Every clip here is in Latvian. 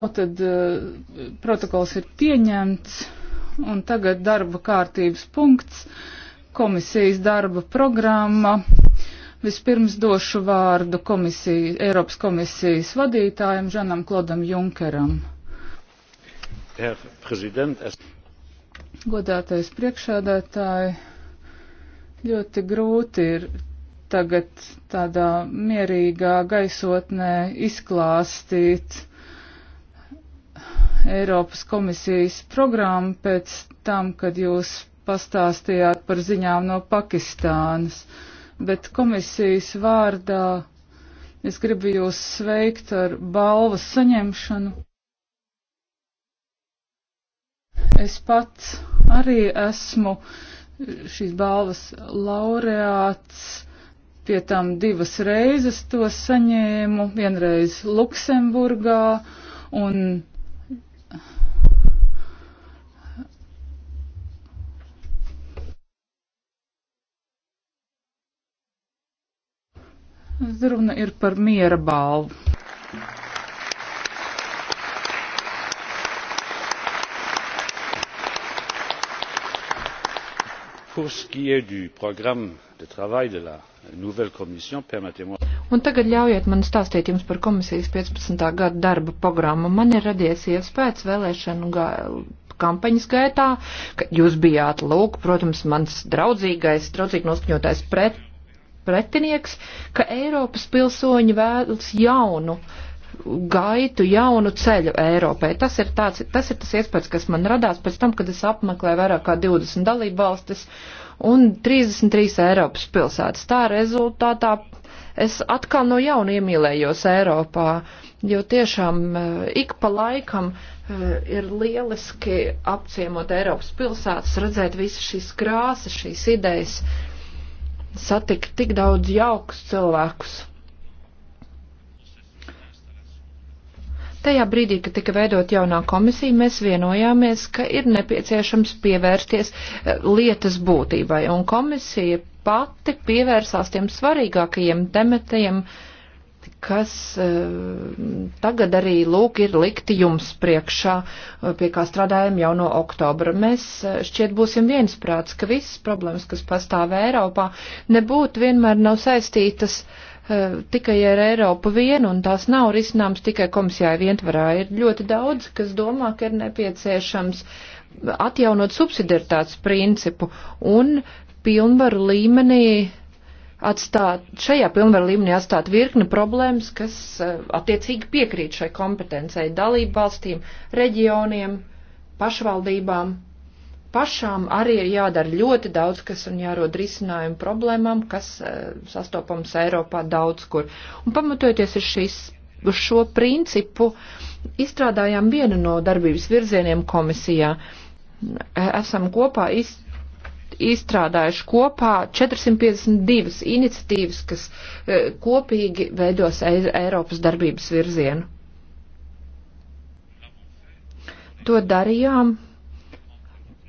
Nu, tad uh, protokols ir pieņemts un tagad darba kārtības punkts, komisijas darba programma. Vispirms došu vārdu komisiju, Eiropas komisijas vadītājam Žanam Klodam Junkeram. Es... Godātais priekšādātāji, ļoti grūti ir tagad tādā mierīgā gaisotnē izklāstīt Eiropas komisijas programmu pēc tam, kad jūs pastāstījāt par ziņām no Pakistānas, bet komisijas vārdā es gribu jūs sveikt ar balvas saņemšanu. Es pats arī esmu šīs balvas laureāts pie tam divas reizes to saņēmu, vienreiz Luksemburgā un Runa ir par miera balvu. Pour ce qui est du programme de travail de la nouvelle Commission, permettez-moi. Un tagad ļaujiet man stāstīt jums par komisijas 15. gada darba programmu. Man ir radies iespējas vēlēšanu gā, kampaņas gaitā, ka jūs bijāt lūk, protams, mans draudzīgais, draudzīgi noskaņotais pret, pretinieks, ka Eiropas pilsoņi vēlas jaunu gaitu, jaunu ceļu Eiropai. Tas ir, tāds, tas ir tas iespējas, kas man radās pēc tam, kad es apmeklēju vairāk kā 20 dalību valstis un 33 Eiropas pilsētas. Tā rezultātā es atkal no jauna iemīlējos Eiropā, jo tiešām eh, ik pa laikam eh, ir lieliski apciemot Eiropas pilsētas, redzēt visas šīs krāsas, šīs idejas, satikt tik daudz jaukus cilvēkus. Tajā brīdī, kad tika veidot jaunā komisija, mēs vienojāmies, ka ir nepieciešams pievērsties eh, lietas būtībai, un komisija pati pievērsās tiem svarīgākajiem tematiem, kas e, tagad arī lūk ir likti jums priekšā, e, pie kā strādājam jau no oktobra. Mēs e, šķiet būsim viensprāts, ka visas problēmas, kas pastāv Eiropā, nebūtu vienmēr nav saistītas tikai ar Eiropu vienu, un tās nav risināms tikai komisijai vientvarā. Ir ļoti daudz, kas domā, ka ir nepieciešams atjaunot subsidiaritātes principu un pilnvaru līmenī atstāt, šajā pilnvaru līmenī atstāt virkni problēmas, kas eh, attiecīgi piekrīt šai kompetencei dalību valstīm, reģioniem, pašvaldībām. Pašām arī ir jādara ļoti daudz, kas un jārod risinājumu problēmām, kas eh, sastopams Eiropā daudz kur. Un pamatojoties uz šīs uz šo principu izstrādājām vienu no darbības virzieniem komisijā. Esam kopā iz, izstrādājuši kopā 452 iniciatīvas, kas e, kopīgi veidos Eiropas darbības virzienu. To darījām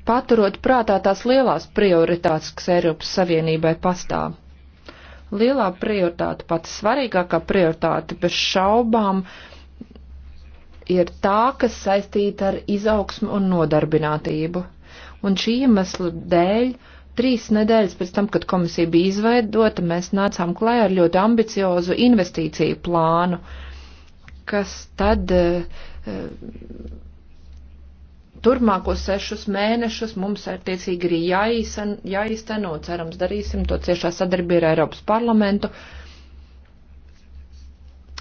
paturot prātā tās lielās prioritātes, kas Eiropas Savienībai pastāv. Lielā prioritāte, pats svarīgākā prioritāte bez šaubām ir tā, kas saistīta ar izaugsmu un nodarbinātību un šī iemesla dēļ trīs nedēļas pēc tam, kad komisija bija izveidota, mēs nācām klajā ar ļoti ambiciozu investīciju plānu, kas tad eh, eh, turmākos sešus mēnešus mums attiecīgi arī jāizsen, jāizteno, cerams, darīsim to ciešā sadarbībā ar Eiropas parlamentu.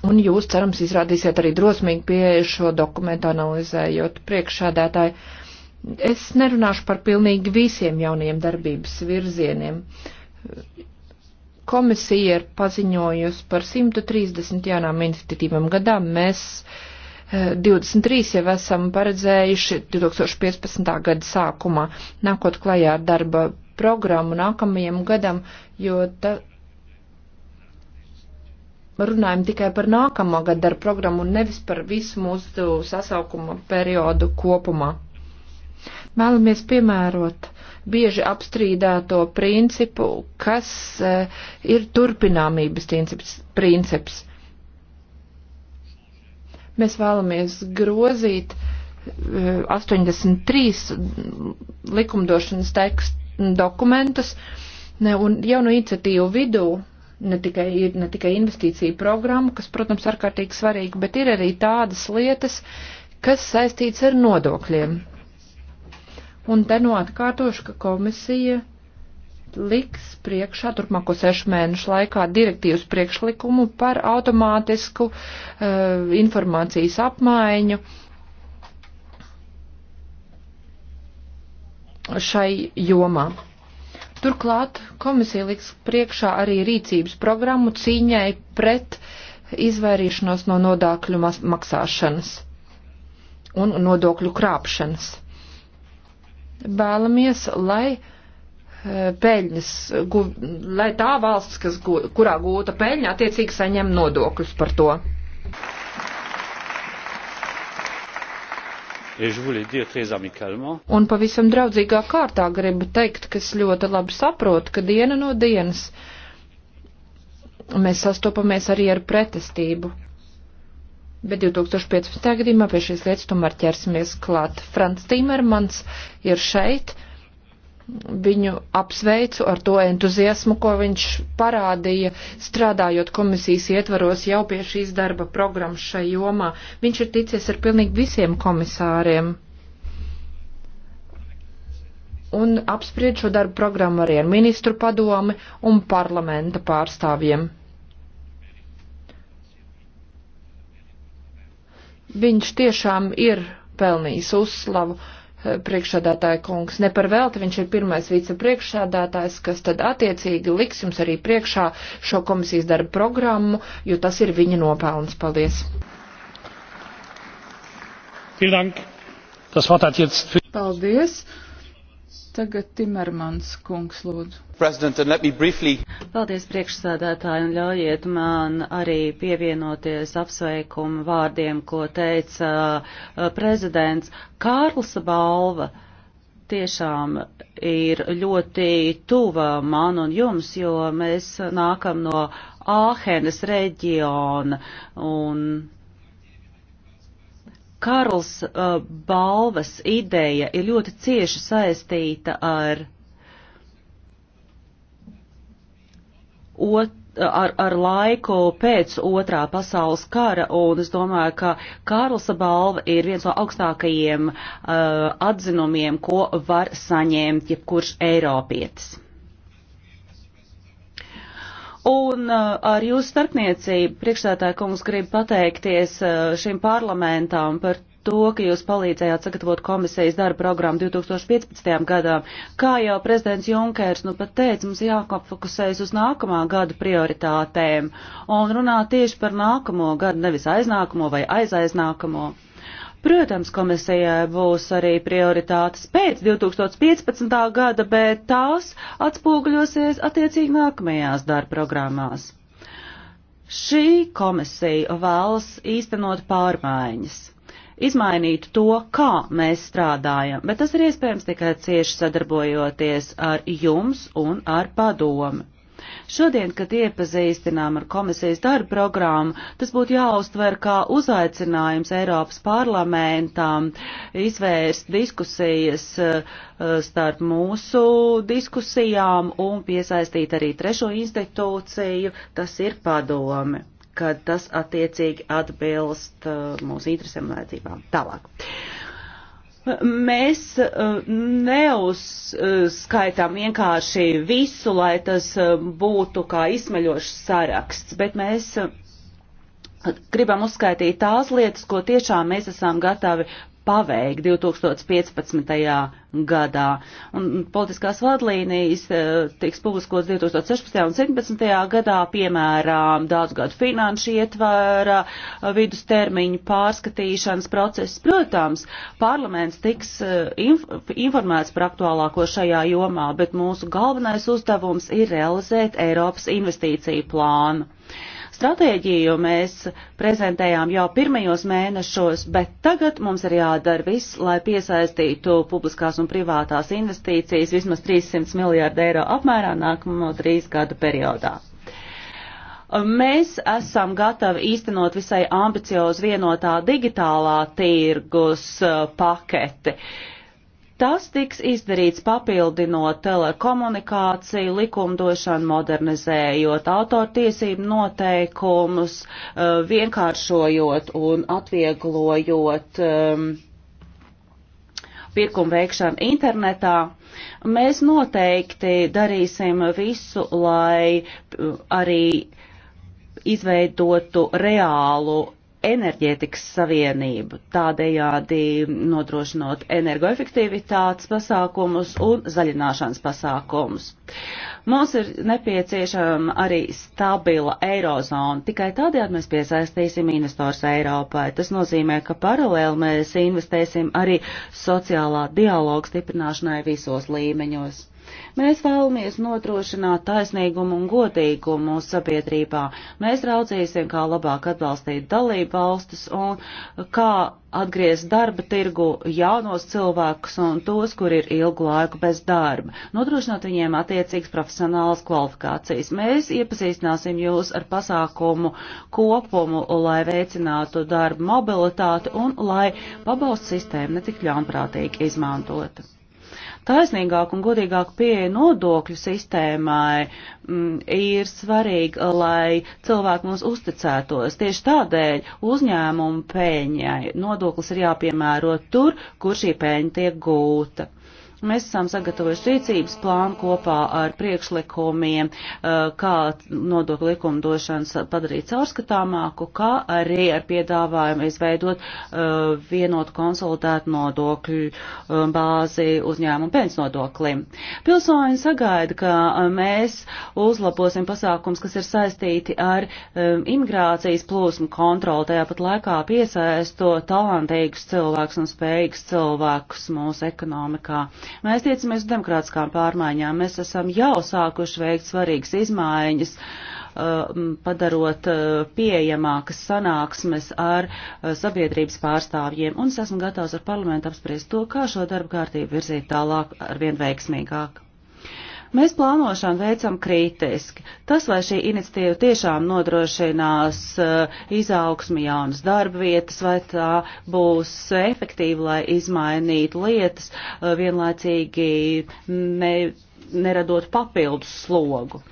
Un jūs, cerams, izrādīsiet arī drosmīgi pieeju šo dokumentu analizējot priekšādētāju. Uh, Es nerunāšu par pilnīgi visiem jauniem darbības virzieniem. Komisija ir paziņojusi par 130 jaunām iniciatīvām gadām. Mēs 23 eh, jau esam paredzējuši 2015. gada sākumā, nākot klajā ar darba programmu nākamajam gadam, jo ta, runājam tikai par nākamā gada darba programmu un nevis par visu mūsu sasaukuma periodu kopumā. Vēlamies piemērot bieži apstrīdēto principu, kas e, ir turpināmības princips. princips. Mēs vēlamies grozīt 83 e, likumdošanas tekstu dokumentus, ne, un jaunu iniciatīvu vidū ne tikai ir ne tikai investīcija programma, kas, protams, ārkārtīgi svarīga, bet ir arī tādas lietas, kas saistīts ar nodokļiem. Un te nu atkārtošu, ka komisija liks priekšā turpmāko sešu mēnešu laikā direktīvas priekšlikumu par automātisku uh, informācijas apmaiņu šai jomā. Turklāt komisija liks priekšā arī rīcības programmu cīņai pret izvairīšanos no nodokļu maksāšanas un nodokļu krāpšanas vēlamies, lai e, peļņas, guv, lai tā valsts, kas, gu, kurā gūta peļņa, attiecīgi saņem nodokļus par to. Un pavisam draudzīgā kārtā gribu teikt, ka es ļoti labi saprotu, ka diena no dienas mēs sastopamies arī ar pretestību Bet 2015. gadījumā pie šīs lietas tomēr ķersimies klāt. Frants Timermans ir šeit. Viņu apsveicu ar to entuziasmu, ko viņš parādīja, strādājot komisijas ietvaros jau pie šīs darba programmas šai jomā. Viņš ir ticies ar pilnīgi visiem komisāriem un apspried šo darbu programmu arī ar ministru padomi un parlamenta pārstāvjiem. Viņš tiešām ir pelnījis uzslavu eh, priekšsādātāja kungs. Ne par velti viņš ir pirmais vicepriekšsādātājs, kas tad attiecīgi liks jums arī priekšā šo komisijas darba programmu, jo tas ir viņa nopelns. Paldies! Paldies! Tagad Timermans kungs lūdzu. Paldies priekšsēdētāji un ļaujiet man arī pievienoties apsveikumu vārdiem, ko teica uh, prezidents Kārls Balva. Tiešām ir ļoti tuva man un jums, jo mēs nākam no Āhenes reģiona un Karls uh, balvas ideja ir ļoti cieši saistīta ar, ot, ar, ar laiku pēc otrā pasaules kara, un es domāju, ka Karlsa balva ir viens no augstākajiem uh, atzinumiem, ko var saņemt jebkurš Eiropietis. Un uh, ar jūsu starpniecību priekšsētāja kungs grib pateikties uh, šim parlamentam par to, ka jūs palīdzējāt sagatavot komisijas darba programmu 2015. gadām. Kā jau prezidents Junkers nu pat teica, mums jāfokusējas uz nākamā gada prioritātēm un runāt tieši par nākamo gadu, nevis aiznākamo vai aizaiznākamo. Protams, komisijai būs arī prioritātes pēc 2015. gada, bet tās atspūgļosies attiecīgi nākamajās darba programmās. Šī komisija vēlas īstenot pārmaiņas izmainītu to, kā mēs strādājam, bet tas ir iespējams tikai cieši sadarbojoties ar jums un ar padomu. Šodien, kad iepazīstinām ar komisijas darbu programmu, tas būtu jāuztver kā uzaicinājums Eiropas parlamentam izvērst diskusijas eh, starp mūsu diskusijām un piesaistīt arī trešo institūciju, tas ir padomi kad tas attiecīgi atbilst uh, mūsu interesēm un vajadzībām. Tālāk. Uh, mēs uh, neuzskaitām vienkārši visu, lai tas uh, būtu kā izsmeļošs saraksts, bet mēs uh, gribam uzskaitīt tās lietas, ko tiešām mēs esam gatavi paveikt 2015. gadā. Un politiskās vadlīnijas eh, tiks publiskots 2016. un 2017. gadā, piemēram, daudzgadu finanšu ietvara, vidustermiņu pārskatīšanas process. Protams, parlaments tiks eh, informēts par aktuālāko šajā jomā, bet mūsu galvenais uzdevums ir realizēt Eiropas investīciju plānu. Stratēģiju mēs prezentējām jau pirmajos mēnešos, bet tagad mums ir jādara viss, lai piesaistītu publiskās un privātās investīcijas vismaz 300 miljārdu eiro apmērā nākamo trīs gadu periodā. Mēs esam gatavi īstenot visai ambiciozu vienotā digitālā tirgus paketi. Uh, Tas tiks izdarīts papildinot telekomunikāciju likumdošanu, modernizējot autortiesību noteikumus, eh, vienkāršojot un atvieglojot ehm, pirkumu veikšanu internetā. Mēs noteikti darīsim visu, lai eh, arī izveidotu reālu enerģētikas savienību, tādējādi nodrošinot energoefektivitātes pasākumus un zaļināšanas pasākumus. Mums ir nepieciešama arī stabila eirozona, tikai tādējādi mēs piesaistīsim investors Eiropai. Tas nozīmē, ka paralēli mēs investēsim arī sociālā dialoga stiprināšanai visos līmeņos. Mēs vēlamies notrošināt taisnīgumu un godīgumu mūsu sabiedrībā. Mēs raucīsim, kā labāk atbalstīt dalību valstis un kā atgriezt darba tirgu jaunos cilvēkus un tos, kur ir ilgu laiku bez darba, nodrošinot viņiem attiecīgas profesionālas kvalifikācijas. Mēs iepazīstināsim jūs ar pasākumu kopumu, lai veicinātu darba mobilitāti un lai pabalstu sistēmu netik ļaunprātīgi izmantota taisnīgāka un godīgāka pieeja nodokļu sistēmai m, mm, ir svarīga, lai cilvēki mums uzticētos. Tieši tādēļ uzņēmumu peļņai nodoklis ir jāpiemēro tur, kur šī peļņa tiek gūta. Mēs esam sagatavojuši rīcības plānu kopā ar priekšlikumiem, eh, kā nodokļu likumdošanas padarīt caurskatāmāku, kā arī ar piedāvājumu izveidot eh, vienotu konsolidētu nodokļu eh, bāzi uzņēmumu pensnodoklim. Pilsoņi sagaida, ka mēs uzlabosim pasākums, kas ir saistīti ar imigrācijas plūsmu kontroli, tajā pat laikā piesaistot talantīgus cilvēkus un spējīgus cilvēkus mūsu ekonomikā. Mēs tiecamies demokrātiskām pārmaiņām. Mēs esam jau sākuši veikt svarīgas izmaiņas, uh, padarot uh, pieejamākas sanāksmes ar uh, sabiedrības pārstāvjiem, un es esmu gatavs ar parlamentu apspriest to, kā šo darbu kārtību virzīt tālāk ar vien veiksmīgāk. Mēs plānošanu veicam kritiski. Tas, vai šī iniciatīva tiešām nodrošinās eh, izaugsmi jaunas darba vietas, vai tā būs efektīva, lai izmainītu lietas, eh, vienlaicīgi ne, neradot papildus slogu.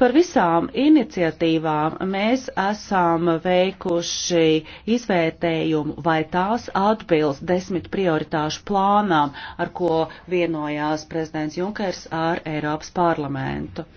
Par visām iniciatīvām mēs esam veikuši izvērtējumu, vai tās atbilst desmit prioritāšu plānām, ar ko vienojās prezidents Junkers ar Eiropas parlamentu.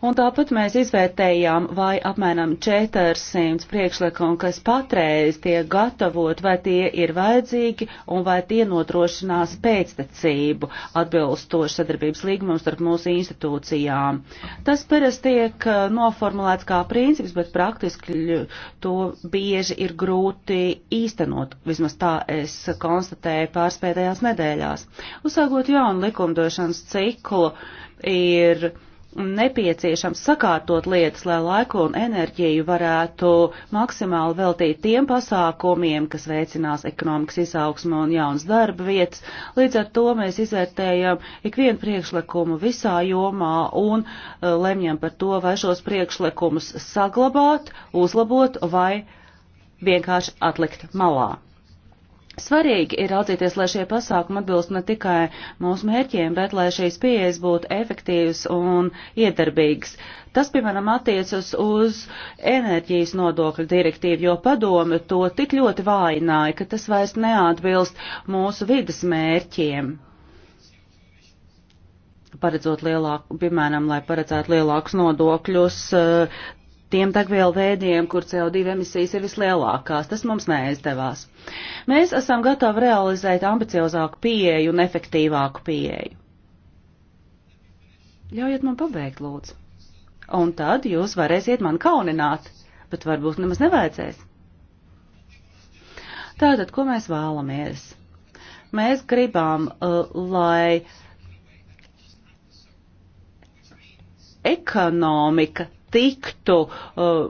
Un tāpat mēs izvērtējām, vai apmēram 400 priekšlikumu, kas patreiz tiek gatavot, vai tie ir vajadzīgi un vai tie nodrošinās pēctecību atbilstoši sadarbības līgumam starp mūsu institūcijām. Tas parasti tiek eh, noformulēts kā princips, bet praktiski to bieži ir grūti īstenot, vismaz tā es konstatēju pārspētajās nedēļās. Uzsākot jaunu likumdošanas ciklu ir nepieciešams sakārtot lietas, lai laiku un enerģiju varētu maksimāli veltīt tiem pasākumiem, kas veicinās ekonomikas izaugsmu un jaunas darba vietas. Līdz ar to mēs izvērtējam ikvienu priekšlikumu visā jomā un uh, lemjam par to, vai šos priekšlikumus saglabāt, uzlabot vai vienkārši atlikt malā. Svarīgi ir raudzīties, lai šie pasākumi atbilst ne tikai mūsu mērķiem, bet lai šīs pieejas būtu efektīvas un iedarbīgas. Tas, piemēram, attiecas uz enerģijas nodokļu direktīvu, jo padome to tik ļoti vājināja, ka tas vairs neatbilst mūsu vidas mērķiem. Paredzot lielāku, piemēram, lai paredzētu lielākus nodokļus eh, tiem degvielu veidiem, kur CO2 emisijas ir vislielākās. Tas mums neizdevās. Mēs esam gatavi realizēt ambiciozāku pieeju un efektīvāku pieeju. Ļaujiet man pabeigt, lūdzu. Un tad jūs varēsiet man kaunināt, bet varbūt nemaz nevajadzēs. Tātad, ko mēs vēlamies? Mēs gribam, uh, lai ekonomika tiktu uh,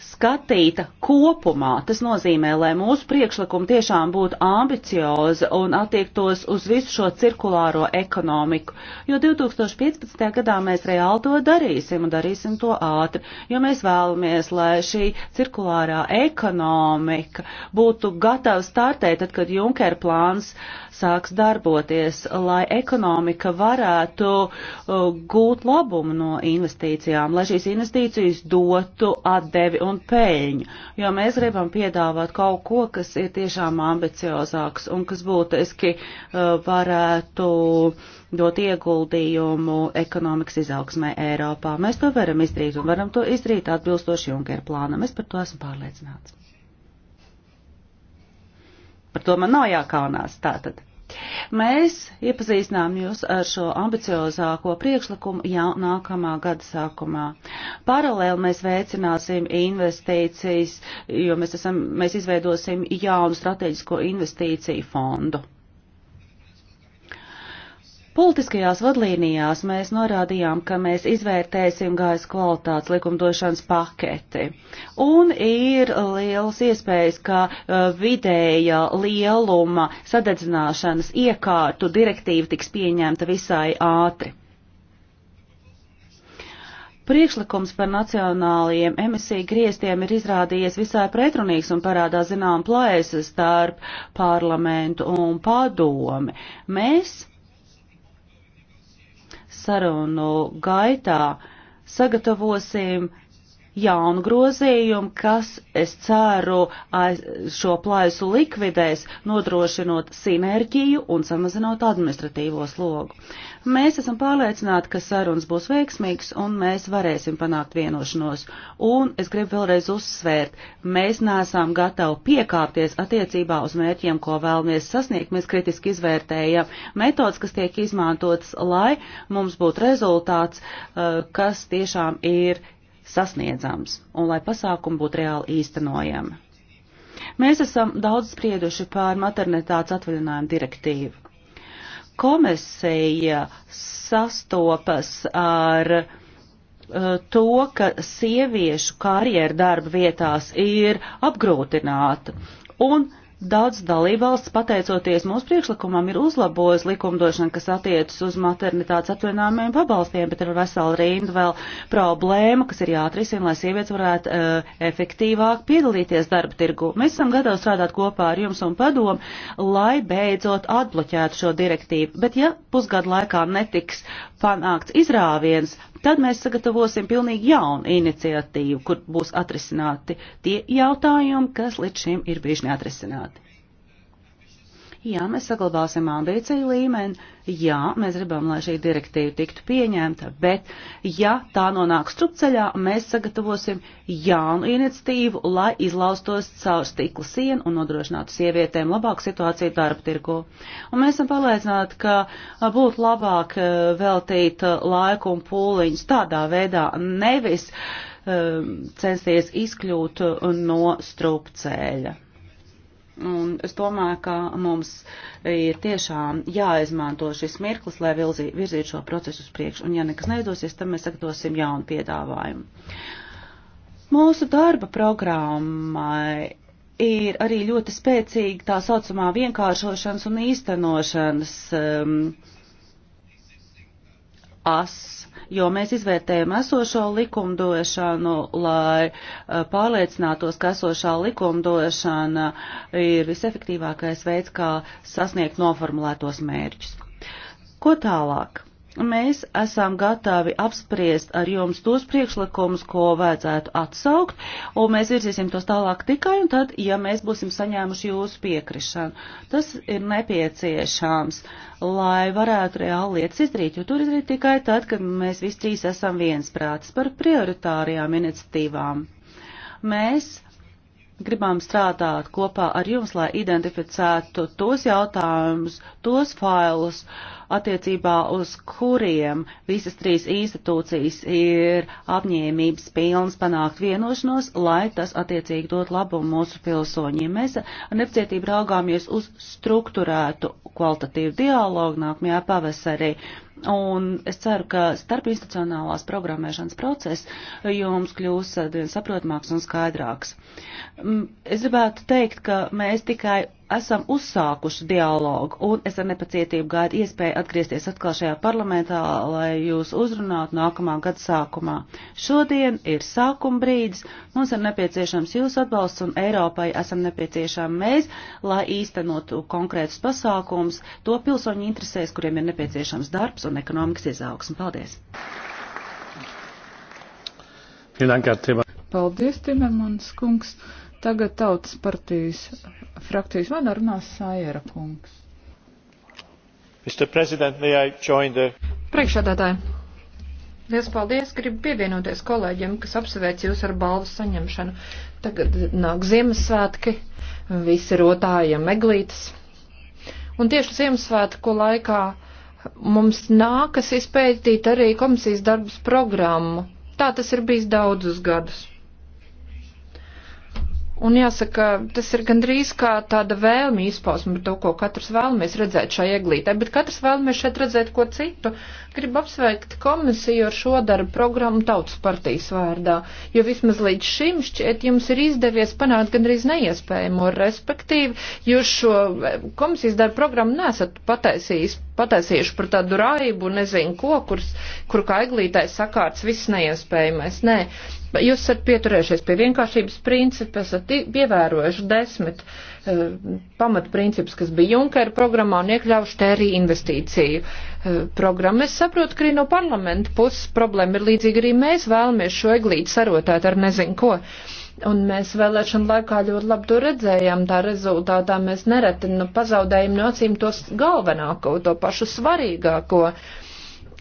skatīta kopumā. Tas nozīmē, lai mūsu priekšlikumi tiešām būtu ambiciozi un attiektos uz visu šo cirkulāro ekonomiku, jo 2015. gadā mēs reāli to darīsim un darīsim to ātri, jo mēs vēlamies, lai šī cirkulārā ekonomika būtu gatava startēt, tad, kad Junker plāns sāks darboties, lai ekonomika varētu uh, gūt labumu no investīcijām, lai šīs investīcijas dotu atdevi un un peļņu, jo mēs gribam piedāvāt kaut ko, kas ir tiešām ambiciozāks un kas būtiski uh, varētu dot ieguldījumu ekonomikas izaugsmē Eiropā. Mēs to varam izdarīt un varam to izdarīt atbilstoši Junkera plānam. Es par to esmu pārliecināts. Par to man nav jākaunās tātad. Mēs iepazīstinām jūs ar šo ambiciozāko priekšlikumu jau nākamā gada sākumā. Paralēli mēs veicināsim investīcijas, jo mēs, esam, mēs izveidosim jaunu strateģisko investīciju fondu. Politiskajās vadlīnijās mēs norādījām, ka mēs izvērtēsim gaisa kvalitātes likumdošanas paketi. Un ir liels iespējas, ka e, vidēja lieluma sadedzināšanas iekārtu direktīva tiks pieņemta visai ātri. Priekšlikums par nacionālajiem emisiju griestiem ir izrādījies visai pretrunīgs un parādā zinām plēses starp parlamentu un padomi. Mēs sarunu gaitā sagatavosim jaunu grozījumu, kas, es ceru, šo plaisu likvidēs, nodrošinot sinerģiju un samazinot administratīvo slogu. Mēs esam pārliecināti, ka sarunas būs veiksmīgas un mēs varēsim panākt vienošanos. Un es gribu vēlreiz uzsvērt, mēs neesam gatavi piekāpties attiecībā uz mērķiem, ko vēlamies sasniegt. Mēs kritiski izvērtējam metodas, kas tiek izmantotas, lai mums būtu rezultāts, eh, kas tiešām ir sasniedzams un lai pasākumi būtu reāli īstenojami. Mēs esam daudz sprieduši pār maternitātes atvaļinājumu direktīvu. Komisija sastopas ar uh, to, ka sieviešu karjeru darba vietās ir apgrūtināta. Un Daudz dalībvalsts, pateicoties mūsu priekšlikumam, ir uzlabojis likumdošanu, kas attiecas uz maternitātes atvaļinājumiem pabalstiem, bet ir vesela rinda vēl problēma, kas ir jāatrisina, lai sievietes varētu uh, efektīvāk piedalīties darba tirgu. Mēs esam gatavi strādāt kopā ar jums un padomu, lai beidzot atbloķētu šo direktīvu. Bet ja pusgadu laikā netiks panākts izrāviens, Tad mēs sagatavosim pilnīgi jaunu iniciatīvu, kur būs atrisināti tie jautājumi, kas līdz šim ir bijuši neatrisināti. Jā, mēs saglabāsim ambīciju līmeni, jā, mēs gribam, lai šī direktīva tiktu pieņemta, bet ja tā nonāk strupceļā, mēs sagatavosim jaunu iniciatīvu, lai izlaustos caur stikla sienu un nodrošinātu sievietēm labāku situāciju darba tirgu. Un mēs esam pārliecināti, ka būtu labāk veltīt laiku un pūliņus tādā veidā, nevis um, censties izkļūt no strupceļa. Un es domāju, ka mums ir tiešām jāizmanto šis mirklis, lai virzītu šo procesu uz priekšu. Un ja nekas neizdosies, tad mēs sagatavosim jaunu piedāvājumu. Mūsu darba programmai ir arī ļoti spēcīga tā saucamā vienkāršošanas un īstenošanas um, ass, jo mēs izvērtējam esošo likumdošanu, lai pārliecinātos, ka esošā likumdošana ir visefektīvākais veids, kā sasniegt noformulētos mērķus. Ko tālāk? Mēs esam gatavi apspriest ar jums tos priekšlikumus, ko vajadzētu atsaukt, un mēs virzīsim tos tālāk tikai un tad, ja mēs būsim saņēmuši jūsu piekrišanu. Tas ir nepieciešams, lai varētu reāli lietas izdarīt, jo tur izdarīt tikai tad, kad mēs visi trīs esam viensprātis par prioritārajām iniciatīvām. Mēs gribam strādāt kopā ar jums, lai identificētu tos jautājumus, tos failus, uh, attiecībā uz kuriem visas trīs institūcijas ir apņēmības pilnas panākt vienošanos, lai tas attiecīgi dot labumu mūsu pilsoņiem. Mēs ar nepacietību raugāmies uz strukturētu kvalitatīvu dialogu nākamajā pavasarī. Un es ceru, ka starpinstitucionālās programmēšanas process jums kļūs dienu saprotamāks un skaidrāks. Mm, es gribētu teikt, ka mēs tikai esam uzsākuši dialogu, un es ar nepacietību gaidu iespēju atgriezties atkal šajā parlamentā, lai jūs uzrunātu nākamā gada sākumā. Šodien ir sākuma brīdis, mums ir nepieciešams jūsu atbalsts, un Eiropai esam nepieciešami mēs, lai īstenotu konkrētus pasākumus to pilsoņu interesēs, kuriem ir nepieciešams darbs un ekonomikas izaugsme. Paldies! Paldies, Timermans kungs! Tagad tautas partijas frakcijas vadā runās Sājera kungs. The... Priekšādātāji, liels paldies! Gribu pievienoties kolēģiem, kas apsveic jūs ar balvu saņemšanu. Tagad nāk Ziemassvētki, visi rotājiem meglītes. Un tieši Ziemassvētku laikā mums nākas izpētīt arī komisijas darbas programmu. Tā tas ir bijis daudzus gadus. Un jāsaka, tas ir gandrīz kā tāda vēlme izpausme par to, ko katrs vēlamies redzēt šai eglītē, bet katrs vēlamies šeit redzēt ko citu. Gribu apsveikt komisiju ar šo darbu programmu Tautas partijas vārdā, jo vismaz līdz šim šķiet jums ir izdevies panākt gandrīz neiespējamo, respektīvi, jūs šo eh, komisijas darbu programmu nesat pataisījis, pataisījuši par tādu raibu, nezinu ko, kur, kur kā eglītē sakārts viss neiespējamais. Nē, Jūs esat pieturējušies pie vienkāršības principa, esat pievērojuši desmit uh, pamatprincipus, kas bija Junkera programmā un iekļaujuši te arī investīciju uh, programmu. Es saprotu, ka arī no parlamenta puses problēma ir līdzīga arī mēs vēlamies šo eglīti sarotāt ar nezinu ko. Un mēs vēlēšana laikā ļoti labi to redzējām, tā rezultātā mēs nereti nu, pazaudējam no acīm tos galvenāko, to pašu svarīgāko. Uh,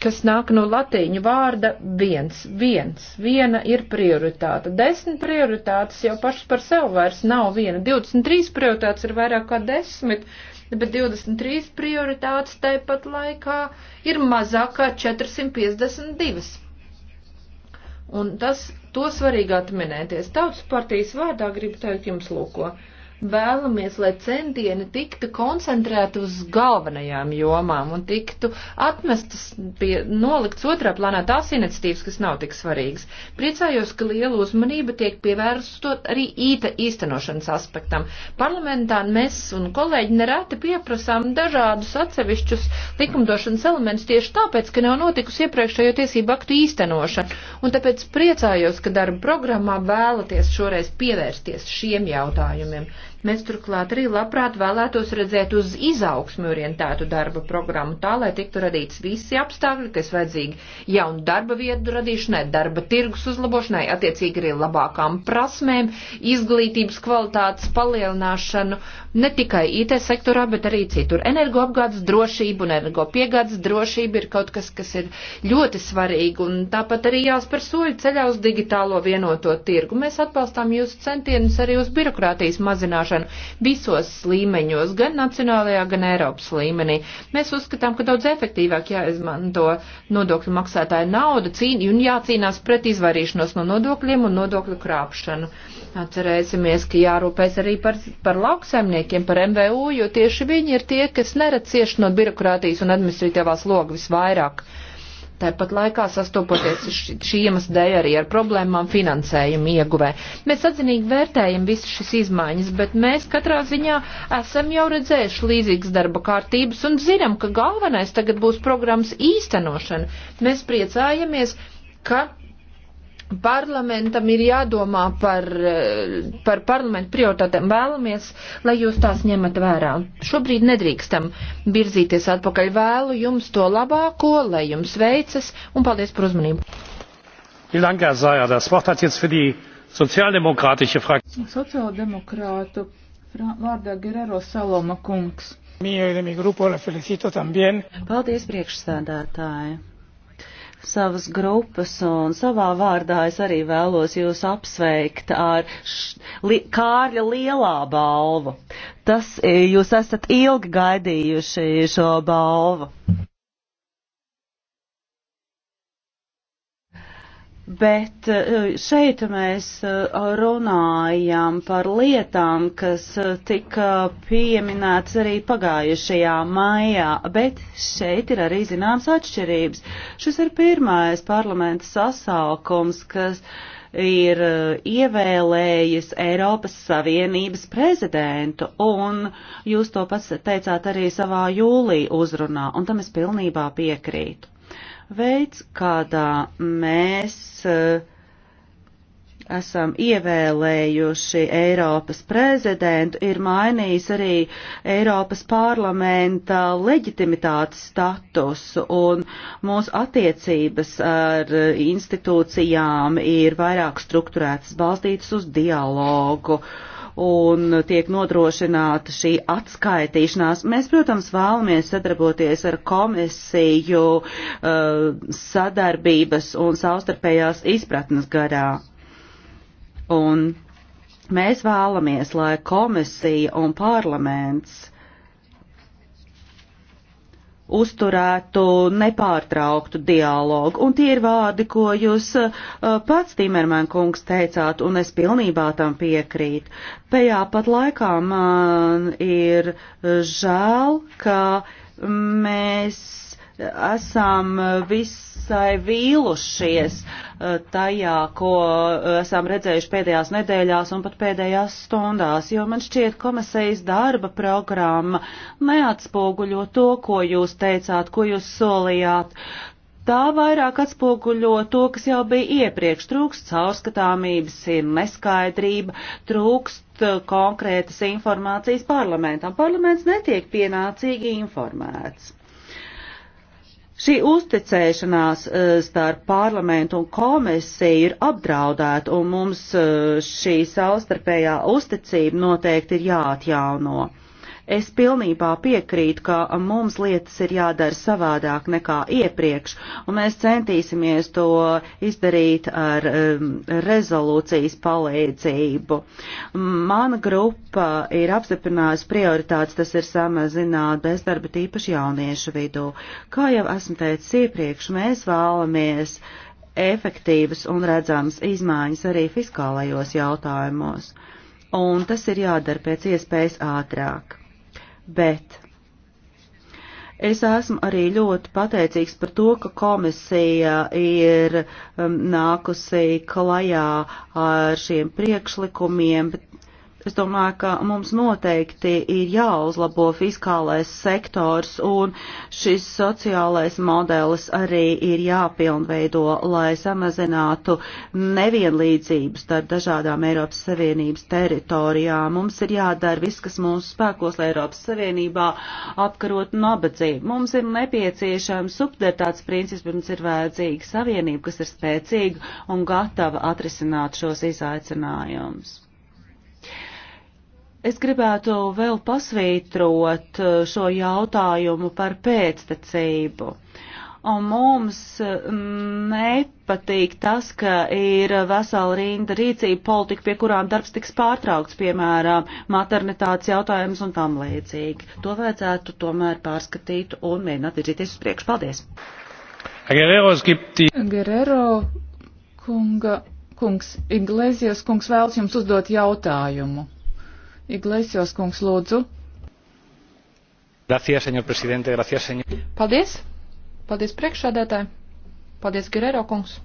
kas nāk no latīņu vārda viens, viens, viena ir prioritāte. Desmit prioritātes jau pašas par sevi vairs nav viena, 23 prioritātes ir vairāk kā desmit, bet 23 prioritātes tāpat laikā ir mazāk kā 452. Un tas, to svarīgi atminēties. Tautas partijas vārdā gribu teikt jums lūko vēlamies, lai centieni tiktu koncentrēti uz galvenajām jomām un tiktu atmestas pie nolikts otrā plānā tās iniciatīvas, kas nav tik svarīgas. Priecājos, ka liela uzmanība tiek pievērstot arī īta īstenošanas aspektam. Parlamentā mēs un kolēģi nereti pieprasām dažādus atsevišķus likumdošanas elementus tieši tāpēc, ka nav notikusi iepriekšējo tiesību aktu īstenošana. Un tāpēc priecājos, ka darba programmā vēlaties šoreiz pievērsties šiem jautājumiem. Mēs turklāt arī labprāt vēlētos redzēt uz izaugsmi orientētu darba programmu, tā lai tiktu radīts visi apstākļi, kas vajadzīgi jaunu darba vietu radīšanai, darba tirgus uzlabošanai, attiecīgi arī labākām prasmēm, izglītības kvalitātes palielināšanu, ne tikai IT sektorā, bet arī citur. Energoapgādes drošība un energopiegādes drošība ir kaut kas, kas ir ļoti svarīgi, un tāpat arī jāspēr soļi ceļā uz digitālo vienoto tirgu. Mēs atbalstām jūsu centienus arī uz birokrātijas mazināšanu īstenošanu visos līmeņos, gan nacionālajā, gan Eiropas līmenī. Mēs uzskatām, ka daudz efektīvāk jāizmanto nodokļu maksātāju naudu cīn, un jācīnās pret izvairīšanos no nodokļiem un nodokļu krāpšanu. Atcerēsimies, ka jārūpēs arī par, par lauksaimniekiem, par MVU, jo tieši viņi ir tie, kas nerad cieši no birokrātijas un administratīvās logas visvairāk tāpat laikā sastopoties šī iemesla dēļ arī ar problēmām finansējumu ieguvē. Mēs atzinīgi vērtējam visas šīs izmaiņas, bet mēs katrā ziņā esam jau redzējuši līdzīgas darba kārtības un zinām, ka galvenais tagad būs programmas īstenošana. Mēs priecājamies, ka Parlamentam ir jādomā par, eh, par parlamentu prioritātēm. Vēlamies, lai jūs tās ņemat vērā. Šobrīd nedrīkstam virzīties atpakaļ. Vēlu jums to labāko, lai jums veicas un paldies par uzmanību. Sociāldemokrātu vārdā Gerero Saloma kungs. Paldies priekšsēdētāji savas grupas un savā vārdā es arī vēlos jūs apsveikt ar š, li, Kārļa lielā balvu. Tas eh, jūs esat ilgi gaidījuši šo balvu. Bet eh, šeit mēs eh, runājam par lietām, kas eh, tika pieminētas arī pagājušajā maijā, bet šeit ir arī zināms atšķirības. Šis ir pirmais parlamenta sasaukums, kas ir ievēlējis Eiropas Savienības prezidentu, un jūs to pats teicāt arī savā jūlī uzrunā, un tam es pilnībā piekrītu. Veids, kādā mēs eh, esam ievēlējuši Eiropas prezidentu, ir mainījis arī Eiropas parlamenta leģitimitātes statusu, un mūsu attiecības ar institūcijām ir vairāk strukturētas, balstītas uz dialogu. Uh, un tiek nodrošināta šī atskaitīšanās. Mēs, protams, vēlamies sadarboties ar komisiju uh, sadarbības un savstarpējās izpratnes garā. Un mēs vēlamies, lai komisija un parlaments uzturētu nepārtrauktu dialogu. Un tie ir vārdi, ko jūs uh, pats, Timerman kungs, teicāt, un es pilnībā tam piekrītu. Pējā pat laikā man ir žēl, ka mēs esam viss visai vīlušies eh, tajā, ko eh, esam redzējuši pēdējās nedēļās un pat pēdējās stundās, jo man šķiet komisijas darba programma neatspoguļo to, ko jūs teicāt, ko jūs solījāt. Tā vairāk atspoguļo to, kas jau bija iepriekš. Trūkst caurskatāmības, ir neskaidrība, trūkst eh, konkrētas informācijas parlamentam. Parlaments netiek pienācīgi informēts. Šī uzticēšanās eh, starp parlamentu un komisiju ir apdraudēta, un mums eh, šī savstarpējā uzticība noteikti ir jāatjauno. Es pilnībā piekrītu, ka mums lietas ir jādara savādāk nekā iepriekš, un mēs centīsimies to izdarīt ar um, rezolūcijas palīdzību. Mana grupa ir apstiprinājusi prioritātes, tas ir samazināt bezdarba tīpaši jauniešu vidū. Kā jau esmu teicis iepriekš, mēs vēlamies efektīvas un redzamas izmaiņas arī fiskālajos jautājumos, un tas ir jādara pēc iespējas ātrāk bet Es esmu arī ļoti pateicīgs par to, ka komisija ir um, nākusi klajā ar šiem priekšlikumiem, bet Es domāju, ka mums noteikti ir jāuzlabo fiskālais sektors un šis sociālais modelis arī ir jāpilnveido, lai samazinātu nevienlīdzības starp dažādām Eiropas Savienības teritorijām. Mums ir jādara viss, kas mūsu spēkos, lai Eiropas Savienībā apkarotu nabadzību. Mums ir nepieciešams subsidiaritātes princips, mums ir vajadzīga savienība, kas ir spēcīga un gatava atrisināt šos izaicinājumus. Es gribētu vēl pasvītrot eh, šo jautājumu par pēctecību. Un mums mm, nepatīk tas, ka ir vesela rinda rīcība politika, pie kurām darbs tiks pārtraukts, piemēram, maternitātes jautājums un tam līdzīgi. To vajadzētu tomēr pārskatīt un mēģināt virzīties uz priekšu. Paldies! Gerero kunga, kungs, Iglesias kungs vēlas jums uzdot jautājumu. Iglesios kungs lūdzu. Gracias, señor presidente, gracias, señor. Paldies. Paldies priekšādētāji. Paldies, Gerero kungs.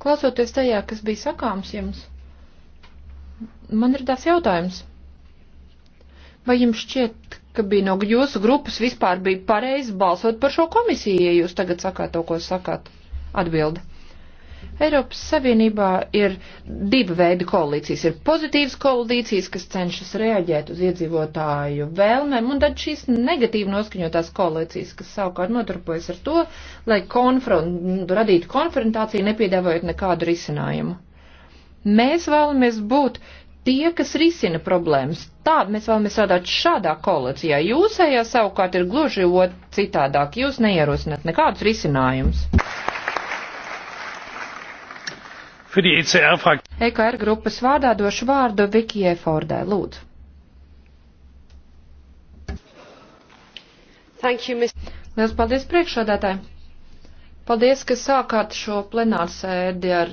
Klausoties tajā, kas bija sakāms jums, man ir tās jautājums. Vai jums šķiet, ka bija no jūsu grupas vispār bija pareizi balsot par šo komisiju, ja jūs tagad sakāt to, ko sakāt? Atbilde. Eiropas Savienībā ir divi veidi koalīcijas. Ir pozitīvas koalīcijas, kas cenšas reaģēt uz iedzīvotāju vēlmēm, un tad šīs negatīvi noskaņotās koalīcijas, kas savukārt notarpojas ar to, lai konfront, radītu konfrontāciju, nepiedāvājot nekādu risinājumu. Mēs vēlamies būt tie, kas risina problēmas. Tā mēs vēlamies strādāt šādā koalīcijā. Jūsējā savukārt ir gluži citādi. Jūs neierosināt nekādus risinājumus. EKR e e grupas vārdā došu vārdu Vikijai Fordai. Lūdzu. Thank you, Liels paldies priekšādātāji! Paldies, ka sākāt šo plenārsēdi ar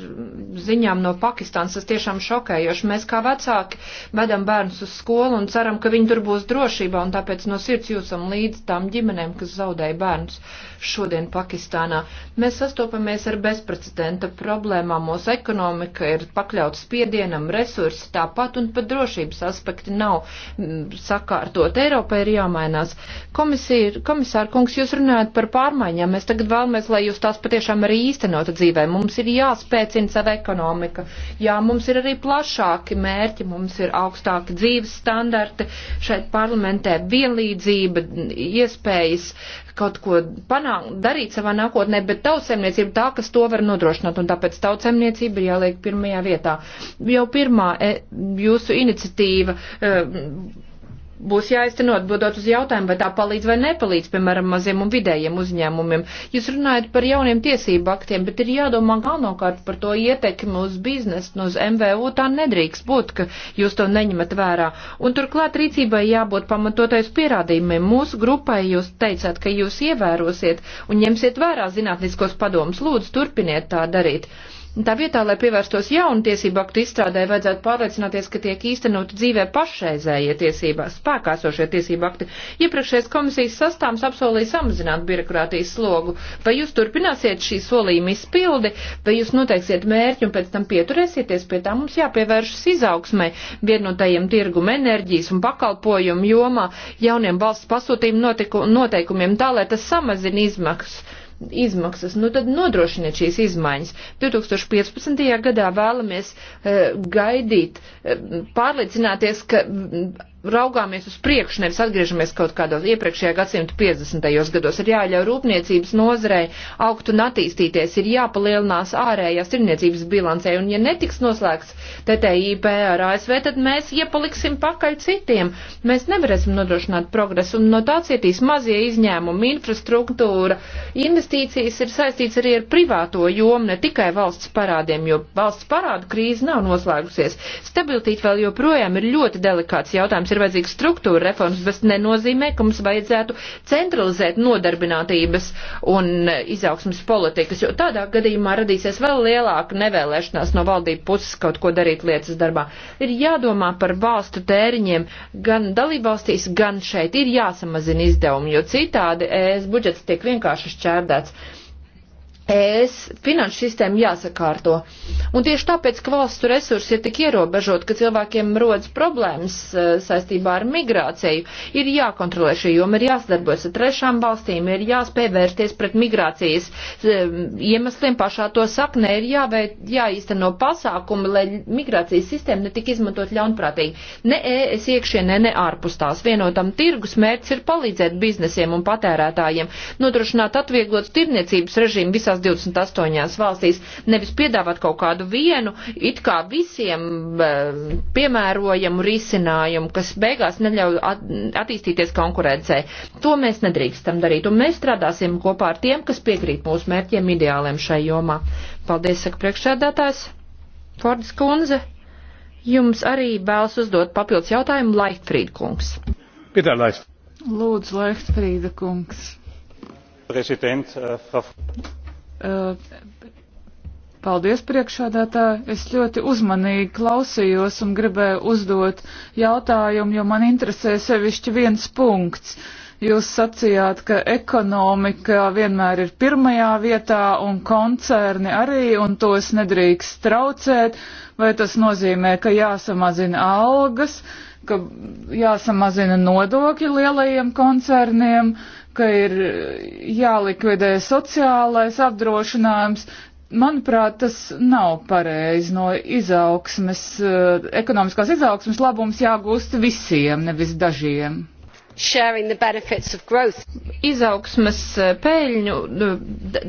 ziņām no Pakistānas. Tas tiešām šokējoši. Mēs kā vecāki vedam bērnus uz skolu un ceram, ka viņi tur būs drošībā, un tāpēc no sirds jūsam līdz tām ģimenēm, kas zaudēja bērnus šodien Pakistānā. Mēs sastopamies ar bezprecedenta problēmām. Mūsu ekonomika ir pakļauts spiedienam, resursi tāpat, un pat drošības aspekti nav mm, sakārtot. Eiropai ir jāmainās. Komisija, komisāra kungs, jūs runājat par pārmaiņām. Mēs tagad vēlamies, lai jūs tā tās patiešām arī īstenot dzīvē. Mums ir jāspēcina sava ekonomika. Jā, mums ir arī plašāki mērķi, mums ir augstāki dzīves standarti šeit parlamentē, vienlīdzība, iespējas kaut ko panākt, darīt savā nākotnē, bet tautsemniecība tā, kas to var nodrošināt, un tāpēc tautsemniecība ir jāliek pirmajā vietā. Jau pirmā e, jūsu iniciatīva. E, būs jāizteno atbildot uz jautājumu, vai tā palīdz vai nepalīdz, piemēram, maziem un vidējiem uzņēmumiem. Jūs runājat par jauniem tiesību aktiem, bet ir jādomā galvenokārt par to ietekmi uz biznesu, uz MVU. Tā nedrīkst būt, ka jūs to neņemat vērā. Un turklāt rīcībai jābūt pamatotais pierādījumiem. Mūsu grupai jūs teicāt, ka jūs ievērosiet un ņemsiet vērā zinātniskos padomus. Lūdzu, turpiniet tā darīt. Uh, Tā vietā, lai pievērstos jaunu tiesību aktu izstrādē, vajadzētu pārliecināties, ka tiek īstenot dzīvē pašreizējie tiesībā, spēkā sošie tiesību akti. Iepriekšējais komisijas sastāvs apsolīja samazināt birokrātijas slogu. Vai jūs turpināsiet šī solījuma izpildi, vai jūs noteiksiet mērķi un pēc tam pieturēsieties pie tā? Mums jāpievēršas izaugsmai, vienotajiem tirgum enerģijas un pakalpojumu jomā, jauniem valsts pasūtījumu noteikumiem tā, lai tas samazina izmaksas izmaksas, nu tad nodrošiniet šīs izmaiņas. 2015. gadā vēlamies uh, gaidīt, uh, pārliecināties, ka raugāmies uz priekšu, nevis atgriežamies kaut kādos iepriekšējā gadsimta 50. gados. Ir jāļauj rūpniecības nozarei augt un attīstīties, ir jāpalielinās ārējās tirniecības bilancē, un ja netiks noslēgts TTIP ar ASV, tad mēs iepaliksim pakaļ citiem. Mēs nevarēsim nodrošināt progresu, un no tā cietīs mazie izņēmumi, infrastruktūra, investīcijas ir saistīts arī ar privāto jomu, ne tikai valsts parādiem, jo valsts parādu krīze nav noslēgusies. Stabilitīt vēl joprojām ir ļoti delikāts jautājums ir vajadzīga struktūra reformas, bet nenozīmē, ka mums vajadzētu centralizēt nodarbinātības un izaugsmas politikas, jo tādā gadījumā radīsies vēl lielāka nevēlēšanās no valdību puses kaut ko darīt lietas darbā. Ir jādomā par valstu tēriņiem gan dalībvalstīs, gan šeit ir jāsamazina izdevumi, jo citādi ES budžets tiek vienkārši šķērdēts ES finanšu sistēma jāsakārto. Un tieši tāpēc, ka valstu resursi ir tik ierobežot, ka cilvēkiem rodas problēmas eh, saistībā ar migrāciju, ir jākontrolē šī joma, ir jāsadarbojas ar trešām valstīm, ir jāspēj vērsties pret migrācijas eh, iemesliem pašā to saknē, ir jāveid, jāīsteno pasākumi, lai migrācijas sistēma netika izmantot ļaunprātīgi. Ne ES iekšienē, ne ārpus tās. Vienotam tirgus mērķis ir palīdzēt biznesiem un patērētājiem, nodrošināt atvieglots tirniecības režīmu visās visās 28 valstīs, nevis piedāvāt kaut kādu vienu, it kā visiem eh, piemērojamu risinājumu, kas beigās neļauj attīstīties konkurencei. To mēs nedrīkstam darīt, un mēs strādāsim kopā ar tiem, kas piekrīt mūsu mērķiem ideāliem šai jomā. Paldies, saka priekšsēdētājs Fordas kundze. Jums arī vēlas uzdot papildus jautājumu Laitfrīd kungs. Pitā, Laist. Lūdzu, Laitfrīda kungs. Prezident, uh, eh, Eh, paldies priekšādātā. Es ļoti uzmanīgi klausījos un gribēju uzdot jautājumu, jo man interesē sevišķi viens punkts. Jūs sacījāt, ka ekonomika vienmēr ir pirmajā vietā un koncerni arī, un tos nedrīkst traucēt, vai tas nozīmē, ka jāsamazina algas, ka jāsamazina nodokļi lielajiem koncerniem, ka ir jālikvidē sociālais apdrošinājums. Manuprāt, tas nav pareizi no izaugsmes, eh, ekonomiskās izaugsmes labums jāgūst visiem, nevis dažiem. Izaugsmas eh, pēļņu nu,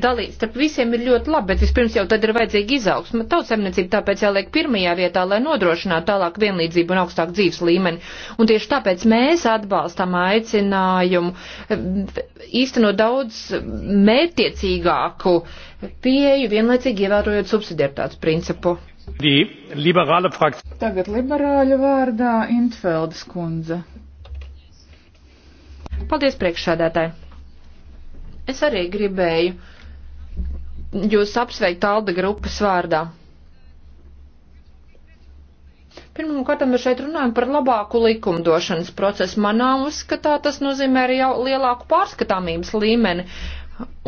dalīt starp visiem ir ļoti labi, bet vispirms jau tad ir vajadzīga izaugsma. Tautsemniecība tāpēc jāliek pirmajā vietā, lai nodrošinātu tālāk vienlīdzību un augstāku dzīves līmeni. Un tieši tāpēc mēs atbalstam aicinājumu eh, īstenot daudz mērtiecīgāku pieju, vienlaicīgi ievērojot subsidiaritātes principu. Tagad liberāļu vārdā Intfeldes kundze. Paldies, priekšsēdētāji. Es arī gribēju jūs apsveikt Alda grupas vārdā. Pirmkārt, mēs šeit runājam par labāku likumdošanas procesu. Manā uzskatā tas nozīmē arī jau lielāku pārskatāmības līmeni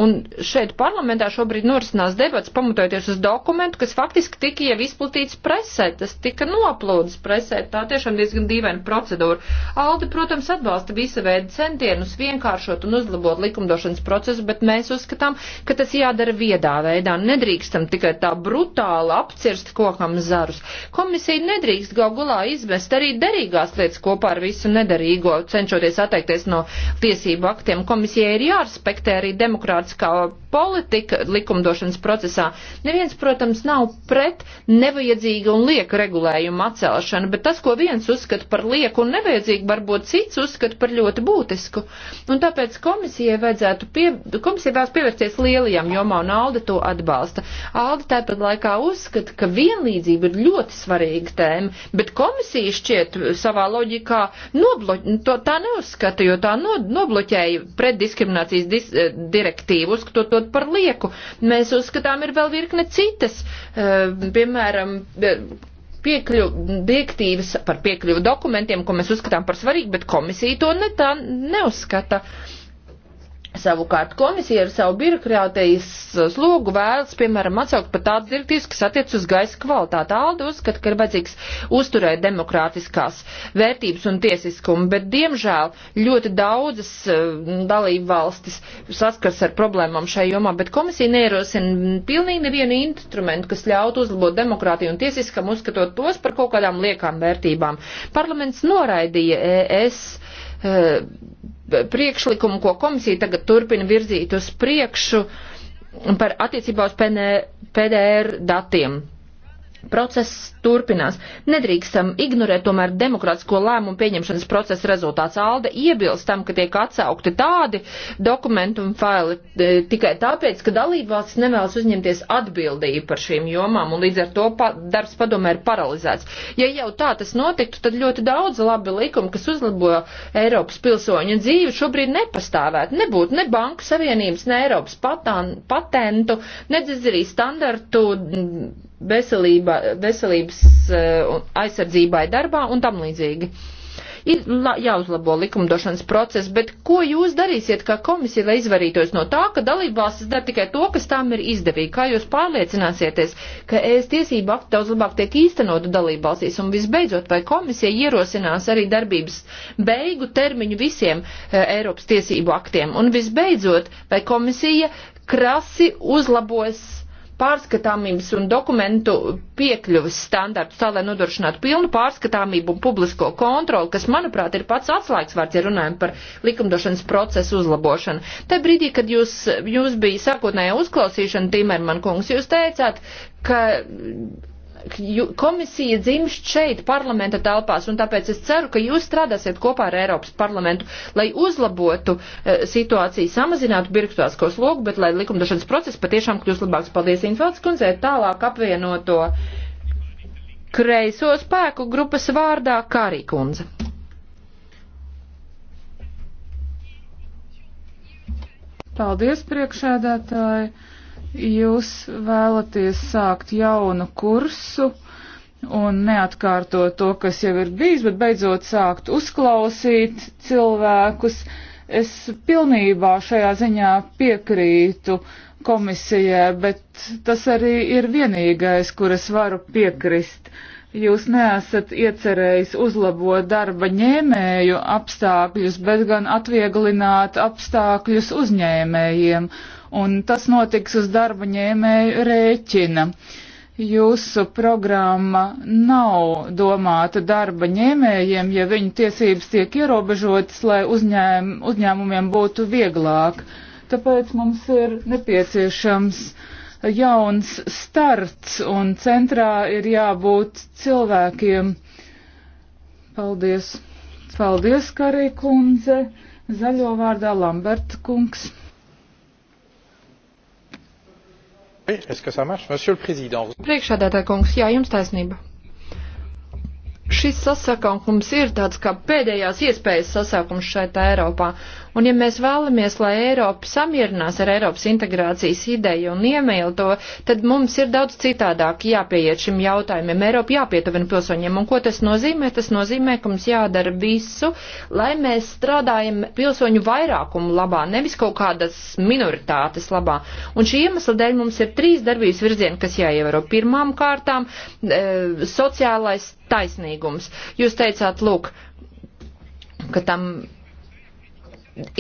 Un šeit parlamentā šobrīd norisinās debats pamatojoties uz dokumentu, kas faktiski tika jau izplatīts presē, tas tika noplūdes presē, tā tiešām diezgan dīvaina procedūra. Alde, protams, atbalsta visa veida centienus vienkāršot un uzlabot likumdošanas procesu, bet mēs uzskatām, ka tas jādara viedā veidā. Nedrīkstam tikai tā brutāli apcirst kokam zarus. Komisija nedrīkst gaugulā izmest arī derīgās lietas kopā ar visu nedarīgo, cenšoties atteikties no tiesību aktiem. Komisijai ir jārespektē arī demokrātija demokrātiskā politika likumdošanas procesā. Neviens, protams, nav pret nevajadzīga un lieka regulējuma atcelšanu, bet tas, ko viens uzskata par lieku un nevajadzīgu, varbūt cits uzskata par ļoti būtisku. Un tāpēc komisijai vajadzētu pie, komisija vēlas pievērsties lielajām jomām, un Alde to atbalsta. Alde tāpat laikā uzskata, ka vienlīdzība ir ļoti svarīga tēma, bet komisija šķiet savā loģikā nobloķē, to tā neuzskata, jo tā no, nobloķēja pret diskriminācijas dis, eh, direktīvu direktīvu, uzskatot par lieku. Mēs uzskatām, ir vēl virkne citas, eh, piemēram, eh, piekļuvu direktīvas par piekļuvu dokumentiem, ko mēs uzskatām par svarīgu, bet komisija to ne tā neuzskata. Uh, Savukārt komisija ar savu birokrātijas slogu vēlas, piemēram, atsaukt pat tādu direktīvas, kas attiec uz gaisa kvalitāti. Alda uzskata, ka ir vajadzīgs uzturēt demokrātiskās vērtības un tiesiskumu, bet, diemžēl, ļoti daudzas eh, dalību valstis saskars ar problēmām šai jomā, bet komisija neierosina pilnīgi nevienu instrumentu, kas ļautu uzlabot demokrātiju un tiesiskam, uzskatot tos par kaut kādām liekām vērtībām. Parlaments noraidīja ES eh, priekšlikumu, ko komisija tagad turpina virzīt uz priekšu par attiecībā uz PNR datiem. Process turpinās. Nedrīkstam ignorēt tomēr demokrātisko lēmumu pieņemšanas procesa rezultāts. Alde iebilst tam, ka tiek atsaukti tādi dokumenti un faili e, tikai tāpēc, ka dalībvalstis nevēlas uzņemties atbildību par šīm jomām un līdz ar to pa, darbs padomē ir paralizēts. Ja jau tā tas notiktu, tad ļoti daudz labi likumi, kas uzlabo Eiropas pilsoņu dzīvi, šobrīd nepastāvētu. Nebūtu ne Banku Savienības, ne Eiropas patā, patentu, ne arī standartu veselība, veselības eh, aizsardzībai darbā un tam līdzīgi. Ir jāuzlabo likumdošanas process, bet ko jūs darīsiet kā komisija, lai izvarītos no tā, ka dalībvalstis dara tikai to, kas tām ir izdevīgi? Kā jūs pārliecināsieties, ka ēst tiesība akti daudz labāk tiek īstenota dalībvalstīs? Un visbeidzot, vai komisija ierosinās arī darbības beigu termiņu visiem e, Eiropas tiesību aktiem? Un visbeidzot, vai komisija krasi uzlabos pārskatāmības un dokumentu piekļuvis standartus, tā lai nodrošinātu pilnu pārskatāmību un publisko kontroli, kas, manuprāt, ir pats atslēgsvārds, ja runājam par likumdošanas procesu uzlabošanu. Te brīdī, kad jūs, jūs bija sākotnējā uzklausīšana, Timerman kungs, jūs teicāt, ka komisija dzimst šeit parlamenta telpās, un tāpēc es ceru, ka jūs strādāsiet kopā ar Eiropas parlamentu, lai uzlabotu e, situāciju, samazinātu birkstotisko slogu, bet lai likumdošanas process patiešām kļūst labāks. Paldies, Infelds kundzē, tālāk apvienoto kreiso spēku grupas vārdā Kārī kundze. Paldies, priekšēdētāji! jūs vēlaties sākt jaunu kursu un neatkārtot to, kas jau ir bijis, bet beidzot sākt uzklausīt cilvēkus. Es pilnībā šajā ziņā piekrītu komisijai, bet tas arī ir vienīgais, kur es varu piekrist. Jūs neesat iecerējis uzlabot darba ņēmēju apstākļus, bet gan atvieglināt apstākļus uzņēmējiem un tas notiks uz darba ņēmēju rēķina. Jūsu programma nav domāta darba ņēmējiem, ja viņu tiesības tiek ierobežotas, lai uzņēm, uzņēmumiem būtu vieglāk. Tāpēc mums ir nepieciešams jauns starts un centrā ir jābūt cilvēkiem. Paldies! Paldies, Karī kundze! Zaļo vārdā Lamberta kungs. Priekšādātā kungs, jā, jums taisnība. Šis sasākums ir tāds kā pēdējās iespējas sasākums šeit Eiropā, Un ja mēs vēlamies, lai Eiropa samierinās ar Eiropas integrācijas ideju un iemīl to, tad mums ir daudz citādāk jāpieiet šim jautājumiem. Eiropa jāpietuvina pilsoņiem. Un ko tas nozīmē? Tas nozīmē, ka mums jādara visu, lai mēs strādājam pilsoņu vairākumu labā, nevis kaut kādas minoritātes labā. Un šī iemesla dēļ mums ir trīs darbības virzieni, kas jāievēro. Pirmām kārtām e, sociālais taisnīgums. Jūs teicāt, lūk, ka tam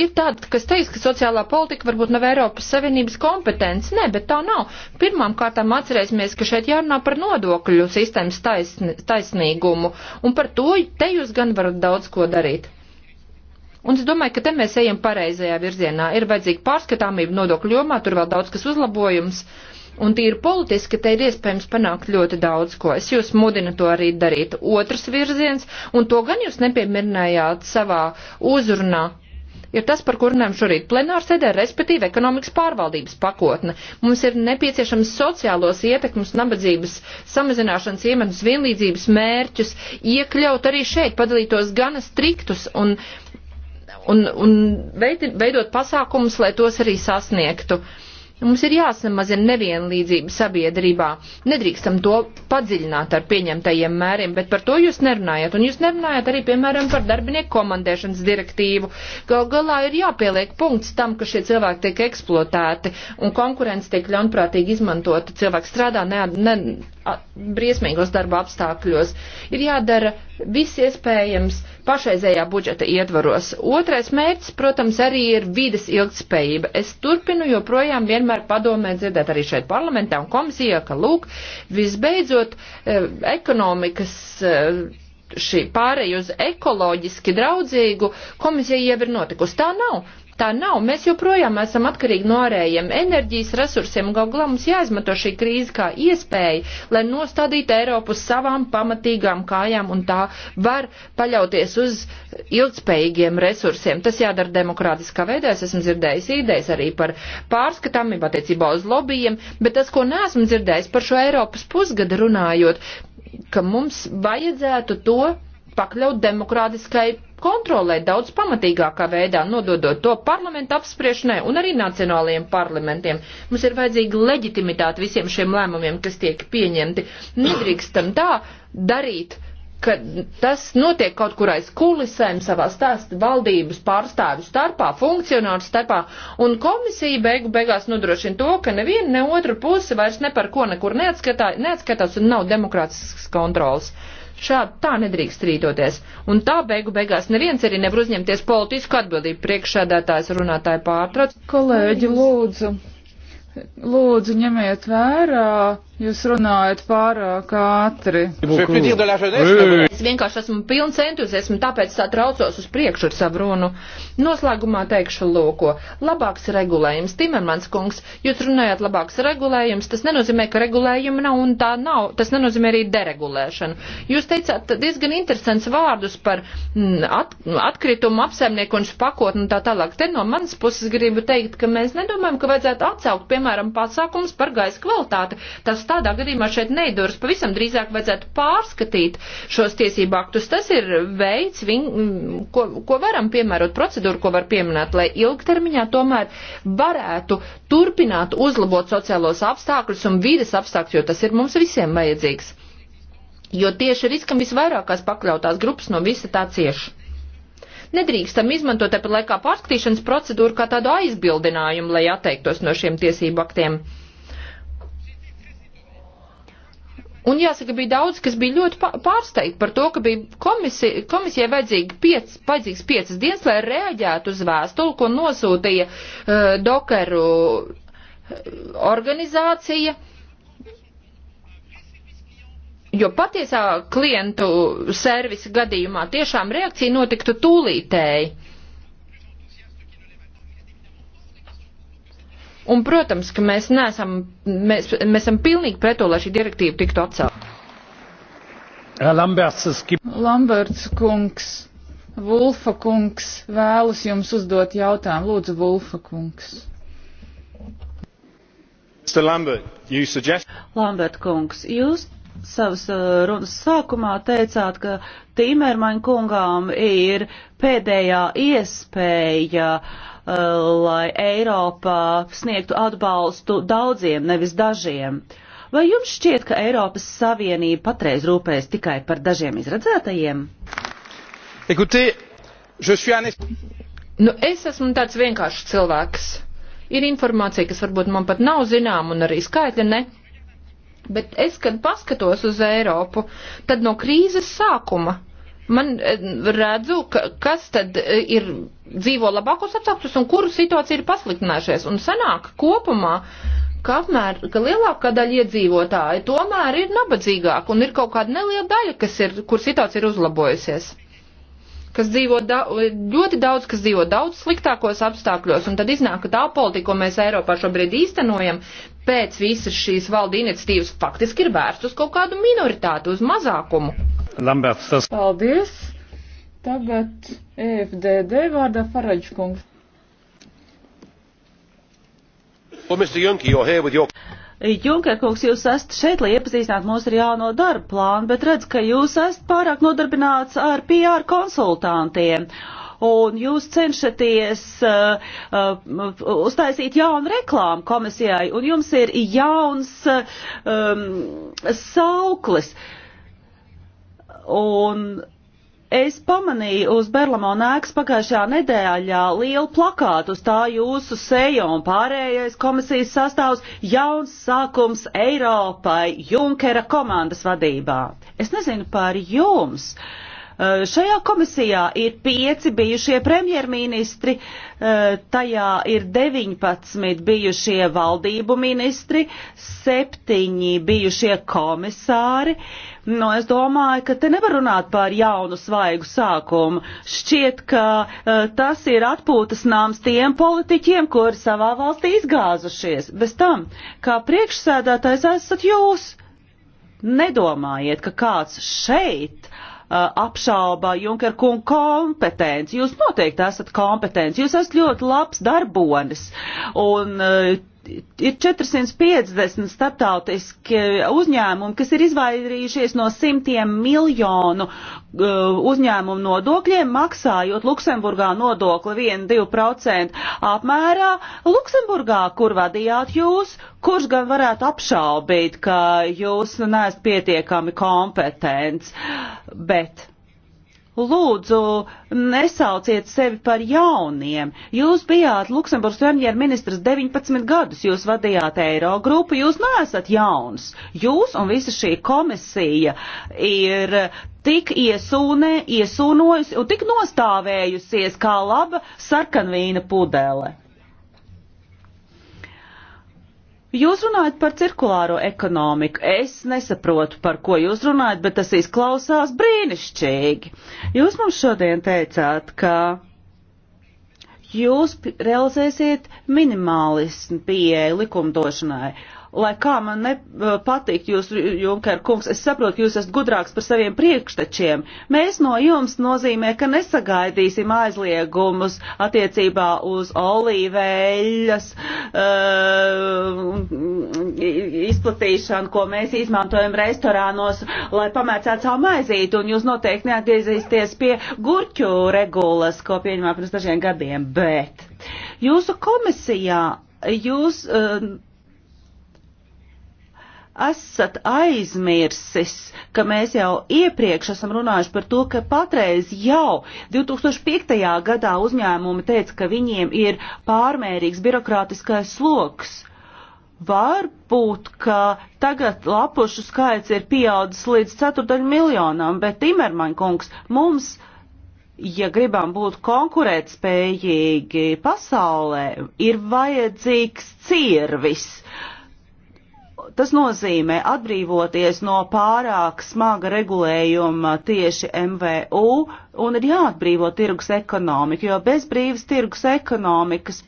ir tāda, kas teiks, ka sociālā politika varbūt nav Eiropas Savienības kompetence. Nē, bet tā nav. Pirmām kārtām atcerēsimies, ka šeit jārunā par nodokļu sistēmas taisn, taisnīgumu, un par to te jūs gan varat daudz ko darīt. Un es domāju, ka te mēs ejam pareizajā virzienā. Ir vajadzīga pārskatāmība nodokļu jomā, tur vēl daudz kas uzlabojums. Un tīri politiski te ir iespējams panākt ļoti daudz ko. Es jūs mudinu to arī darīt. Otrs virziens, un to gan jūs nepieminējāt savā uzrunā, ir tas, par kur runājam šorīt plenārsēdē, respektīvi ekonomikas pārvaldības pakotne. Mums ir nepieciešams sociālos ietekmus, nabadzības samazināšanas iemetus, vienlīdzības mērķus iekļaut arī šeit, padalītos gana striktus un, un, un veidot pasākumus, lai tos arī sasniegtu. Uh, Mums ir jāsamazina nevienlīdzība sabiedrībā. Nedrīkstam to padziļināt ar pieņemtajiem mēriem, bet par to jūs nerunājat. Un jūs nerunājat arī, piemēram, par darbinieku komandēšanas direktīvu. Gal galā ir jāpieliek punkts tam, ka šie cilvēki tiek eksploatēti un konkurence tiek ļaunprātīgi izmantota. Cilvēki strādā ne, ne, briesmīgos darba apstākļos. Ir jādara viss iespējams, pašreizējā budžeta ietvaros. Otrais mērķis, protams, arī ir vides ilgspējība. Es turpinu joprojām vienmēr padomē dzirdēt arī šeit parlamentā un komisijā, ka lūk, visbeidzot, e, ekonomikas e, šī pārēja uz ekoloģiski draudzīgu komisija jau ir notikusi. Tā nav. Tā nav. Mēs joprojām esam atkarīgi no ārējiem enerģijas resursiem. Gauglā mums jāizmanto šī krīze kā iespēja, lai nostādītu Eiropu uz savām pamatīgām kājām un tā var paļauties uz ilgspējīgiem resursiem. Tas jādara demokrātiskā veidā. Es esmu dzirdējis idejas arī par pārskatāmību attiecībā uz lobbyiem, bet tas, ko neesmu dzirdējis par šo Eiropas pusgada runājot, ka mums vajadzētu to pakļaut demokrātiskai kontrolēt daudz pamatīgākā veidā, nododot to parlamentu apspriešanai un arī nacionālajiem parlamentiem. Mums ir vajadzīga leģitimitāte visiem šiem lēmumiem, kas tiek pieņemti. Nedrīkstam tā darīt ka tas notiek kaut kur aiz kulisēm savā stāstu valdības pārstāvju starpā, funkcionāru starpā, un komisija beigu beigās nodrošina to, ka neviena ne otra puse vairs ne par ko nekur neatskatās, neatskatās un nav demokrātiskas kontrolas. Uh, Šādi tā nedrīkst rītoties. Un tā beigu beigās neviens arī nevar uzņemties politisku atbildību priekšsēdētājs runātāju pārtrauc. Kolēģi, lūdzu, lūdzu ņemiet vērā Jūs runājat pārāk ātri. Es vienkārši esmu pilns entuziasmu, tāpēc tā traucos uz priekšu ar savu runu. Noslēgumā teikšu lūko. Labāks regulējums, Timermans kungs, jūs runājat labāks regulējums, tas nenozīmē, ka regulējuma nav un tā nav, tas nenozīmē arī deregulēšanu. Jūs teicāt diezgan interesants vārdus par mm, at, atkritumu apsaimnieku un pakotni un tā tālāk. Te no manas puses gribu teikt, ka mēs nedomājam, ka vajadzētu atsaukt, piemēram, pasākums par gaisa kvalitāti. Tas tādā gadījumā šeit neidurs. Pavisam drīzāk vajadzētu pārskatīt šos tiesību aktus. Tas ir veids, viņ, ko, ko varam piemērot, procedūru, ko var pieminēt, lai ilgtermiņā tomēr varētu turpināt uzlabot sociālos apstākļus un vides apstākļus, jo tas ir mums visiem vajadzīgs. Jo tieši riskam visvairākās pakļautās grupas no visa tā cieši nedrīkstam izmantot tāpat laikā pārskatīšanas procedūru kā tādu aizbildinājumu, lai atteiktos no šiem tiesību aktiem. Un jāsaka, bija daudz, kas bija ļoti pārsteigti par to, ka bija komisija, komisijai vajadzīgi piec, vajadzīgs piecas dienas, lai reaģētu uz vēstuli, ko nosūtīja uh, dokeru uh, organizācija. Jo patiesā klientu servisa gadījumā tiešām reakcija notiktu tūlītēji. Un, protams, ka mēs neesam, mēs, mēs esam pilnīgi preto, lai šī direktīva tiktu atcelt. Lamberts, Lamberts kungs, Vulfa kungs vēlas jums uzdot jautājumu. Lūdzu, Vulfa kungs. Lambert, suggest... Lambert kungs, jūs savas uh, runas sākumā teicāt, ka Timermaņa kungām ir pēdējā iespēja uh, Uh, lai Eiropa sniegtu atbalstu daudziem, nevis dažiem. Vai jums šķiet, ka Eiropas Savienība patreiz rūpējas tikai par dažiem izredzētajiem? Écoutez, je suis un... Nu, es esmu tāds vienkāršs cilvēks. Ir informācija, kas varbūt man pat nav zinām, un arī skaitļi ne. Bet es, kad paskatos uz Eiropu, tad no krīzes sākuma man eh, redzu, ka, kas tad eh, ir dzīvo labākos apstākļus un kuru situācija ir pasliktinājušies. Un sanāk kopumā, ka, apmēr, ka lielākā daļa iedzīvotāji tomēr ir nabadzīgāki un ir kaut kāda neliela daļa, kas ir, kur situācija ir uzlabojusies kas dzīvo da ļoti daudz, kas dzīvo daudz sliktākos apstākļos, un tad iznāk, ka tā politika, ko mēs Eiropā šobrīd īstenojam, pēc visas šīs valda iniciatīvas faktiski ir vērsta uz kaut kādu minoritātu, uz mazākumu. Lamberts. Tas... Paldies. Tagad EFDD vārdā Faraģkungs. Junker kungs, jūs esat šeit, lai iepazīstinātu mūs ar jauno darba plānu, bet redz, ka jūs esat pārāk nodarbināts ar PR konsultantiem un jūs cenšaties uh, uh, uztaisīt jaunu reklāmu komisijai, un jums ir jauns um, sauklis. Uh, Un Es pamanīju uz Berlamona ēkas pagājušajā nedēļā lielu plakātu uz tā jūsu seju un pārējais komisijas sastāvs jauns sākums Eiropai Junkera komandas vadībā. Es nezinu par jums. Eh, šajā komisijā ir pieci bijušie premjerministri, eh, tajā ir 19 bijušie valdību ministri, septiņi bijušie komisāri. Nu, es domāju, ka te nevar runāt par jaunu svaigu sākumu. Šķiet, ka uh, tas ir atpūtas nams tiem politiķiem, kuri savā valstī izgāzušies. Bez tam, kā priekšsēdētājs esat jūs, nedomājiet, ka kāds šeit uh, apšaubā Junker kungu kompetenci. Jūs noteikti esat kompetents, jūs esat ļoti labs darbonis. Un, uh, ir 450 starptautiski uzņēmumi, kas ir izvairījušies no simtiem miljonu uh, uzņēmumu nodokļiem, maksājot Luksemburgā nodokli 1-2% apmērā. Luksemburgā, kur vadījāt jūs, kurš gan varētu apšaubīt, ka jūs neesat pietiekami kompetents, bet Lūdzu, nesauciet sevi par jauniem. Jūs bijāt Luksemburgas premjerministrs 19 gadus, jūs vadījāt eiro grupu, jūs neesat jauns. Jūs un visa šī komisija ir tik iesūnē, iesūnojusi un tik nostāvējusies kā laba sarkanvīna pudele. Jūs runājat par cirkulāro ekonomiku. Es nesaprotu, par ko jūs runājat, bet tas izklausās brīnišķīgi. Jūs mums šodien teicāt, ka jūs realizēsiet minimālismu pieeja likumdošanai lai kā man nepatīk eh, jūs, Junker kungs, es saprotu, jūs esat gudrāks par saviem priekštečiem. Mēs no jums nozīmē, ka nesagaidīsim aizliegumus attiecībā uz olīveļas uh, izplatīšanu, ko mēs izmantojam restorānos, lai pamēcētu savu maizīti, un jūs noteikti neatgriezīsieties pie gurķu regulas, ko pieņemā pirms dažiem gadiem, bet jūsu komisijā jūs. Uh, esat aizmirsis, ka mēs jau iepriekš esam runājuši par to, ka patreiz jau 2005. gadā uzņēmumi teica, ka viņiem ir pārmērīgs birokrātiskais sloks. Varbūt, ka tagad lapušu skaits ir pieaudzis līdz ceturdaļu miljonam, bet Timermaņa kungs mums ja gribam būt konkurētspējīgi pasaulē, ir vajadzīgs cirvis. Uh, Tas nozīmē atbrīvoties no pārāk smaga regulējuma tieši MVU un ir jāatbrīvo tirgus ekonomika, jo bez brīvas tirgus ekonomikas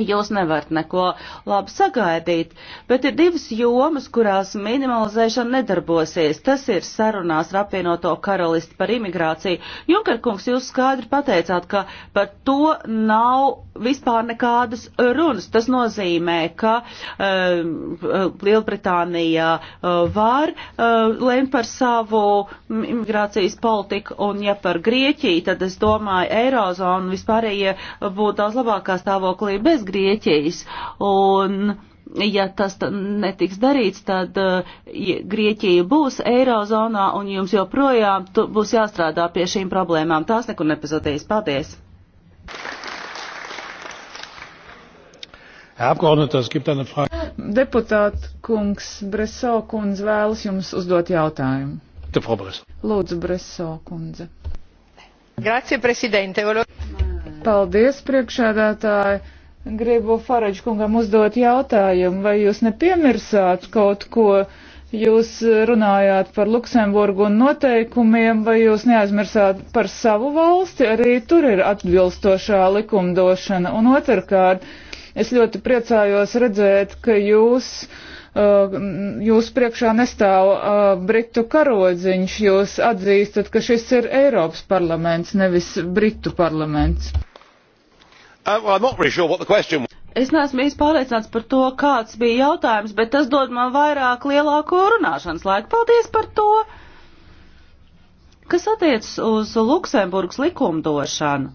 Jūs nevarat neko labi sagaidīt, bet ir divas jomas, kurās minimalizēšana nedarbosies. Tas ir sarunās ar apvienoto karalisti par imigrāciju. Junkarkungs, jūs skaidri pateicāt, ka par to nav vispār nekādas runas. Tas nozīmē, ka um, Lielbritānija uh, var uh, lemt par savu imigrācijas politiku, un ja par Grieķiju, tad es domāju, Eirozona vispārējie ja būtu daudz labākā stāvoklī bez bez Grieķijas. Un, ja tas netiks darīts, tad uh, Grieķija būs eirozonā un jums joprojām būs jāstrādā pie šīm problēmām. Tās nekur nepazudīs. Paldies! Deputāt kungs Breso kundze vēlas jums uzdot jautājumu. Lūdzu, Breso kundze. Grazie, prezidente. Paldies, priekšādātāji. Gribu Faraģkungam uzdot jautājumu, vai jūs nepiemirsāt kaut ko, jūs runājāt par Luksemburgu un noteikumiem, vai jūs neaizmirsāt par savu valsti, arī tur ir atbilstošā likumdošana. Un otrkārt, es ļoti priecājos redzēt, ka jūs uh, jūs priekšā nestāv uh, Britu karodziņš, jūs atzīstat, ka šis ir Eiropas parlaments, nevis Britu parlaments. Uh, es neesmu īsti pārliecināts par to, kāds bija jautājums, bet tas dod man vairāk lielāko runāšanas laiku. Paldies par to! Kas attiecas uz Luksemburgas likumdošanu?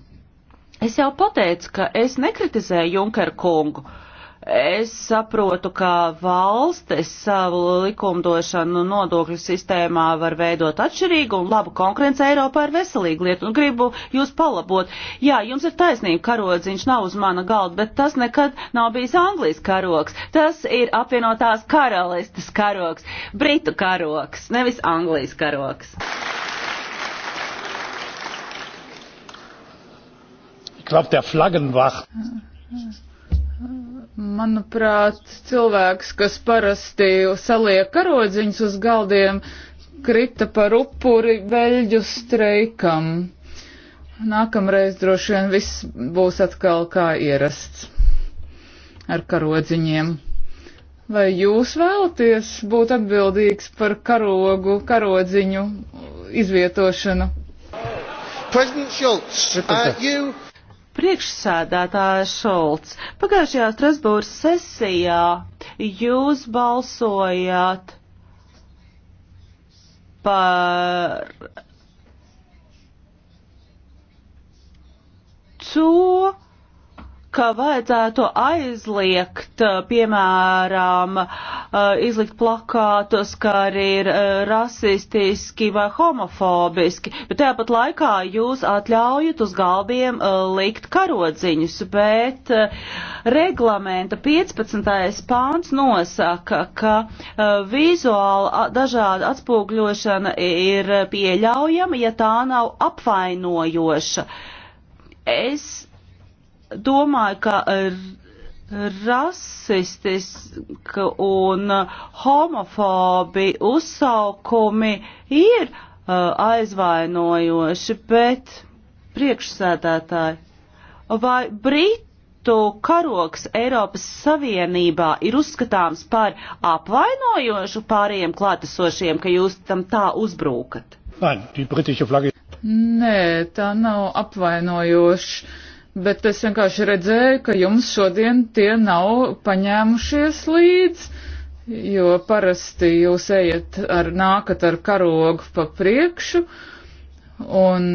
Es jau pateicu, ka es nekritizēju Junkeru kungu. Uh, Es saprotu, ka valstis savu likumdošanu nodokļu sistēmā var veidot atšķirīgu un labu konkurence Eiropā ir veselīga lieta un gribu jūs palabot. Jā, jums ir taisnība, karodziņš nav uz mana galda, bet tas nekad nav bijis Anglijas karoks. Tas ir apvienotās karalistes karoks, Britu karoks, nevis Anglijas karoks. Ich glaube, der Flaggenwacht. Mhm. Manuprāt, cilvēks, kas parasti saliek karodziņus uz galdiem, krita par upuri veļģu streikam. Nākamreiz droši vien viss būs atkal kā ierasts ar karodziņiem. Vai jūs vēlaties būt atbildīgs par karogu, karodziņu izvietošanu? President Schultz, uh, you Priekšsēdētājs Šolts, pagājušajā Strasbūras sesijā jūs balsojāt par to, ka vajadzētu aizliegt, eh, piemēram, eh, izlikt plakātus, ka arī ir eh, rasistiski vai homofobiski, bet tāpat laikā jūs atļaujat uz galdiem likt karodziņus, bet reglamenta 15. pāns nosaka, ka vizuāla dažāda atspūgļošana ir pieļaujama, ja tā nav apvainojoša. Es domāju, ka eh, rasistiski un eh, homofobi uzsaukumi ir uh, aizvainojoši, bet priekšsēdētāji, vai Britu karoks Eiropas Savienībā ir uzskatāms par apvainojošu pāriem klātesošiem, ka jūs tam tā uzbrukat? Nē, tā nav apvainojoša bet es vienkārši redzēju, ka jums šodien tie nav paņēmušies līdz, jo parasti jūs ejat ar, nākat ar karogu pa priekšu, un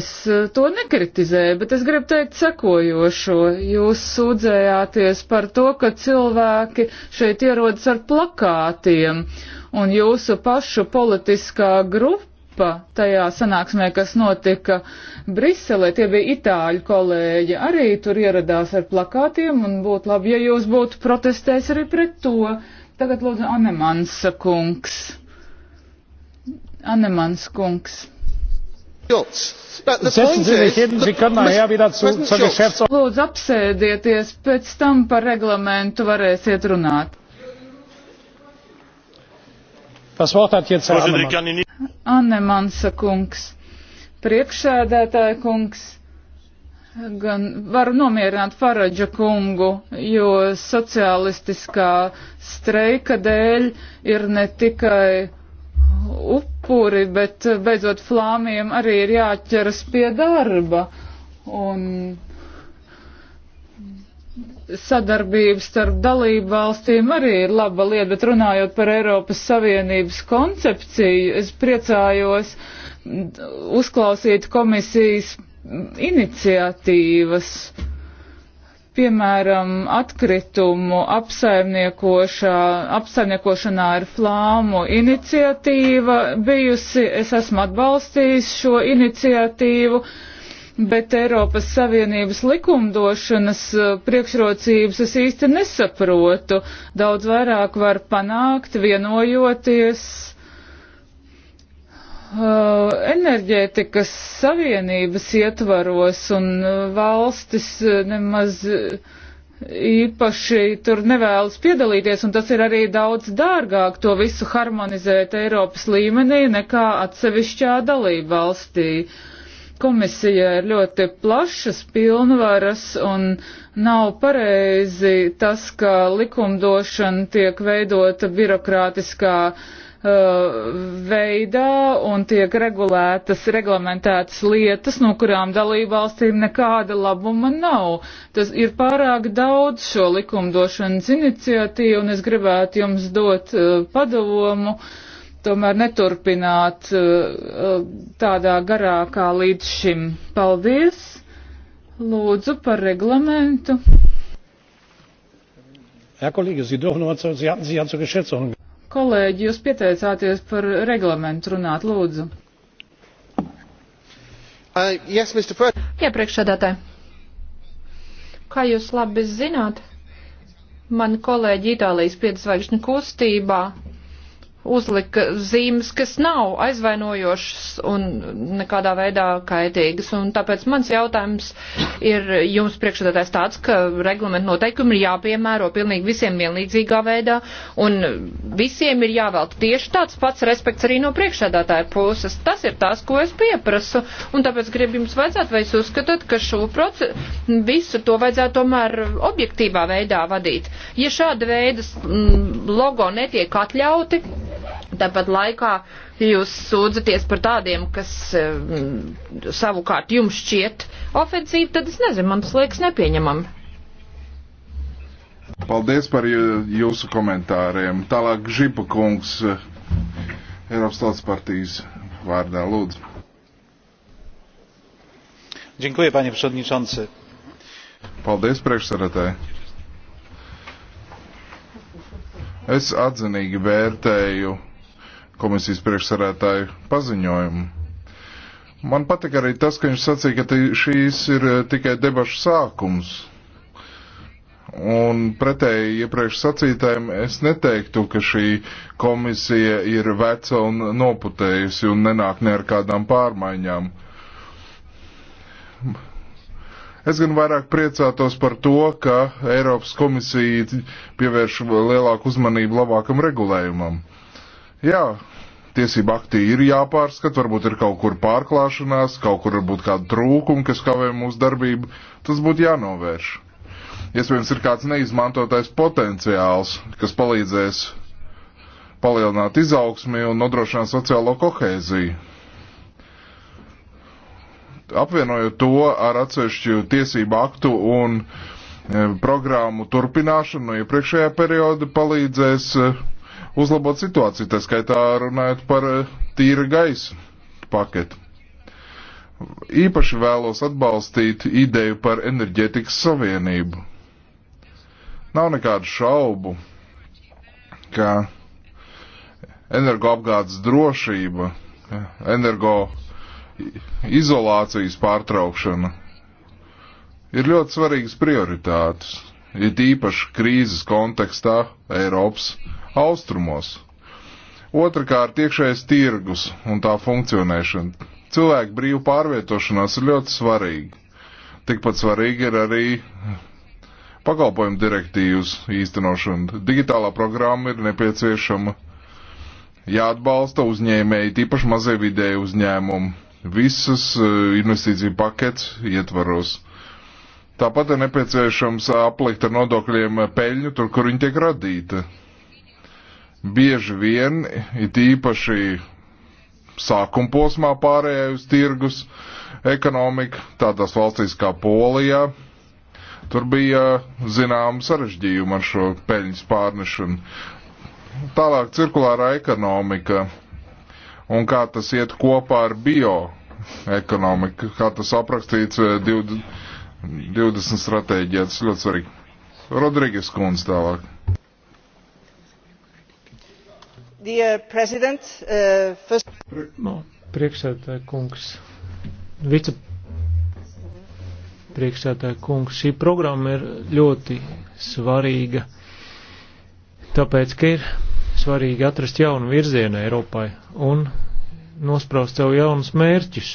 es eh, to nekritizēju, bet es gribu teikt sekojošo. Jūs sūdzējāties par to, ka cilvēki šeit ierodas ar plakātiem, un jūsu pašu politiskā grupa grupa tajā sanāksmē, kas notika Briselē, tie bija itāļu kolēģi, arī tur ieradās ar plakātiem un būtu labi, ja jūs būtu protestējis arī pret to. Tagad lūdzu Anemansa kungs. Anemans kungs. Lūdzu apsēdieties, pēc tam par reglamentu varēsiet runāt. Annemansa kungs, priekšsēdētāja kungs, gan varu nomierināt Faradža kungu, jo sociālistiskā streika dēļ ir ne tikai upuri, bet beidzot flāmiem arī ir jāķeras pie darba. Un sadarbība starp dalību valstīm arī ir laba lieta, bet runājot par Eiropas Savienības koncepciju, es priecājos uzklausīt komisijas iniciatīvas, piemēram, atkritumu apsaimniekošanā ir flāmu iniciatīva bijusi, es esmu atbalstījis šo iniciatīvu bet Eiropas Savienības likumdošanas eh, priekšrocības es īsti nesaprotu. Daudz vairāk var panākt, vienojoties uh, enerģētikas savienības ietvaros un eh, valstis nemaz īpaši tur nevēlas piedalīties, un tas ir arī daudz dārgāk to visu harmonizēt Eiropas līmenī nekā atsevišķā dalība valstī. Uh, Komisija ir ļoti plašas pilnvaras un nav pareizi tas, ka likumdošana tiek veidota birokrātiskā uh, veidā un tiek regulētas, reglamentētas lietas, no kurām dalībvalstīm nekāda labuma nav. Tas ir pārāk daudz šo likumdošanas iniciatīvu un es gribētu jums dot uh, padomu uh, tomēr neturpināt uh, uh, tādā garā kā līdz šim. Paldies! Lūdzu par reglamentu. Kolēģi, jūs pieteicāties par reglamentu runāt, lūdzu. Uh, yes, Jā, priekšsēdētāji. Kā jūs labi zināt, mani kolēģi Itālijas piedzvaigžņu kustībā uzlika zīmes, kas nav aizvainojošas un nekādā veidā kaitīgas. Un tāpēc mans jautājums ir jums priekšsēdētājs tāds, ka reglamentu noteikumi ir jāpiemēro pilnīgi visiem vienlīdzīgā veidā un visiem ir jāvēlta tieši tāds pats respekts arī no priekšsēdētāja puses. Tas ir tās, ko es pieprasu. Un tāpēc gribu jums vajadzētu, vai jūs uzskatāt, ka šo procesu visu to vajadzētu tomēr objektīvā veidā vadīt. Ja šāda veida mm, logo netiek atļauti, Tāpat laikā jūs sūdzaties par tādiem, kas eh, savukārt jums šķiet ofensīvi, tad es nezinu, man tas liekas nepieņemami. Paldies par jūsu komentāriem. Tālāk Žipa kungs, eh, Eiropas Tautas partijas vārdā, lūdzu. Dziękuję, panie przewodniczący. Paldies, priekšsēdētāji. Es atzinīgi vērtēju komisijas priekšsarētāju paziņojumu. Man patika arī tas, ka viņš sacīja, ka šīs ir eh, tikai debašu sākums. Un pretēji iepriekš sacītājiem es neteiktu, ka šī komisija ir veca un noputējusi un nenāk ne ar kādām pārmaiņām. Es gan vairāk priecātos par to, ka Eiropas komisija pievērš lielāku uzmanību labākam regulējumam. Jā, tiesība aktī ir jāpārskat, varbūt ir kaut kur pārklāšanās, kaut kur varbūt kāda trūkuma, kas kavē mūsu darbību. Tas būtu jānovērš. Iespējams, ir kāds neizmantotais potenciāls, kas palīdzēs palielināt izaugsmi un nodrošināt sociālo kohēziju apvienojot to ar atsevišķu tiesību aktu un e, programmu turpināšanu no iepriekšējā perioda palīdzēs e, uzlabot situāciju, tā skaitā runājot par e, tīra gaisa paketu. Īpaši vēlos atbalstīt ideju par enerģētikas savienību. Nav nekādu šaubu, ka energoapgādes drošība, energo izolācijas pārtraukšana ir ļoti svarīgas prioritātes, it īpaši krīzes kontekstā Eiropas austrumos. Otrakārt, iekšējais tirgus un tā funkcionēšana. Cilvēku brīvu pārvietošanās ir ļoti svarīga. Tikpat svarīga ir arī pakalpojumu direktīvas īstenošana. Digitālā programma ir nepieciešama jāatbalsta uzņēmēji, tīpaši mazie vidēji uzņēmumi visas eh, investīciju paketes ietvaros. Tāpat ir nepieciešams aplikt ar nodokļiem peļņu tur, kur viņi tiek radīti. Bieži vien, it īpaši sākuma posmā pārējai uz tirgus ekonomiku, tādās valstīs kā Polijā. Tur bija zinām sarežģījumi ar šo peļņas pārnešanu. Tālāk cirkulārā ekonomika un kā tas iet kopā ar bioekonomiku, kā tas aprakstīts 20, eh, 20 stratēģijā. Tas ļoti svarīgi. Rodrīgas kundze tālāk. Dear President, uh, first... No, priekšsētāja kungs, vice priekšsētāja kungs, šī programma ir ļoti svarīga Tāpēc, ka ir svarīgi atrast jaunu virzienu Eiropai un nospraust sev jaunus mērķus.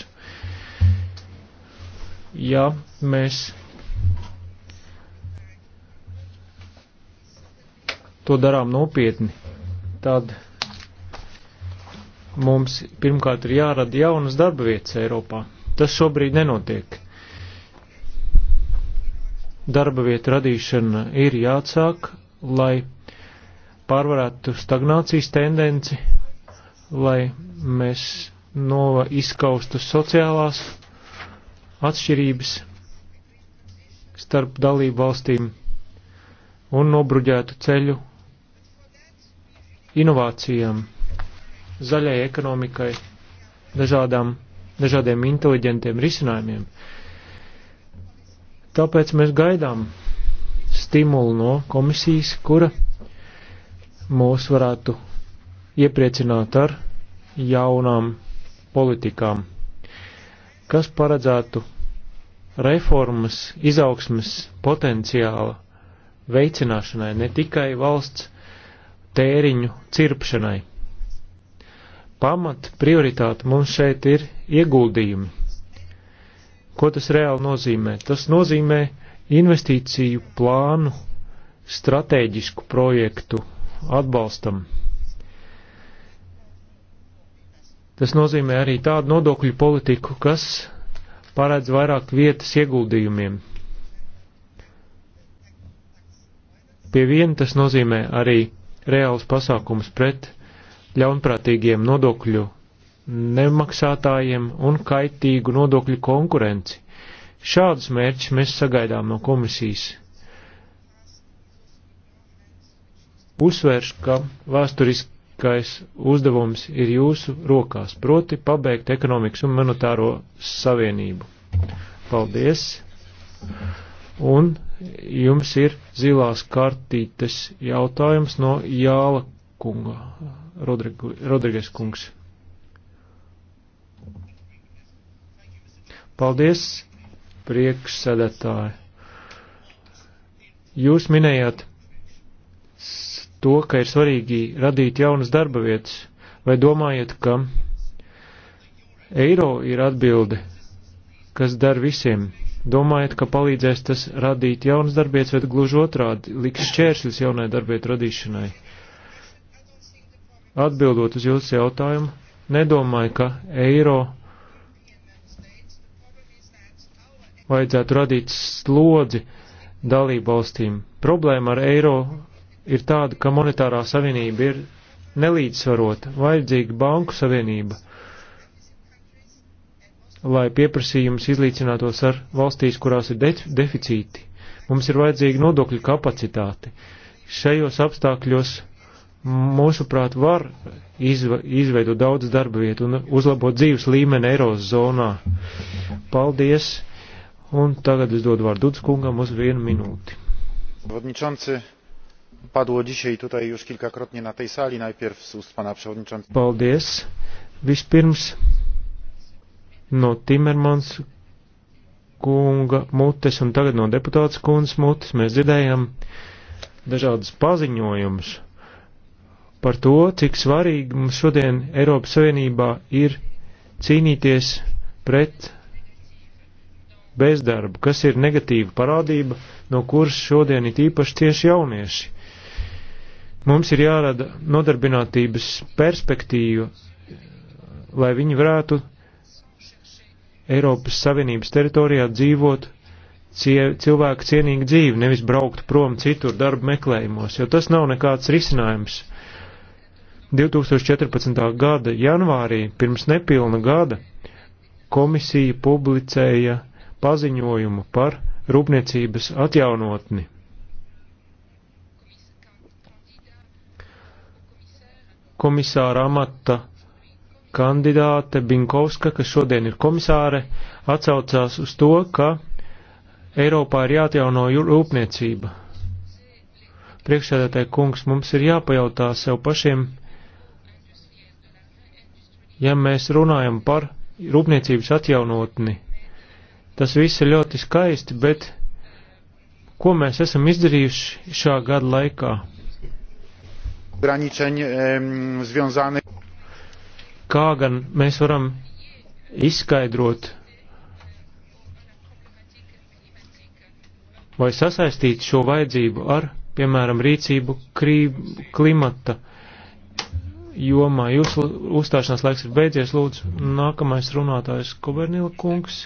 Ja mēs to darām nopietni, tad mums pirmkārt ir jārada jaunas darba vietas Eiropā. Tas šobrīd nenotiek. Darba vieta radīšana ir jāatsāk, lai pārvarētu stagnācijas tendenci, lai mēs nova izskaustu sociālās atšķirības starp dalību valstīm un nobruģētu ceļu inovācijām, zaļai ekonomikai, dažādām, dažādiem inteliģentiem risinājumiem. Tāpēc mēs gaidām stimulu no komisijas, kura mūs varētu iepriecināt ar jaunām politikām, kas paredzētu reformas, izaugsmes potenciāla veicināšanai, ne tikai valsts tēriņu cirpšanai. Pamat prioritāte mums šeit ir ieguldījumi. Ko tas reāli nozīmē? Tas nozīmē investīciju plānu, stratēģisku projektu atbalstam. Tas nozīmē arī tādu nodokļu politiku, kas paredz vairāk vietas ieguldījumiem. Pie viena tas nozīmē arī reāls pasākums pret ļaunprātīgiem nodokļu nemaksātājiem un kaitīgu nodokļu konkurenci. Šādus mērķus mēs sagaidām no komisijas uzsvērš, ka vēsturiskais uzdevums ir jūsu rokās, proti pabeigt ekonomikas un monetāro savienību. Paldies! Un jums ir zilās kartītes jautājums no Jāla kunga, Rodrigas kungs. Paldies, priekšsēdētāji! Jūs minējāt to, ka ir svarīgi radīt jaunas darba vietas, vai domājat, ka eiro ir atbilde, kas dar visiem? Domājat, ka palīdzēs tas radīt jaunas darbietas, bet gluži otrādi liks šķēršļus jaunai darbietu radīšanai? Atbildot uz jūsu jautājumu, nedomāju, ka eiro vajadzētu radīt slodzi dalību valstīm. Problēma ar eiro ir tāda, ka monetārā savienība ir nelīdzsvarota, vajadzīga banku savienība, lai pieprasījums izlīdzinātos ar valstīs, kurās ir de deficīti. Mums ir vajadzīga nodokļu kapacitāte. Šajos apstākļos, mūsuprāt, var izve izveidot daudz darba vietu un uzlabot dzīves līmeni Eirozonā. Paldies! Un tagad es dodu vārdu Dudskungam uz vienu minūti. Vodničanci, padło dzisiaj tutaj już kilkakrotnie na tej sali, najpierw z ust pana przewodniczącego. Paldies. Vispirms no Timermans kunga mutes un tagad no deputāts kundas mutes mēs dzirdējam dažādas paziņojumus par to, cik svarīgi mums šodien Eiropas Savienībā ir cīnīties pret bezdarbu, kas ir negatīva parādība, no kuras šodien ir īpaši tieši jaunieši. Mums ir jārada nodarbinātības perspektīva, lai viņi varētu Eiropas Savienības teritorijā dzīvot cie, cilvēku cienīgu dzīvi, nevis braukt prom citur darba meklējumos, jo tas nav nekāds risinājums. 2014. gada janvārī, pirms nepilna gada, komisija publicēja paziņojumu par rūpniecības atjaunotni komisāra amata kandidāte Binkovska, kas šodien ir komisāre, atsaucās uz to, ka Eiropā ir jāatjauno rūpniecība. Priekšsēdētāji kungs, mums ir jāpajautā sev pašiem, ja mēs runājam par rūpniecības atjaunotni. Tas viss ir ļoti skaisti, bet ko mēs esam izdarījuši šā gada laikā? ograniczeń związanych. Kā gan mēs varam izskaidrot vai sasaistīt šo vajadzību ar, piemēram, rīcību krī, klimata jomā. Jūsu uzstāšanās laiks ir beidzies, lūdzu. Nākamais runātājs Kubernila kungs.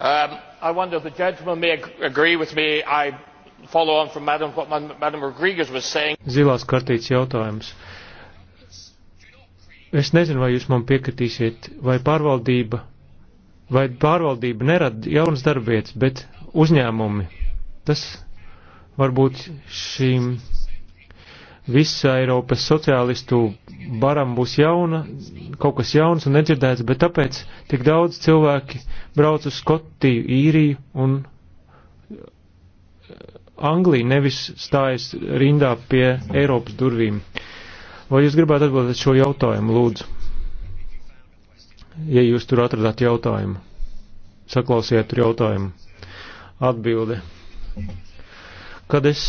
Um, I wonder if the gentleman may agree with me. I follow on from Madam, what Madam Rodriguez was saying. Zilās kartītes jautājums. Es nezinu, vai jūs man piekritīsiet, vai pārvaldība, vai pārvaldība nerada jaunas darbvietas, bet uzņēmumi. Tas varbūt šīm visa Eiropas sociālistu baram būs jauna, kaut kas jauns un nedzirdēts, bet tāpēc tik daudz cilvēki brauc uz Skotiju, īriju un Anglija nevis stājas rindā pie Eiropas durvīm. Vai jūs gribētu atbildēt šo jautājumu, lūdzu? Ja jūs tur atradāt jautājumu, saklausiet tur jautājumu. Atbilde. Kad es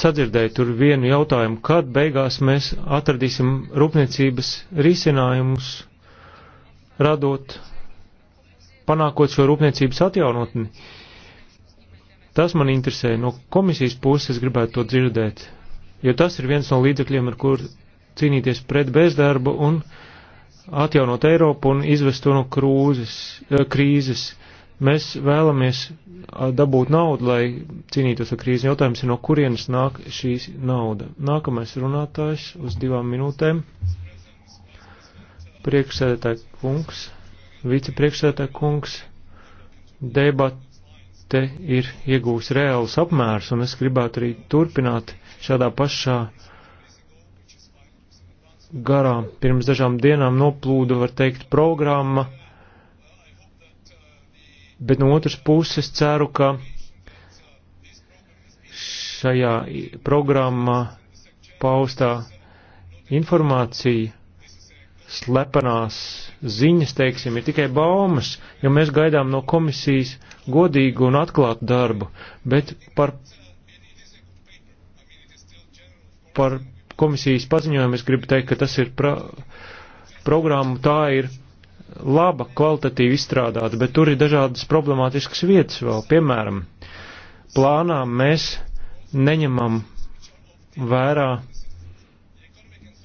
sadzirdēju tur vienu jautājumu, kad beigās mēs atradīsim rūpniecības risinājumus, radot, panākot šo rūpniecības atjaunotni. Uh, Tas man interesē. No komisijas puses gribētu to dzirdēt, jo tas ir viens no līdzekļiem, ar kur cīnīties pret bezdarbu un atjaunot Eiropu un izvest to no krūzes, eh, krīzes. Mēs vēlamies eh, dabūt naudu, lai cīnītos ar krīzi. Jautājums ir, no kurienes nāk šīs nauda. Nākamais runātājs uz divām minūtēm. Priekšsēdētāja kungs, vicepriekšsēdētāja kungs, debat te ir iegūs reāls apmērs, un es gribētu arī turpināt šādā pašā garā. Pirms dažām dienām noplūda, var teikt, programma, bet no otras puses ceru, ka šajā programmā paustā informācija, slepenās ziņas, teiksim, ir tikai baumas, jo mēs gaidām no komisijas godīgu un atklātu darbu, bet par, par komisijas paziņojumu es gribu teikt, ka tas ir pra, programma, tā ir laba, kvalitatīvi izstrādāta, bet tur ir dažādas problemātiskas vietas vēl. Piemēram, plānā mēs neņemam vērā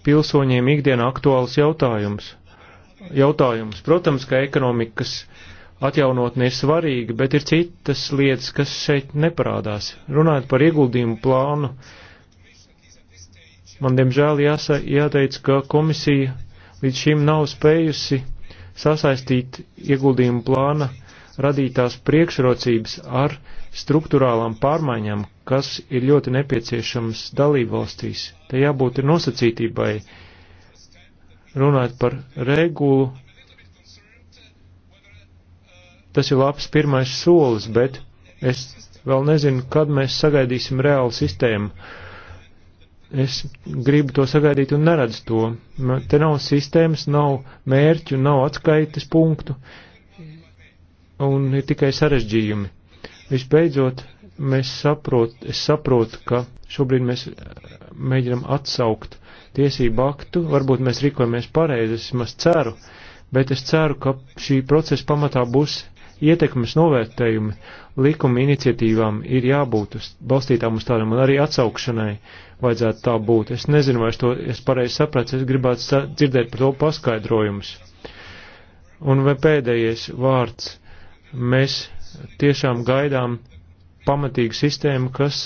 pilsoņiem ikdienā aktuāls jautājums. jautājums. Protams, ka ekonomikas uh, atjaunotne ir svarīga, bet ir citas lietas, kas šeit neparādās. Runājot par ieguldījumu plānu, man diemžēl jāsa, jāteic, ka komisija līdz šim nav spējusi sasaistīt ieguldījumu plāna radītās priekšrocības ar struktūrālām pārmaiņām, kas ir ļoti nepieciešams dalībvalstīs. Te jābūt ir nosacītībai runāt par regulu, Tas ir labs pirmais solis, bet es vēl nezinu, kad mēs sagaidīsim reālu sistēmu. Es gribu to sagaidīt un neredzu to. Te nav sistēmas, nav mērķu, nav atskaites punktu un ir tikai sarežģījumi. Visbeidzot, mēs saprot, es saprotu, ka šobrīd mēs eh, mēģinam atsaukt tiesību aktu, varbūt mēs rīkojamies pareizi, es maz ceru, bet es ceru, ka šī procesa pamatā būs ietekmes novērtējumi likuma iniciatīvām ir jābūt uz, balstītām uz tādam un arī atsaukšanai vajadzētu tā būt. Es nezinu, vai es to es pareizi sapratu, es gribētu dzirdēt par to paskaidrojumus. Un vai pēdējais vārds, mēs tiešām gaidām pamatīgu sistēmu, kas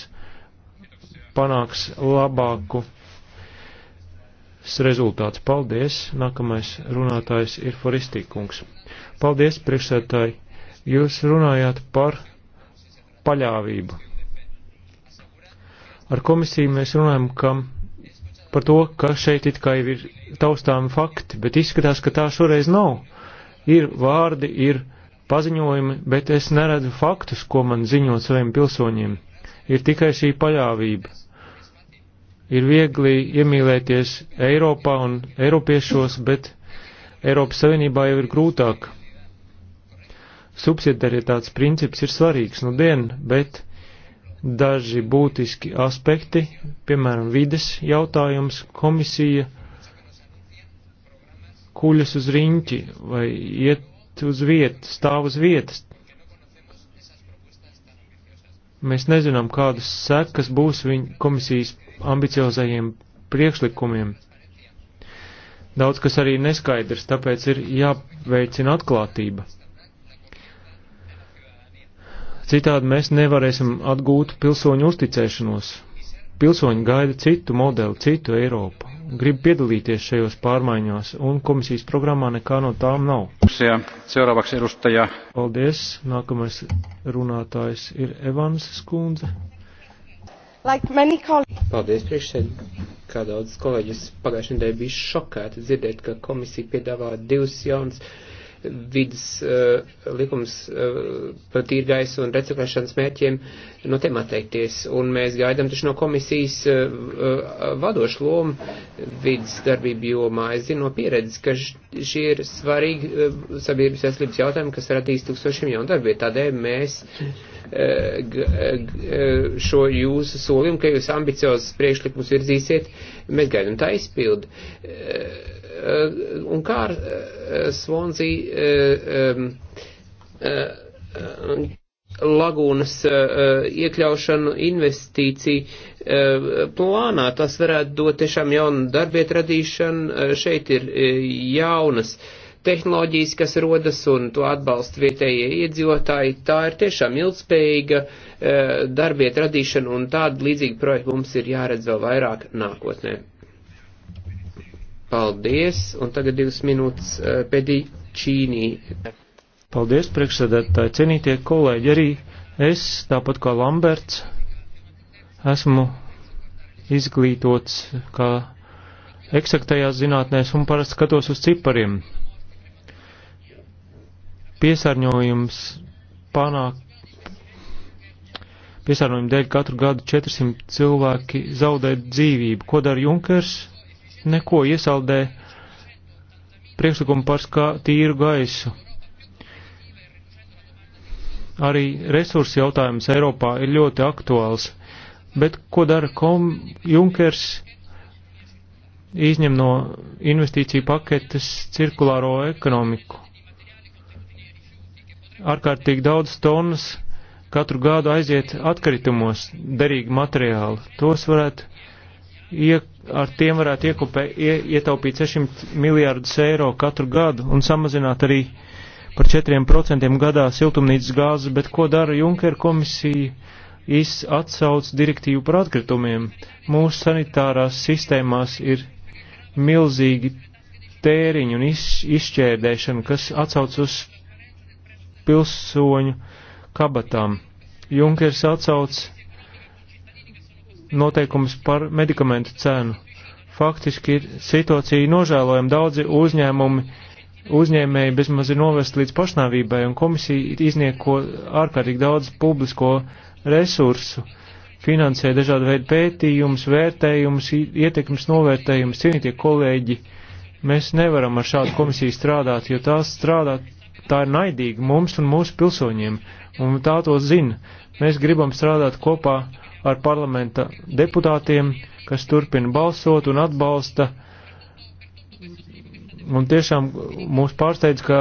panāks labāku rezultāts. Paldies! Nākamais runātājs ir Foristī kungs. Paldies, priekšsētāji! Jūs runājāt par paļāvību. Ar komisiju mēs runājam, ka par to, ka šeit it kā ir taustām fakti, bet izskatās, ka tā šoreiz nav. Ir vārdi, ir paziņojumi, bet es neredzu faktus, ko man ziņot saviem pilsoņiem. Ir tikai šī paļāvība. Ir viegli iemīlēties Eiropā un Eiropiešos, bet Eiropas Savienībā jau ir grūtāk subsidiaritātes princips ir svarīgs nu dien, bet daži būtiski aspekti, piemēram, vides jautājums, komisija kuļas uz riņķi vai iet uz vietu, stāv uz vietas. Mēs nezinām, kādas sekas būs viņa komisijas ambiciozajiem priekšlikumiem. Daudz kas arī neskaidrs, tāpēc ir jāveicina atklātība. Citādi mēs nevarēsim atgūt pilsoņu uzticēšanos. Pilsoņi gaida citu modeli, citu Eiropu, grib piedalīties šajos pārmaiņās, un komisijas programmā nekā no tām nav. Paldies, nākamais runātājs ir Evans Skundze. Like Paldies, priekšsēdētāji. Kā daudz kolēģis pagājušajā nedēļā bija šokēti dzirdēt, ka komisija piedāvā divus jaunus vidas uh, likums uh, eh, par tīrgaisu un reciklēšanas mērķiem no tiem atteikties. Un mēs gaidām taču no komisijas uh, vadošu lomu vidas darbību jomā. Es zinu no pieredzes, ka šie ir svarīgi sabiedrības veselības jautājumi, kas radīs tūkstošiem jaunu darbību. Tādēļ mēs šo jūsu solījumu, ka jūs ambiciozus priekšlikumus virzīsiet, mēs gaidām tā izpildi. Eh, un kā ar eh, Svonzija eh, lagūnas iekļaušanu investīciju plānā, tas varētu dot tiešām jaunu darbietu radīšanu, šeit ir jaunas tehnoloģijas, kas rodas un to atbalsta vietējie iedzīvotāji, tā ir tiešām ilgspējīga e, darbiet radīšana un tāda līdzīga projekta mums ir jāredz vēl vairāk nākotnē. Paldies, un tagad divas minūtes eh, pēdīčīnī. Paldies, priekšsēdētāji, cienītie kolēģi, arī es, tāpat kā Lamberts, esmu izglītots kā eksaktajās zinātnēs un parasti skatos uz cipariem. Piesārņojums panāk. Piesārņojumu dēļ katru gadu 400 cilvēki zaudē dzīvību. Ko dara Junkers? neko iesaldē priekšlikumu par tīru gaisu. Arī resursu jautājums Eiropā ir ļoti aktuāls, bet ko dara kom Junkers? Izņem no investīciju paketes cirkulāro ekonomiku. Ārkārtīgi daudz tonnas katru gadu aiziet atkritumos derīgi materiāli. Tos varētu iek, ar tiem varētu iekupē, ie, ietaupīt 600 miljārdus eiro katru gadu un samazināt arī par 4% gadā siltumnīcas gāzes, bet ko dara Junker komisija? Īs atsauc direktīvu par atkritumiem. Mūsu sanitārās sistēmās ir milzīgi tēriņu un iz, izšķērdēšanu, kas atsauc uz pilsoņu kabatām. Junkers atsauc noteikumus par medikamentu cenu. Faktiski ir situācija nožēlojama. Daudzi uzņēmumi, uzņēmēji bezmaz ir novest līdz pašnāvībai, un komisija iznieko ārkārtīgi daudz publisko resursu, finansē dažādu veidu pētījumus, vērtējumus, ietekmes novērtējumus. Cienītie kolēģi, mēs nevaram ar šādu komisiju strādāt, jo tās strādā, tā ir naidīga mums un mūsu pilsoņiem, un tā to zina. Mēs gribam strādāt kopā ar parlamenta deputātiem, kas turpina balsot un atbalsta. Un tiešām mūs pārsteidz, ka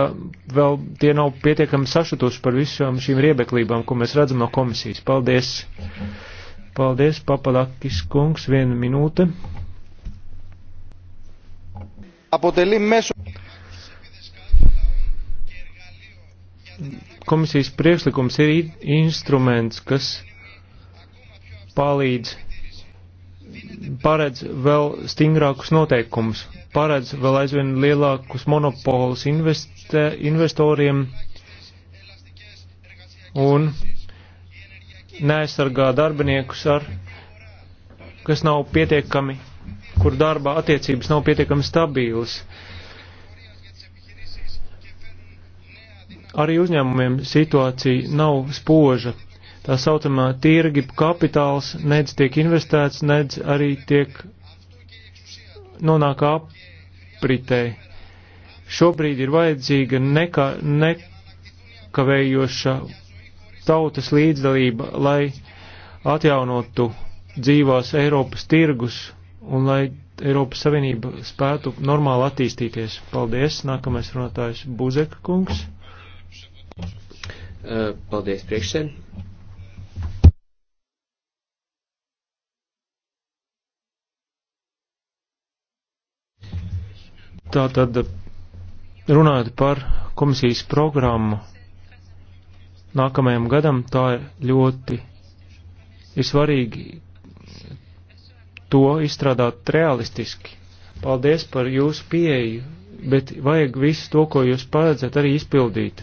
vēl tie nav pietiekami sašutuši par visām šīm riebeklībām, ko mēs redzam no komisijas. Paldies! Paldies, Papadakis kungs, viena minūte. Αποτελεί μέσο komisijas priekšlikums ir instruments, kas palīdz, paredz vēl stingrākus noteikumus, paredz vēl aizvien lielākus monopolus investe, investoriem un neaizsargā darbiniekus ar, kas nav pietiekami, kur darba attiecības nav pietiekami stabīlas. Arī uzņēmumiem situācija nav spoža tā saucamā tirgi kapitāls nedz tiek investēts, nedz arī tiek nonāk apritē. Šobrīd ir vajadzīga neka, nekavējoša tautas līdzdalība, lai atjaunotu dzīvās Eiropas tirgus un lai Eiropas Savienība spētu normāli attīstīties. Paldies! Nākamais runātājs Buzeka kungs. Paldies, priekšsēdētāji! Tātad, runājot par komisijas programmu nākamajam gadam, tā ir ļoti ir svarīgi to izstrādāt realistiski. Paldies par jūsu pieeju, bet vajag visu to, ko jūs paredzat, arī izpildīt.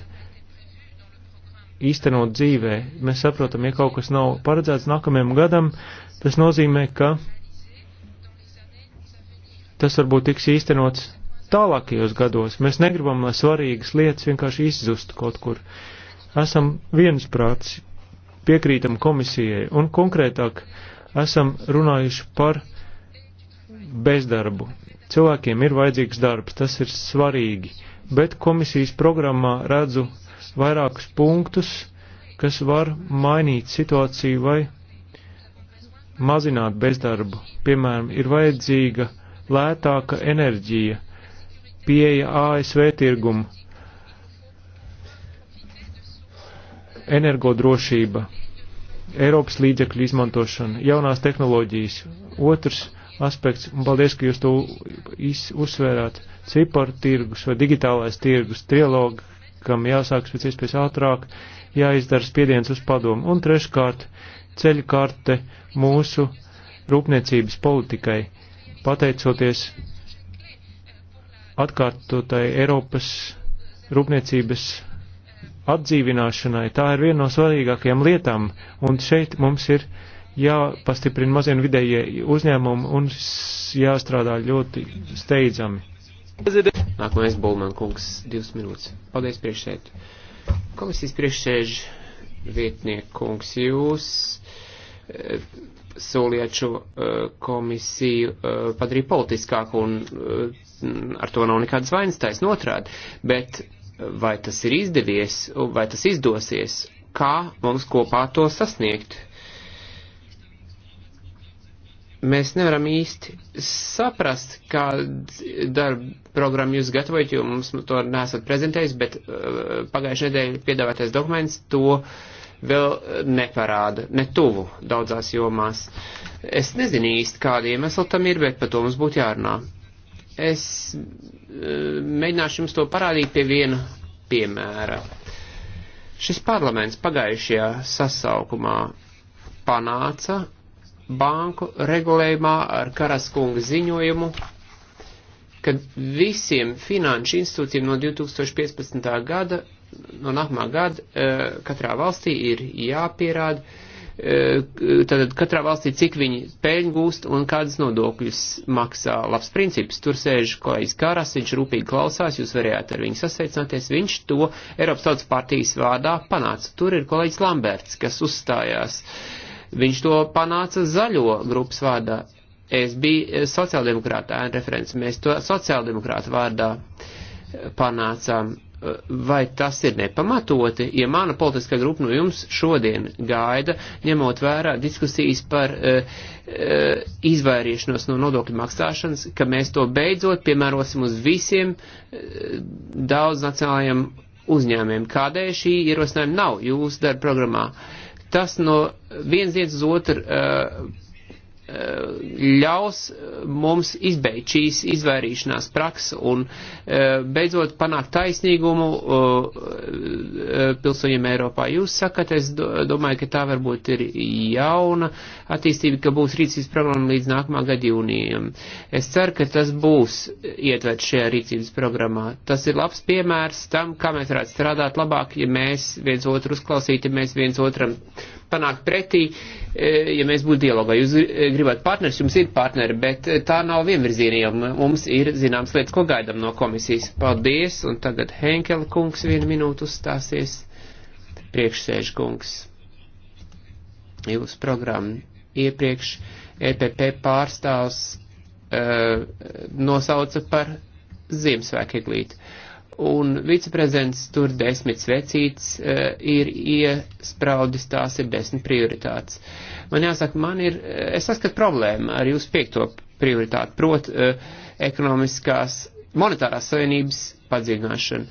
Īstenot dzīvē, mēs saprotam, ja kaut kas nav paredzēts nākamajam gadam, tas nozīmē, ka tas varbūt tiks īstenots tālākajos gados. Mēs negribam, lai svarīgas lietas vienkārši izzustu kaut kur. Esam viensprāts, piekrītam komisijai un konkrētāk esam runājuši par bezdarbu. Cilvēkiem ir vajadzīgs darbs, tas ir svarīgi, bet komisijas programmā redzu vairākus punktus, kas var mainīt situāciju vai mazināt bezdarbu. Piemēram, ir vajadzīga lētāka enerģija, pieeja ASV tirgumu, energodrošība, Eiropas līdzekļu izmantošana, jaunās tehnoloģijas. Otrs aspekts, un paldies, ka jūs to uzsvērāt, ciparu tirgus vai digitālais tirgus, trilogu, kam jāsākas pēc iespējas ātrāk, jāizdara spiediens uz padomu. Un treškārt, ceļu karte mūsu rūpniecības politikai, pateicoties atkārtotai Eiropas rūpniecības atdzīvināšanai. Tā ir viena no svarīgākajām lietām, un šeit mums ir jāpastiprina mazien vidējie uzņēmumi un jāstrādā ļoti steidzami. Nākamais Bolman kungs, divas minūtes. Paldies priekšsēd. Komisijas priekšsēž vietnieku kungs, jūs eh, solījāt šo eh, komisiju eh, padarīt politiskāku un ar to nav nekādas vainas taisn otrādi, bet vai tas ir izdevies, vai tas izdosies, kā mums kopā to sasniegt. Mēs nevaram īsti saprast, kādu darbu programmu jūs gatavojat, jo mums to nesat prezentējis, bet uh, pagājušajā nedēļā piedāvātais dokuments to vēl neparāda, ne tuvu daudzās jomās. Es nezinu īsti, kāda iemesla tam ir, bet par to mums būtu jārunā. Es e, mēģināšu jums to parādīt pie viena piemēra. Šis parlaments pagājušajā sasaukumā panāca banku regulējumā ar Karaskunga ziņojumu, ka visiem finanšu institūcijiem no 2015. gada, no nākamā gada, e, katrā valstī ir jāpierāda, Eh, tātad katrā valstī, cik viņi peļņu gūst un kādas nodokļus maksā. Labs princips. Tur sēž kolēģis Kāras, viņš rūpīgi klausās, jūs varējāt ar viņu sasveicināties. Viņš to Eiropas Tautas partijas vārdā panāca. Tur ir kolēģis Lamberts, kas uzstājās. Viņš to panāca zaļo grupas vārdā. Es biju eh, sociāldemokrāta referents. Mēs to sociāldemokrāta vārdā panācām vai tas ir nepamatoti, ja mana politiskā grupa no jums šodien gaida, ņemot vērā diskusijas par uh, uh, izvairīšanos no nodokļu maksāšanas, ka mēs to beidzot piemērosim uz visiem uh, eh, daudznacionālajiem uzņēmiem. Kādēļ šī ierosinājuma nav jūsu darba programmā? Tas no viens dienas uz otru. Uh, Eh, ļaus eh, mums izbeigt šīs izvairīšanās prakses un eh, beidzot panākt taisnīgumu pilsoņiem Eiropā. Jūs sakat, es domāju, ka tā varbūt ir jauna attīstība, ka būs rīcības programma līdz nākamā gada jūnijam. Es ceru, ka tas būs ietverts šajā rīcības programmā. Tas ir labs piemērs tam, kā mēs varētu strādāt labāk, ja mēs viens otru uzklausītu, ja mēs viens otram panākt pretī, e, ja mēs būtu dialogā. Jūs e, gribat partners, jums ir partneri, bet e, tā nav vienvirzienība. Mums ir zināms lietas, ko gaidām no komisijas. Paldies, un tagad Henkela kungs vienu minūtu uzstāsies. Priekšsēž kungs. Jūsu programma iepriekš EPP pārstāvs uh, nosauca par Ziemassvētku eglīti un viceprezidents tur desmit svecīts uh, ir iespraudis, tās ir desmit prioritātes. Man jāsaka, man ir, eh, es saskatu problēmu ar jūsu piekto prioritāti, prot uh, ekonomiskās monetārās savienības padziļināšanu.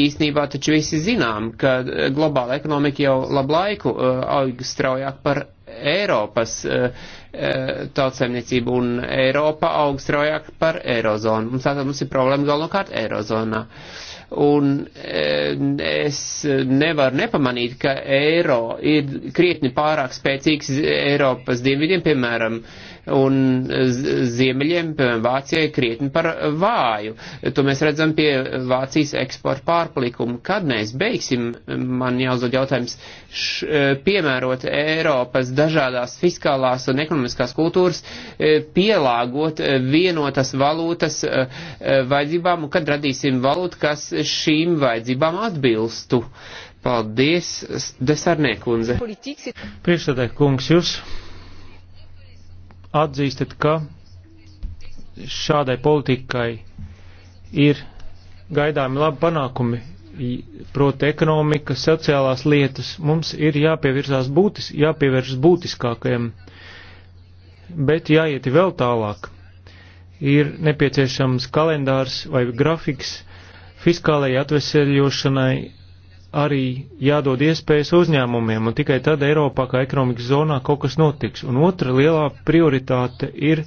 Īsnībā taču visi zinām, ka globāla ekonomika jau labu laiku aug straujāk par Eiropas eh, eh, tautsēmniecība un Eiropa aug straujāk par Eirozonu. Mums tātad mums ir problēma galvenokārt Eirozonā. Un eh, es nevaru nepamanīt, ka eiro ir krietni pārāk spēcīgs Eiropas dienvidiem, piemēram, uh, un eh, ziemeļiem, piemēram, Vācijai krietni par vāju. To mēs redzam pie Vācijas eksporta pārpalikuma. Kad mēs beigsim, man jāuzdod jautājums, š, eh, piemērot Eiropas dažādās fiskālās un ekonomiskās kultūras, eh, pielāgot vienotas valūtas vajadzībām, un kad radīsim valūtu, kas šīm vajadzībām atbilstu. Paldies, Desarnē kundze. Priekšstādē kungs, jūs atzīstat, ka šādai politikai ir gaidāmi labi panākumi, proti ekonomika, sociālās lietas. Mums ir jāpievirzās būtis, jāpievēršas būtiskākajam, bet jāiet vēl tālāk. Ir nepieciešams kalendārs vai grafiks fiskālajai atveseļošanai, arī jādod iespējas uzņēmumiem, un tikai tad Eiropā kā ekonomikas zonā kaut kas notiks. Un otra lielā prioritāte ir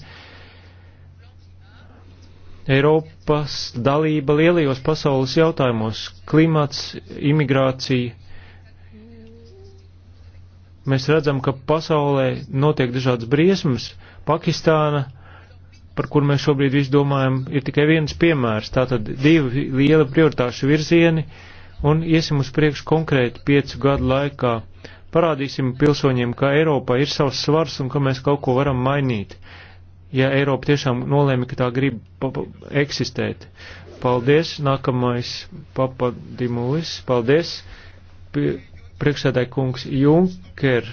Eiropas dalība lielajos pasaules jautājumos - klimats, imigrācija. Mēs redzam, ka pasaulē notiek dažādas briesmas. Pakistāna, par kur mēs šobrīd visu domājam, ir tikai viens piemērs. Tātad divi liela prioritāšu virzieni un iesim uz priekšu konkrēti piecu gadu laikā. Parādīsim pilsoņiem, ka Eiropā ir savs svars un ka mēs kaut ko varam mainīt, ja Eiropa tiešām nolēma, ka tā grib eksistēt. Paldies, nākamais papadimulis, paldies, priekšsēdāja kungs Junker,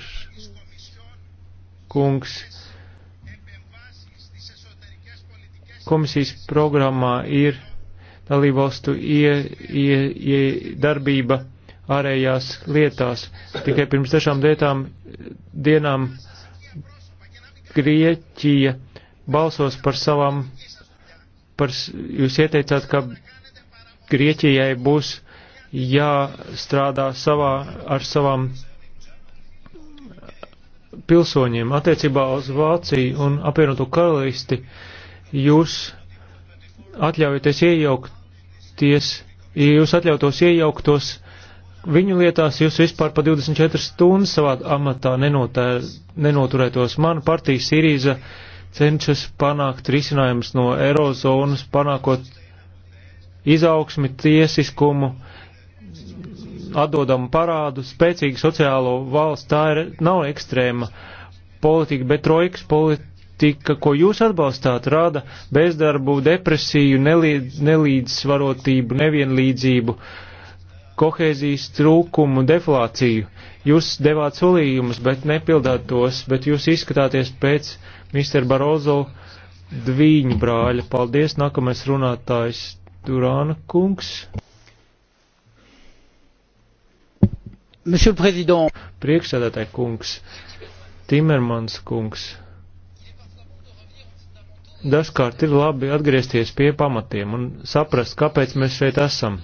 kungs komisijas programmā ir dalībvalstu ie, ie, ie darbība ārējās lietās. Tikai pirms dažām lietām dienām Grieķija balsos par savām, par, jūs ieteicāt, ka Grieķijai būs jāstrādā savā, ar savām pilsoņiem attiecībā uz Vāciju un apvienoto karalisti. Jūs atļaujaties iejaukt iejaukties, ja jūs atļautos iejauktos viņu lietās, jūs vispār pa 24 stundas savā amatā nenotē, nenoturētos. Mana partija Sirīza cenšas panākt risinājumus no Eirozonas, panākot izaugsmi, tiesiskumu, atdodamu parādu, spēcīgu sociālo valsts. Tā ir, nav ekstrēma politika, bet trojkas politika politika, ko jūs atbalstāt, rada bezdarbu, depresiju, nelīdz, nelīdzsvarotību, nevienlīdzību, kohēzijas trūkumu, deflāciju. Jūs devāt solījumus, bet nepildāt tos, bet jūs izskatāties pēc Mr. Barozo dvīņu brāļa. Paldies, nākamais runātājs Turāna kungs. Priekšsēdētāji kungs, Timermans kungs dažkārt ir labi atgriezties pie pamatiem un saprast, kāpēc mēs šeit esam.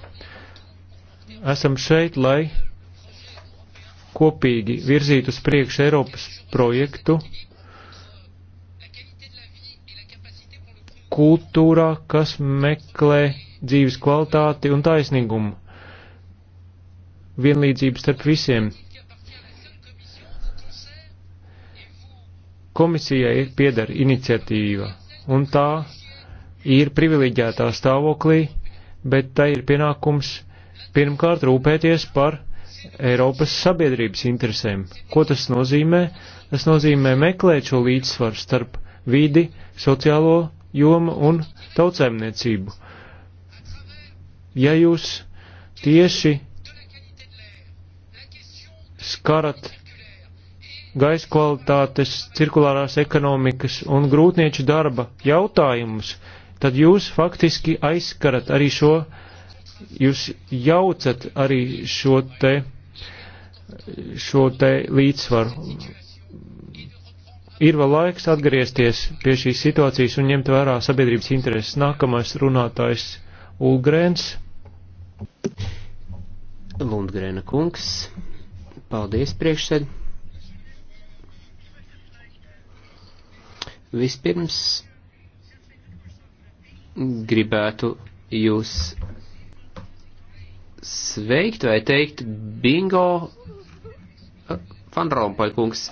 Esam šeit, lai kopīgi virzītu uz priekšu Eiropas projektu kultūrā, kas meklē dzīves kvalitāti un taisnīgumu, vienlīdzību starp visiem. Komisijai pieder iniciatīva un tā ir privileģētā stāvoklī, bet tai ir pienākums pirmkārt rūpēties par Eiropas sabiedrības interesēm. Ko tas nozīmē? Tas nozīmē meklēt šo līdzsvaru starp vidi, sociālo jomu un tautsēmniecību. Ja jūs tieši skarat gaisa kvalitātes, cirkulārās ekonomikas un grūtnieču darba jautājumus, tad jūs faktiski aizskarat arī šo, jūs jaucat arī šo te, šo te līdzsvaru. Ir vēl laiks atgriezties pie šīs situācijas un ņemt vērā sabiedrības intereses. Nākamais runātājs Ulgrēns. Lundgrēna kungs, paldies priekšsēdētājiem. Vispirms gribētu jūs sveikt vai teikt bingo Van Rompuy kungs.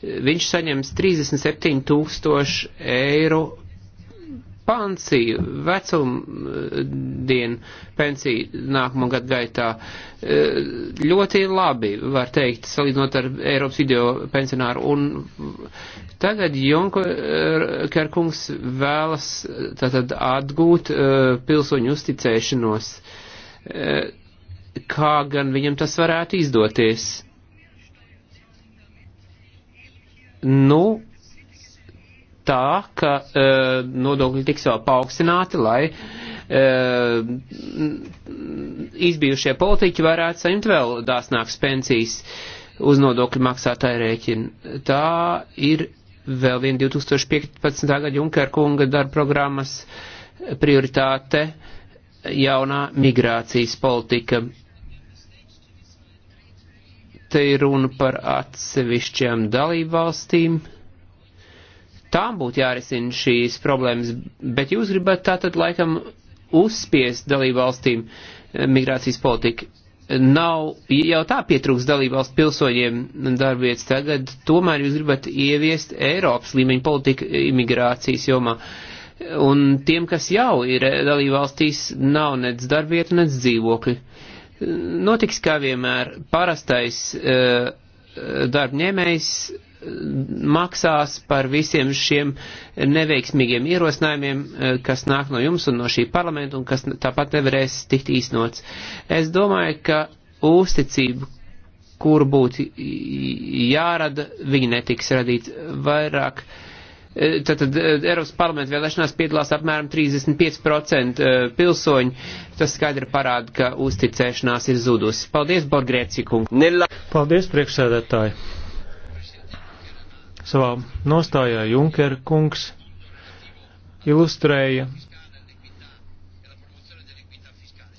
Viņš saņems 37 tūkstoši eiro pensiju, vecumdienu eh, pensiju nākamo gadu gaitā eh, ļoti labi, var teikt, salīdzinot ar Eiropas video pensionāru. Un tagad Junkerkungs vēlas eh, tātad atgūt pilsoņu uzticēšanos. Kā gan viņam tas varētu izdoties? Nu, tā, ka e, nodokļi tiks vēl paaugstināti, lai e, izbijušie politiķi varētu saņemt vēl dāsnākas pensijas uz nodokļu maksātāju rēķinu. Tā ir vēl viena 2015. gada Junkera kunga darba programmas prioritāte jaunā migrācijas politika. Te ir runa par atsevišķiem dalībvalstīm. valstīm Tām būtu jārisina šīs problēmas, bet jūs gribat tātad laikam uzspiest dalībvalstīm eh, migrācijas politiku. Nav jau tā pietrūks dalībvalstu pilsoņiem darbvietas tagad, tomēr jūs gribat ieviest Eiropas līmeņa politiku imigrācijas jomā. Un tiem, kas jau ir dalībvalstīs, nav nec darbvietu, nec dzīvokļi. Notiks kā vienmēr parastais uh, darbņēmējs maksās par visiem šiem neveiksmīgiem ierosinājumiem, eh, kas nāk no jums un no šī parlamenta un kas tāpat nevarēs tikt īstenots. Es domāju, ka uzticību, kur būtu jārada, viņi netiks radīt vairāk. Tātad eh, eh, Eiropas parlamenta vēlēšanās piedalās apmēram 35% pilsoņu. Tas skaidri parāda, ka uzticēšanās ir zudusi. Paldies, Borgrēci kungs. Paldies, priekšsēdētāji. Savā nostājā Junker kungs ilustrēja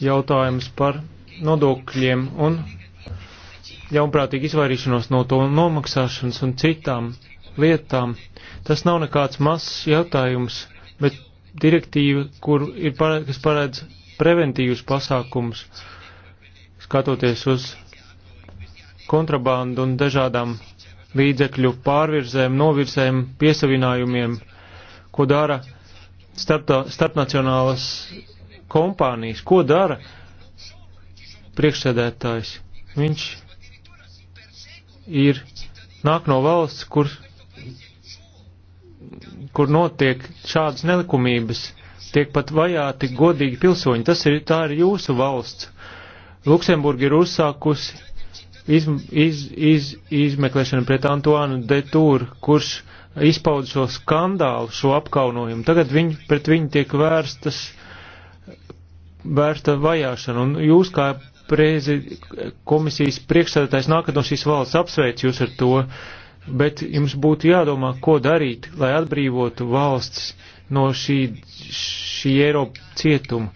jautājumus par nodokļiem un ļaunprātīgu izvairīšanos no to nomaksāšanas un citām lietām. Tas nav nekāds mazs jautājums, bet direktīva, kur ir paredz, kas paredz preventīvus pasākumus, skatoties uz kontrabandu un dažādām līdzekļu pārvirzēm, novirzēm, piesavinājumiem, ko dara starptā, starpnacionālas kompānijas, ko dara priekšsēdētājs. Viņš ir nāk no valsts, kur, kur notiek šādas nelikumības, tiek pat vajāti godīgi pilsoņi. Tas ir, tā ir jūsu valsts. Luksemburga ir uzsākusi iz, iz, iz, izmeklēšana pret Antoānu Detūru, kurš izpauda šo skandālu, šo apkaunojumu. Tagad viņ, pret viņu tiek vērstas, vērsta vajāšana. Un jūs kā prezi, komisijas priekšsēdētājs nākat no šīs valsts apsveic jūs ar to, bet jums būtu jādomā, ko darīt, lai atbrīvotu valsts no šī, šī Eiropa cietuma,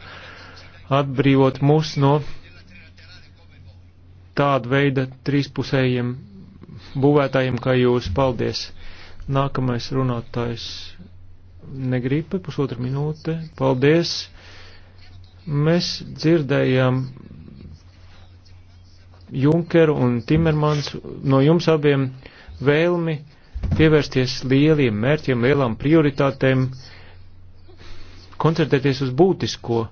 atbrīvot mūs no tāda veida trīspusējiem būvētājiem kā jūs. Paldies! Nākamais runātājs negrib pusotru minūte. Paldies! Mēs dzirdējām Junkeru un Timermans no jums abiem vēlmi pievērsties lieliem mērķiem, lielām prioritātēm, koncentrēties uz būtisko.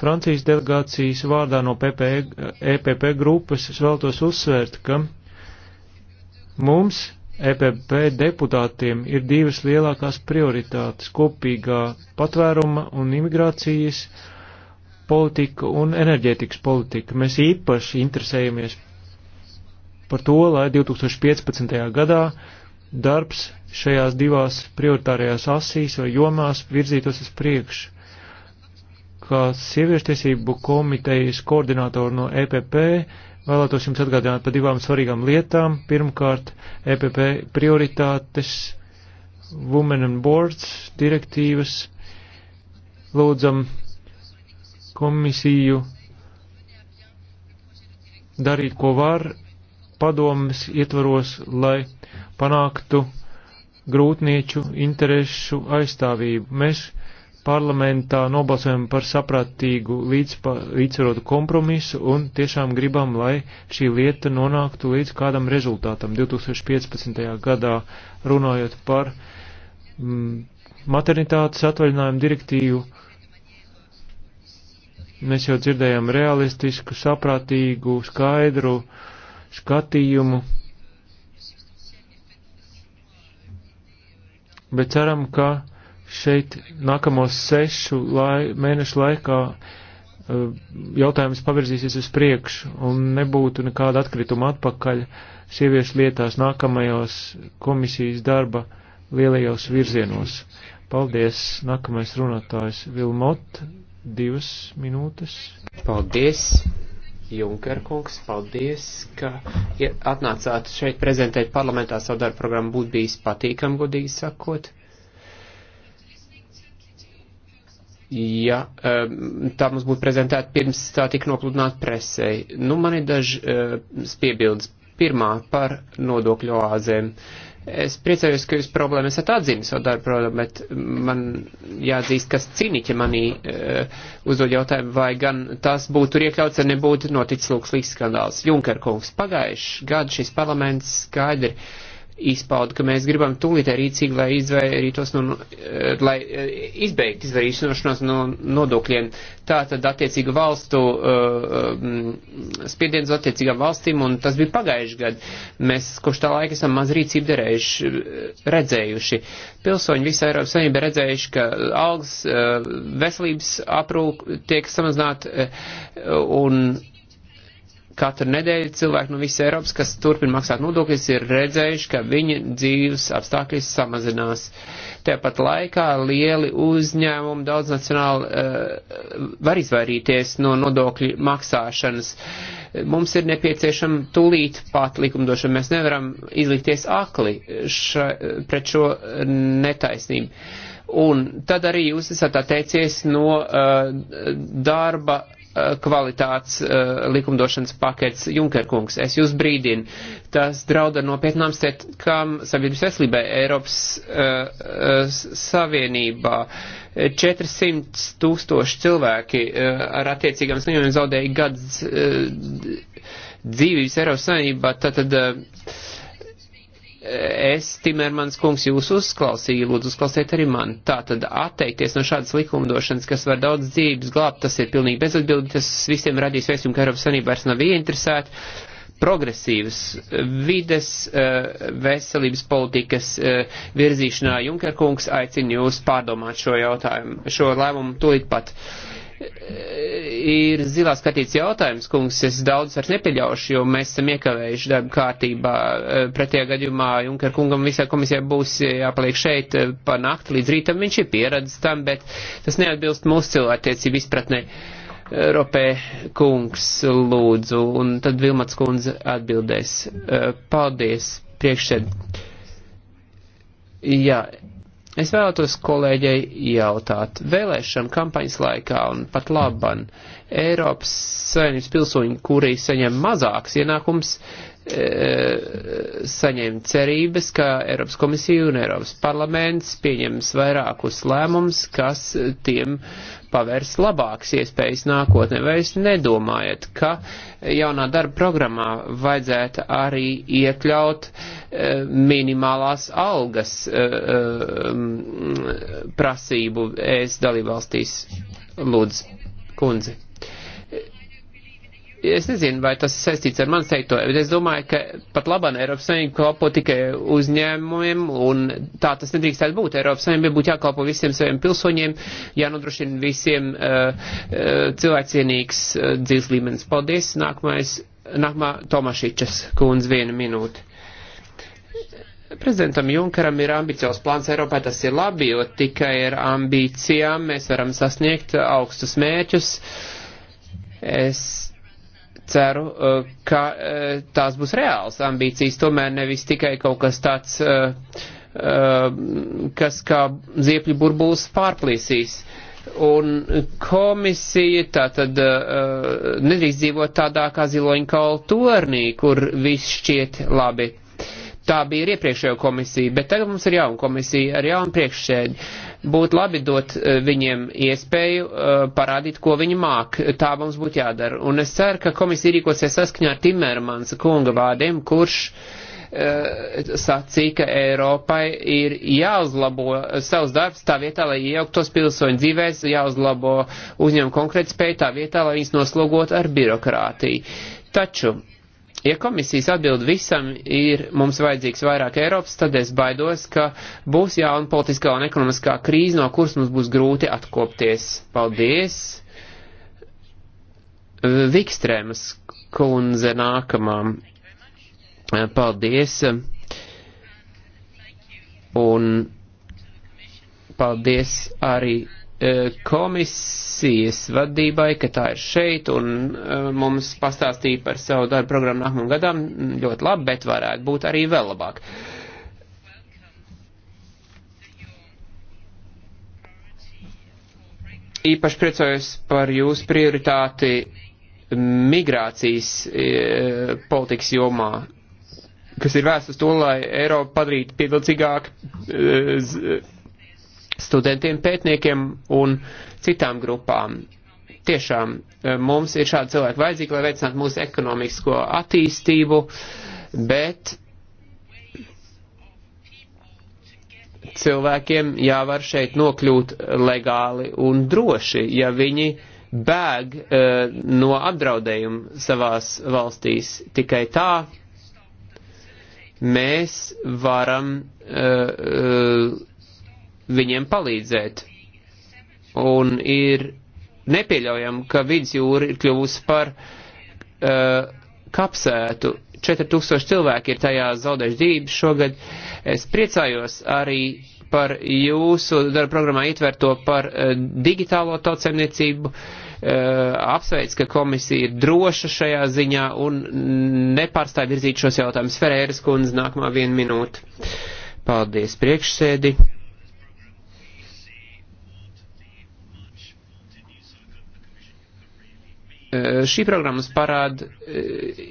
Francijas delegācijas vārdā no PPE, EPP grupas es vēltos uzsvērt, ka mums, EPP deputātiem, ir divas lielākās prioritātes - kopīgā patvēruma un imigrācijas politika un enerģētikas politika. Mēs īpaši interesējamies par to, lai 2015. gadā darbs šajās divās prioritārajās asīs vai jomās virzītos uz priekšu kā sieviešu tiesību komitejas koordinātoru no EPP vēlētos jums atgādināt par divām svarīgām lietām. Pirmkārt, EPP prioritātes, Women and Boards direktīvas. Lūdzam komisiju darīt, ko var, padomas ietvaros, lai panāktu grūtnieču interesu aizstāvību. Mēs parlamentā nobalsojam par saprātīgu līdzpa, līdzsvarotu kompromisu un tiešām gribam, lai šī lieta nonāktu līdz kādam rezultātam 2015. gadā, runājot par mm, maternitātes atvaļinājumu direktīvu. Mēs jau dzirdējām realistisku, saprātīgu, skaidru skatījumu, bet ceram, ka šeit nākamos sešu lai, mēnešu laikā e, jautājums pavirzīsies uz priekšu un nebūtu nekāda atkrituma atpakaļ sieviešu lietās nākamajos komisijas darba lielajos virzienos. Paldies, nākamais runātājs Vilmot, divas minūtes. Paldies, Junkerkungs, paldies, ka atnācāt šeit prezentēt parlamentā savu darbu programmu, būtu bijis patīkam, godīgi sakot. ja tā mums būtu prezentēta pirms tā tika nopludināta presē. Nu, man ir dažas piebildes. Pirmā par nodokļu oāzēm. Es priecājos, ka jūs problēmu esat atzīmis savu darbu, problēmu, bet man jāatzīst, kas ciniķi manī uzdod jautājumu, vai gan tas būtu tur iekļauts, ja nebūtu noticis lūkslīgs skandāls. Junker kungs, pagājuši gadu šis parlaments skaidri izpaudu, ka mēs gribam tūlītē rīcīgi, lai, izvairītos no, eh, lai eh, izbeigt izvairīšanos no nodokļiem. Tā tad attiecīga valstu eh, mm, spiediens attiecīgām valstīm, un tas bija pagājuši gadu. Mēs kopš tā laika esam maz rīcību derējuši, redzējuši. Pilsoņi visā Eiropas Savienībā redzējuši, ka algas veselības aprūp tiek samazināt un Katru nedēļu cilvēki no visas Eiropas, kas turpina maksāt nodokļus, ir redzējuši, ka viņa dzīves apstākļi samazinās. Tāpat laikā lieli uzņēmumi daudz nacionāli uh, var izvairīties no nodokļu maksāšanas. Mums ir nepieciešama tūlīt pat likumdošana. Mēs nevaram izlikties akli ša, pret šo netaisnību. Un tad arī jūs esat atteicies no uh, darba Eh, kvalitātes uh, likumdošanas pakets Junkerkungs. Es jūs brīdinu, tas drauda nopietnām stetkām sabiedrības veselībai Eiropas uh, uh, Savienībā. 400 tūkstoši cilvēki uh, ar attiecīgām slimībām zaudēja gads uh, dzīvības Eiropas Savienībā. Tātad, uh, es, Timermans kungs, jūs uzklausīju, lūdzu uzklausiet arī man. Tā tad atteikties no šādas likumdošanas, kas var daudz dzīves glābt, tas ir pilnīgi bezatbildīgi, tas visiem radīs vēstījumu, ka Eiropas Savienība vairs nav ieinteresēta. Progresīvas vides, eh, veselības politikas eh, virzīšanā Junker kungs aicina jūs pārdomāt šo jautājumu, šo lēmumu tūlīt pat. Uh, ir zilās kartītes jautājums, kungs, es daudz vairs nepieļaušu, jo mēs esam iekavējuši darbu kārtībā. Eh, pretējā gadījumā Junker kungam visā komisijā būs jāpaliek šeit eh, pa nakti līdz rītam, viņš ir pieredzis tam, bet tas neatbilst mūsu cilvēktiecību izpratnē. Eh, Ropē kungs lūdzu, un tad Vilmats kundze atbildēs. Paldies, priekšsēd. Jā, Es vēlētos kolēģei jautāt, vēlēšana kampaņas laikā un pat laban Eiropas Savienības pilsoņi, kuri saņem mazāks ienākums, e, saņem cerības, ka Eiropas komisija un Eiropas parlaments pieņems vairākus lēmums, kas tiem pavērs labākas iespējas nākotnē. Vai jūs nedomājat, ka jaunā darba programmā vajadzētu arī iekļaut e, minimālās algas e, e, prasību ES dalībvalstīs? Lūdzu, kundzi es nezinu, vai tas saistīts ar manis teikto, bet es domāju, ka pat labāk Eiropas Savienība kalpo tikai uzņēmumiem, un tā tas nedrīkstētu būt. Eiropas Savienībai būtu jākalpo visiem saviem pilsoņiem, jānodrošina visiem uh, eh, uh, eh, cilvēcienīgs uh, eh, dzīves līmenis. Paldies! Nākamais, nākamā Tomašičas kundze viena minūte. Prezidentam Junkaram ir ambiciozs plāns Eiropai, tas ir labi, jo tikai ar ambīcijām mēs varam sasniegt augstus mērķus. Es ceru, uh, ka uh, tās būs reāls ambīcijas, tomēr nevis tikai kaut kas tāds, uh, kas kā ziepļu burbulis pārplīsīs. Un komisija tā tad nedrīkst dzīvot tādā kā ziloņa kaula tornī, kur viss šķiet labi. Tā bija iepriekšējo komisija, bet tagad mums ir jauna komisija ar jaunu priekšsēdi. Uh, Būtu labi dot eh, viņiem iespēju eh, parādīt, ko viņi māk. Tā mums būtu jādara. Un es ceru, ka komisija rīkosies saskaņā ar Timermans kunga vārdiem, kurš eh, sacīja, ka Eiropai ir jāuzlabo savs darbs tā vietā, lai iejauktos pilsoņu dzīvēs, jāuzlabo uzņēmumu konkrētspēju tā vietā, lai viņas noslogot ar birokrātiju. Taču ja komisijas atbild visam ir mums vajadzīgs vairāk Eiropas, tad es baidos, ka būs jauna politiskā un ekonomiskā krīze, no kuras mums būs grūti atkopties. Paldies! Vikstrēmas kundze nākamām. Paldies! Un paldies arī Eh, komisijas vadībai, ka tā ir šeit un eh, mums pastāstīja par savu darbu programmu nākamajam gadam ļoti labi, bet varētu būt arī vēl labāk. Īpaši priecājos par jūsu prioritāti migrācijas e, politikas jomā, kas ir vērsts uz to, lai Eiropu padarītu piedalcīgāk e, studentiem, pētniekiem un citām grupām. Tiešām eh, mums ir šādi cilvēki vajadzīgi, lai veicinātu mūsu ekonomisko attīstību, bet cilvēkiem jāvar šeit nokļūt legāli un droši, ja viņi bēg e, no apdraudējuma savās valstīs. Tikai tā mēs varam e, e, viņiem palīdzēt. Un ir nepieļaujami, ka vidusjūra ir kļuvusi par uh, kapsētu. 4000 cilvēki ir tajā zaudējuši dzīvības šogad. Es priecājos arī par jūsu darba programmā ietverto par uh, digitālo tautsemniecību. Uh, apsveic, ka komisija ir droša šajā ziņā un nepārstāj virzīt šos jautājumus. Ferēras kundze, nākamā viena minūte. Paldies, priekšsēdi. Eh, šī programmas parāda eh,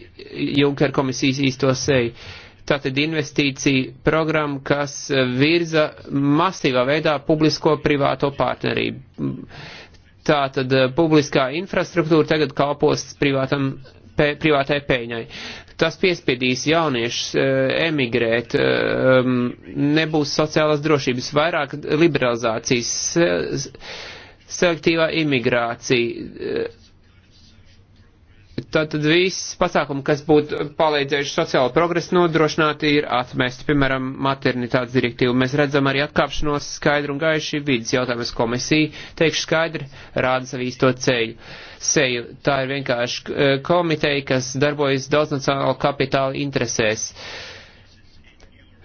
Junker komisijas īsto seju. Tātad investīcija programma, kas virza masīvā veidā publisko-privāto partnerību. Tātad eh, publiskā infrastruktūra tagad kalpos privātam, pē, privātai pēņai tas piespiedīs jauniešus emigrēt, um, nebūs sociālās drošības, vairāk liberalizācijas, selektīvā imigrācija, Tātad viss pasākumi, kas būtu palīdzējuši sociālo progresu nodrošināt, ir atmesti, piemēram, maternitātes direktīvu. Mēs redzam arī atkāpšanos skaidru un gaiši vidas jautājumus komisija, teikšu skaidri, rāda savu īsto ceļu. Seju. Tā ir vienkārši eh, komiteja, kas darbojas daudznacionālu kapitālu interesēs.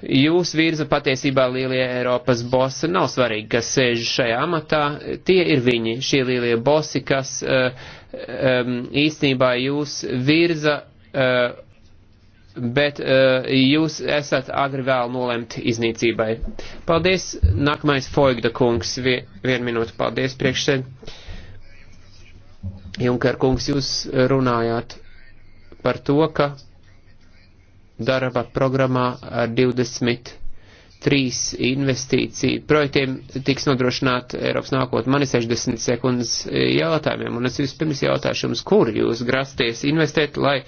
Jūs virza patiesībā lielie Eiropas bosi, nav svarīgi, kas sēž šajā amatā, tie ir viņi, šie lielie bosi, kas uh, Ehm, īstenībā jūs virza, ehm, bet ehm, jūs esat agri vēl nolemti iznīcībai. Paldies, nākamais Foigda kungs, vien minūte, paldies priekšsēd. Junker kungs, jūs runājāt par to, ka darba programmā ar 20 trīs investīciju projektiem tiks nodrošināt Eiropas nākotnē. Man ir 60 sekundes e, jautājumiem, un es vispirms jautāšu jums, kur jūs grasties investēt, lai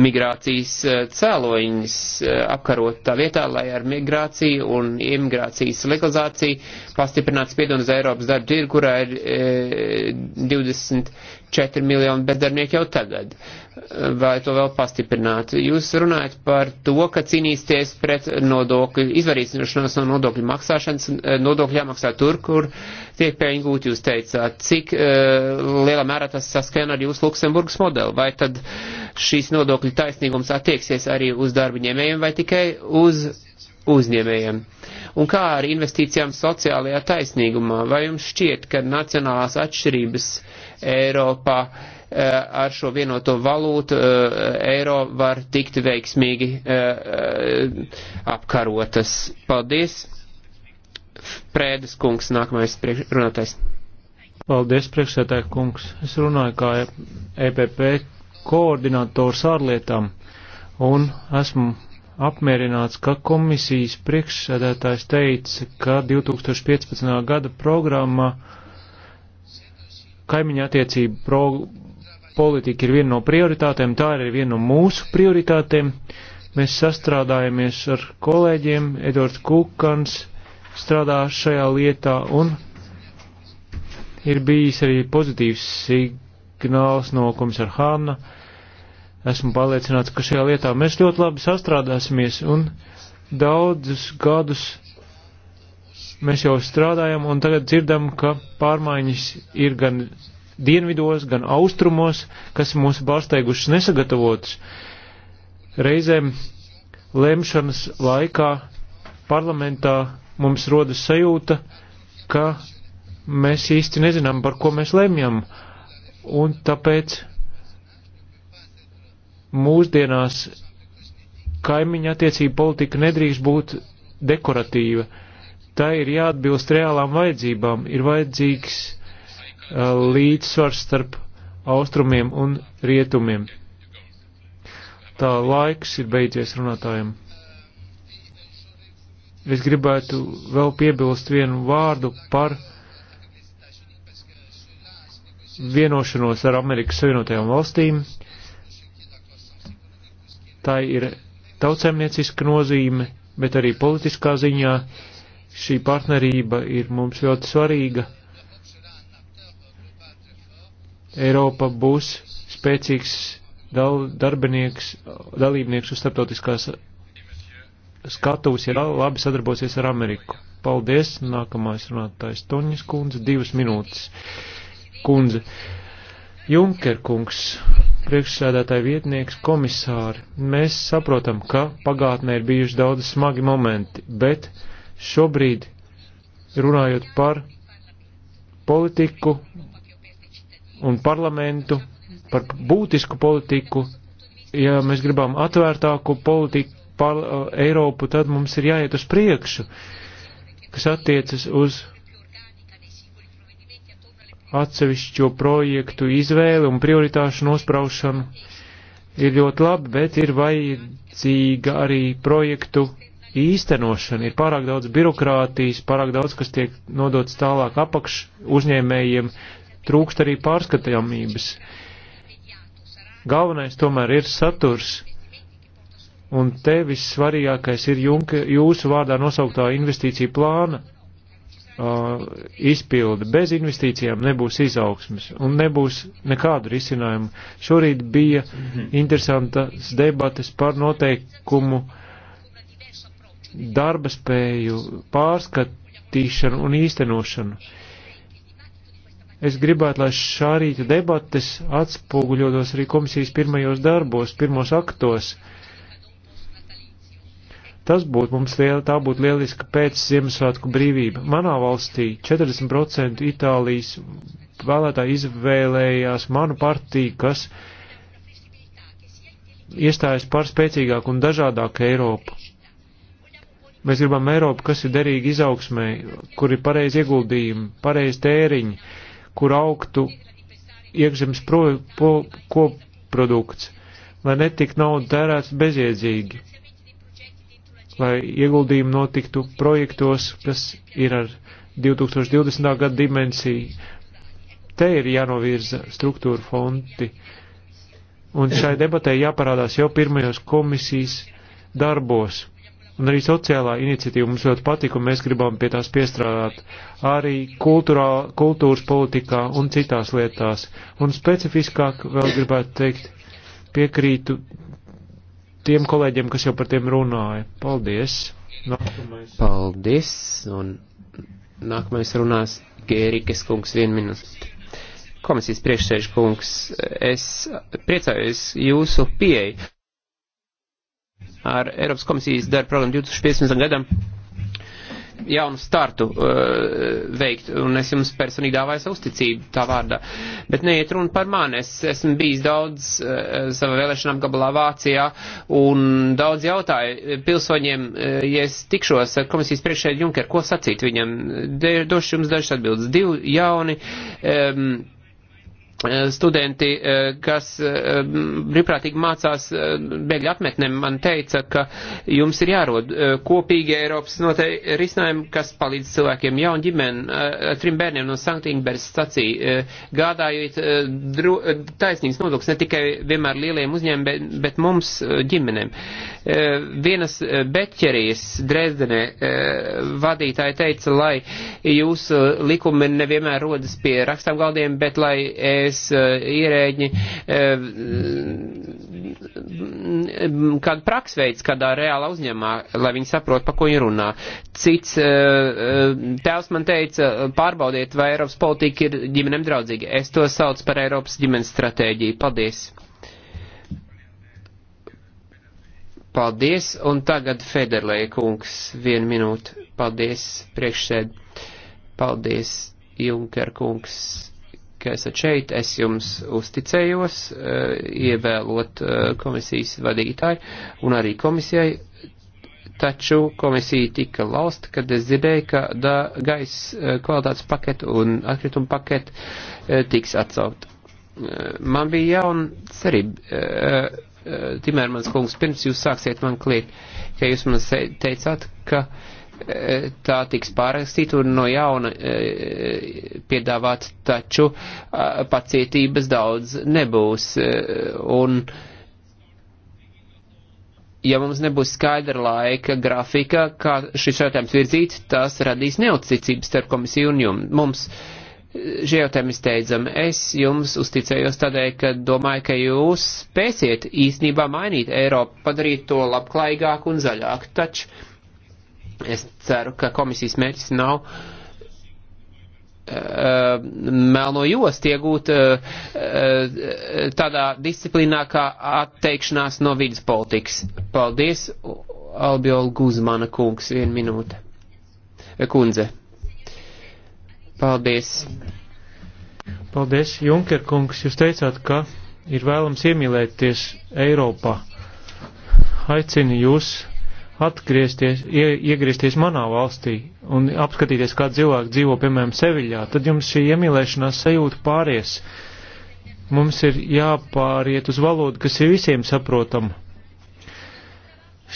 migrācijas e, cēloņus e, apkarot tā vietā, lai ar migrāciju un imigrācijas legalizāciju pastiprinātu spiedienu uz Eiropas darba tirgu, kurā ir e, 24 miljoni bezdarbnieku jau tagad. E, vai to vēl pastiprināt. Jūs runājat par to, ka cīnīsties pret nodokļu izvarīšanos no nodokļu maksāšanas, nodokļu jāmaksā tur, kur tiek pēļņi gūti, jūs teicāt. Cik uh, lielā mērā tas saskana ar jūsu Luksemburgas modeli? Vai tad šīs nodokļu taisnīgums attieksies arī uz darbiņēmējiem vai tikai uz uzņēmējiem? Un kā ar investīcijām sociālajā taisnīgumā? Vai jums šķiet, ka nacionālās atšķirības Eiropā uh, Eh, ar šo vienoto valūtu eh, eiro var tikt veiksmīgi eh, apkarotas. Paldies! Prēdes kungs, nākamais runātais. Paldies, priekšsētāji kungs. Es runāju kā EPP koordinators ārlietām un esmu apmierināts, ka komisijas priekšsēdētājs teica, ka 2015. gada programma kaimiņa attiecību pro politika ir viena no prioritātēm, tā ir viena no mūsu prioritātēm. Mēs sastrādājamies ar kolēģiem, Edvards Kukans strādā šajā lietā un ir bijis arī pozitīvs signāls no komisāra Hāna. Esmu pārliecināts, ka šajā lietā mēs ļoti labi sastrādāsimies un daudzus gadus mēs jau strādājam un tagad dzirdam, ka pārmaiņas ir gan dienvidos, gan austrumos, kas mūs pārsteigušas nesagatavotas. Reizēm lemšanas laikā parlamentā mums rodas sajūta, ka mēs īsti nezinām, par ko mēs lemjam, un tāpēc mūsdienās kaimiņa attiecība politika nedrīkst būt dekoratīva. Tā ir jāatbilst reālām vajadzībām, ir vajadzīgs līdzsvars starp austrumiem un rietumiem. Tā laiks ir beidzies runātājiem. Es gribētu vēl piebilst vienu vārdu par vienošanos ar Amerikas Savienotajām valstīm. Tā ir tautsēmnieciska nozīme, bet arī politiskā ziņā šī partnerība ir mums ļoti svarīga. Eiropa būs spēcīgs dal, darbinieks, dalībnieks uz starptautiskās skatuves, ja labi sadarbosies ar Ameriku. Paldies, nākamais runātājs Toņas kundze, divas minūtes. Kundze, Junker kungs, priekšsēdētāja vietnieks, komisāri, mēs saprotam, ka pagātnē ir bijuši daudz smagi momenti, bet šobrīd, runājot par politiku un parlamentu par būtisku politiku. Ja mēs gribam atvērtāku politiku par uh, Eiropu, tad mums ir jāiet uz priekšu, kas attiecas uz atsevišķo projektu izvēli un prioritāšu nospraušanu. Ir ļoti labi, bet ir vajadzīga arī projektu īstenošana. Ir pārāk daudz birokrātijas, pārāk daudz, kas tiek nodots tālāk apakš uzņēmējiem, trūkst arī pārskatāmības. Galvenais tomēr ir saturs, un te vissvarīgākais ir junka, jūsu vārdā nosauktā investīcija plāna uh, izpilde. Bez investīcijām nebūs izaugsmes un nebūs nekādu risinājumu. Šorīt bija interesantas debates par noteikumu darba spēju pārskatīšanu un īstenošanu. Uh, Es gribētu, lai šā rīta debates atspoguļotos arī komisijas pirmajos darbos, pirmos aktos. Tas būtu mums liela, tā būtu lieliska pēc Ziemassvētku brīvība. Manā valstī 40% Itālijas vēlētāji izvēlējās manu partiju, kas iestājas par spēcīgāku un dažādāku Eiropu. Mēs gribam Eiropu, kas ir derīga izaugsmē, kur ir pareizi ieguldījumi, pareizi tēriņi kur augtu iekšzemes koprodukts, lai netiktu nauda tērēts bezjēdzīgi, lai ieguldījumi notiktu projektos, kas ir ar 2020. gada dimensiju. Te ir jānovirza struktūra fondi, un šai debatē jāparādās jau pirmajos komisijas darbos. Un arī sociālā iniciatīva mums ļoti patika, un mēs gribam pie tās piestrādāt arī kultūrā, kultūras politikā un citās lietās. Un specifiskāk vēl gribētu teikt, piekrītu tiem kolēģiem, kas jau par tiem runāja. Paldies! Nākamais. Paldies! Un nākamais runās Gērikas kungs vien minūte komisijas priekšsēžu kungs, es priecājos jūsu pieeju ar Eiropas komisijas darba programmu 2015. gadam jaunu startu uh, veikt, un es jums personīgi dāvāju savu uzticību tā vārdā. Bet neiet runa par mani, es esmu bijis daudz uh, savā vēlēšanām gabalā Vācijā, un daudz jautāju pilsoņiem, uh, ja es tikšos ar komisijas priekšēju Junkeru, ko sacīt viņam. De, došu jums dažas atbildes. Divi jauni. Um, Eh, studenti, eh, kas eh, brīvprātīgi mācās bēgļu apmetnēm, man teica, ka jums ir jārod kopīgi Eiropas noteikti risinājumi, kas palīdz cilvēkiem jaunu ģimeni, trim bērniem no Sanktpēters staciju, gādājot taisnīgs nodoklis ne tikai vienmēr lieliem uzņēmumiem, bet, bet mums ģimenēm. Vienas beķerijas Dresdenē vadītāja teica, lai jūsu likumi nevienmēr rodas pie rakstām galdiem, bet lai es mēs eh, ierēģi eh, kādu praksveids kādā reāla uzņēmā, lai viņi saprot, pa ko viņi runā. Cits eh, tēvs man teica, pārbaudiet, vai Eiropas politika ir ģimenem draudzīga. Es to saucu par Eiropas ģimenes stratēģiju. Paldies! Paldies, un tagad Federlē kungs, vienu minūtu. Paldies, priekšsēd. Paldies, Junker kungs ka esat šeit, es jums uzticējos, eh, ievēlot eh, komisijas vadītāju un arī komisijai, taču komisija tika lausta, kad es dzirdēju, ka da, gaisa eh, kvalitātes paketu un atkritumu paketu tiks atsaukt. Man bija jauna cerība. Timermans kungs, pirms jūs sāksiet man kliegt, ka jūs man teicāt, ka uh, tā tiks pārrakstīta un no jauna e, piedāvāt, taču pacietības daudz nebūs. E, un, ja mums nebūs skaidra laika grafika, kā šis jautājums virzīt, tas radīs neuzticības starp komisiju un jums. mums. E, šie jautājumi steidzami. Es jums uzticējos tādēļ, ka domāju, ka jūs spēsiet īstenībā mainīt Eiropu, padarīt to labklājīgāku un zaļāku. Taču Es ceru, ka komisijas mērķis nav uh, melno jostu iegūt uh, uh, tādā disciplīnā kā atteikšanās no vidas politikas. Paldies, Albiola Guzmana kungs, viena minūte. Eh, kundze. Paldies. Paldies, Junker kungs, jūs teicāt, ka ir vēlams iemīlēties Eiropā. Aicinu jūs atgriezties, ie, iegriezties manā valstī un apskatīties, kā cilvēki dzīvo, piemēram, Seviļā, tad jums šī iemīlēšanās sajūta pāries. Mums ir jāpāriet uz valodu, kas ir visiem saprotama.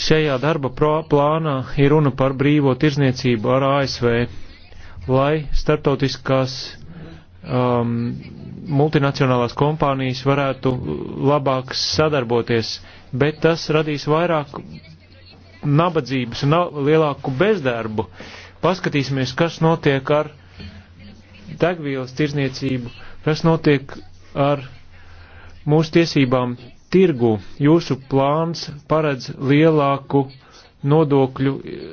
Šajā darba plānā ir runa par brīvo tirzniecību ar ASV, lai starptautiskās um, multinacionālās kompānijas varētu labāk sadarboties, bet tas radīs vairāk nabadzības un lielāku bezdarbu. Paskatīsimies, kas notiek ar degvielas tirzniecību, kas notiek ar mūsu tiesībām tirgu. Jūsu plāns paredz lielāku nodokļu eh,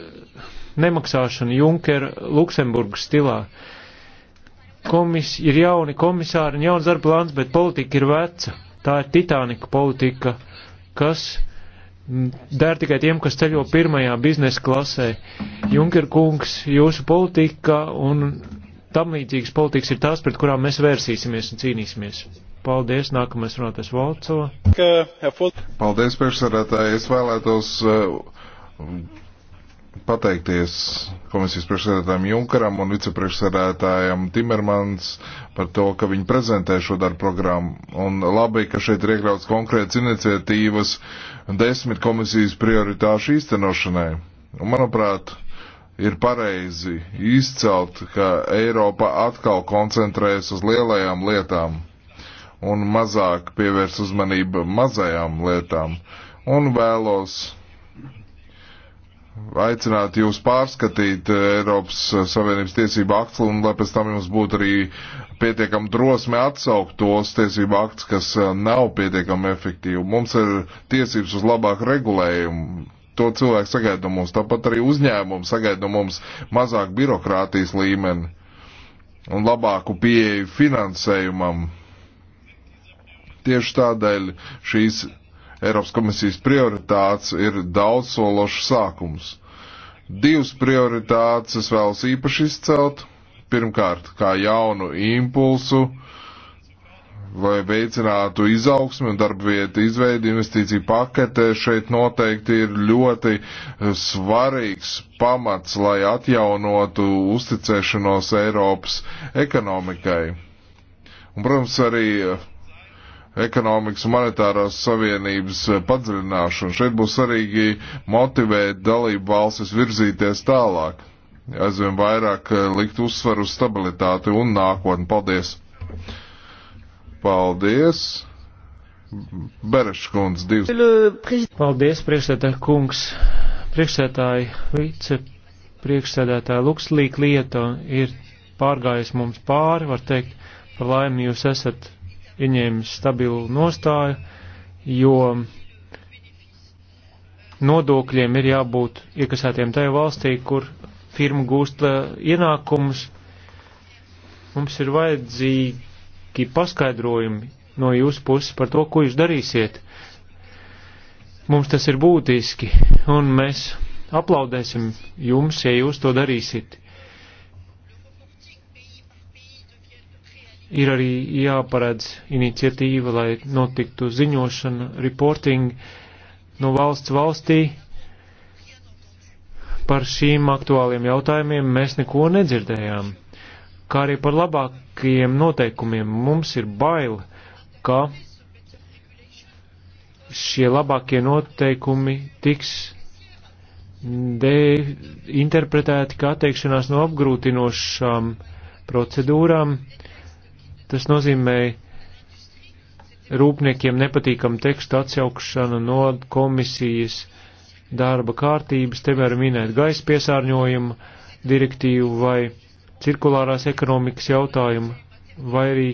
nemaksāšanu Junkera Luksemburgas stilā. Komis, ir jauni komisāri un jauns darba plāns, bet politika ir veca. Tā ir titānika politika, kas der tikai tiem, kas ceļo pirmajā biznesa klasē. Junker kungs, jūsu politika un tam līdzīgas politikas ir tās, pret kurām mēs vērsīsimies un cīnīsimies. Paldies, nākamais runātais Valco. Paldies, priekšsarētāji, es vēlētos uh, pateikties komisijas priekšsēdētājiem Junkaram un vicepriekšsēdētājiem Timermans par to, ka viņi prezentē šo darbu programmu. Un labi, ka šeit ir iekļauts konkrēts iniciatīvas desmit komisijas prioritāšu īstenošanai. Un, manuprāt, ir pareizi izcelt, ka Eiropa atkal koncentrējas uz lielajām lietām un mazāk pievērs uzmanību mazajām lietām. Un vēlos aicināt jūs pārskatīt eh, Eiropas eh, Savienības tiesību aktu, un lai pēc tam jums būtu arī pietiekama drosme atsaukt tos tiesību aktus, kas eh, nav pietiekami efektīvi. Mums ir tiesības uz labāku regulējumu. To cilvēku sagaida mums, tāpat arī uzņēmumu sagaida mums mazāk birokrātijas līmeni un labāku pieeju finansējumam. Tieši tādēļ šīs Eiropas komisijas prioritātes ir daudzsološs sākums. Divas prioritātes es vēlos īpaši izcelt. Pirmkārt, kā jaunu impulsu, lai veicinātu izaugsmi un darba vietu izveidi investīciju paketē, šeit noteikti ir ļoti eh, svarīgs pamats, lai atjaunotu uzticēšanos Eiropas ekonomikai. Un, protams, arī eh, ekonomikas un monetārās savienības eh, padziļināšanu. Šeit būs svarīgi motivēt dalību valstis virzīties tālāk, aizvien vairāk eh, likt uzsvaru uz stabilitāti un nākotni. Paldies! Paldies! Bereškunds, divas. Paldies, priekšsētāji kungs, priekšsētāji vicepriekšsēdētāji Lukslīk lieta ir pārgājis mums pāri, var teikt, par laimi jūs esat ieņēmis stabilu nostāju, jo nodokļiem ir jābūt iekasētiem tajā valstī, kur firma gūst eh, ienākumus. Mums ir vajadzīgi paskaidrojumi no jūsu puses par to, ko jūs darīsiet. Mums tas ir būtiski, un mēs aplaudēsim jums, ja jūs to darīsiet. ir arī jāparedz iniciatīva, lai notiktu ziņošana, reporting no valsts valstī. Par šīm aktuāliem jautājumiem mēs neko nedzirdējām, kā arī par labākajiem noteikumiem. Mums ir bail, ka šie labākie noteikumi tiks interpretēti kā atteikšanās no apgrūtinošām procedūrām. Uh, Tas nozīmēja rūpniekiem nepatīkamu tekstu atsaukšanu no komisijas darba kārtības, te var minēt gaisa piesārņojumu direktīvu vai cirkulārās ekonomikas jautājumu, vai arī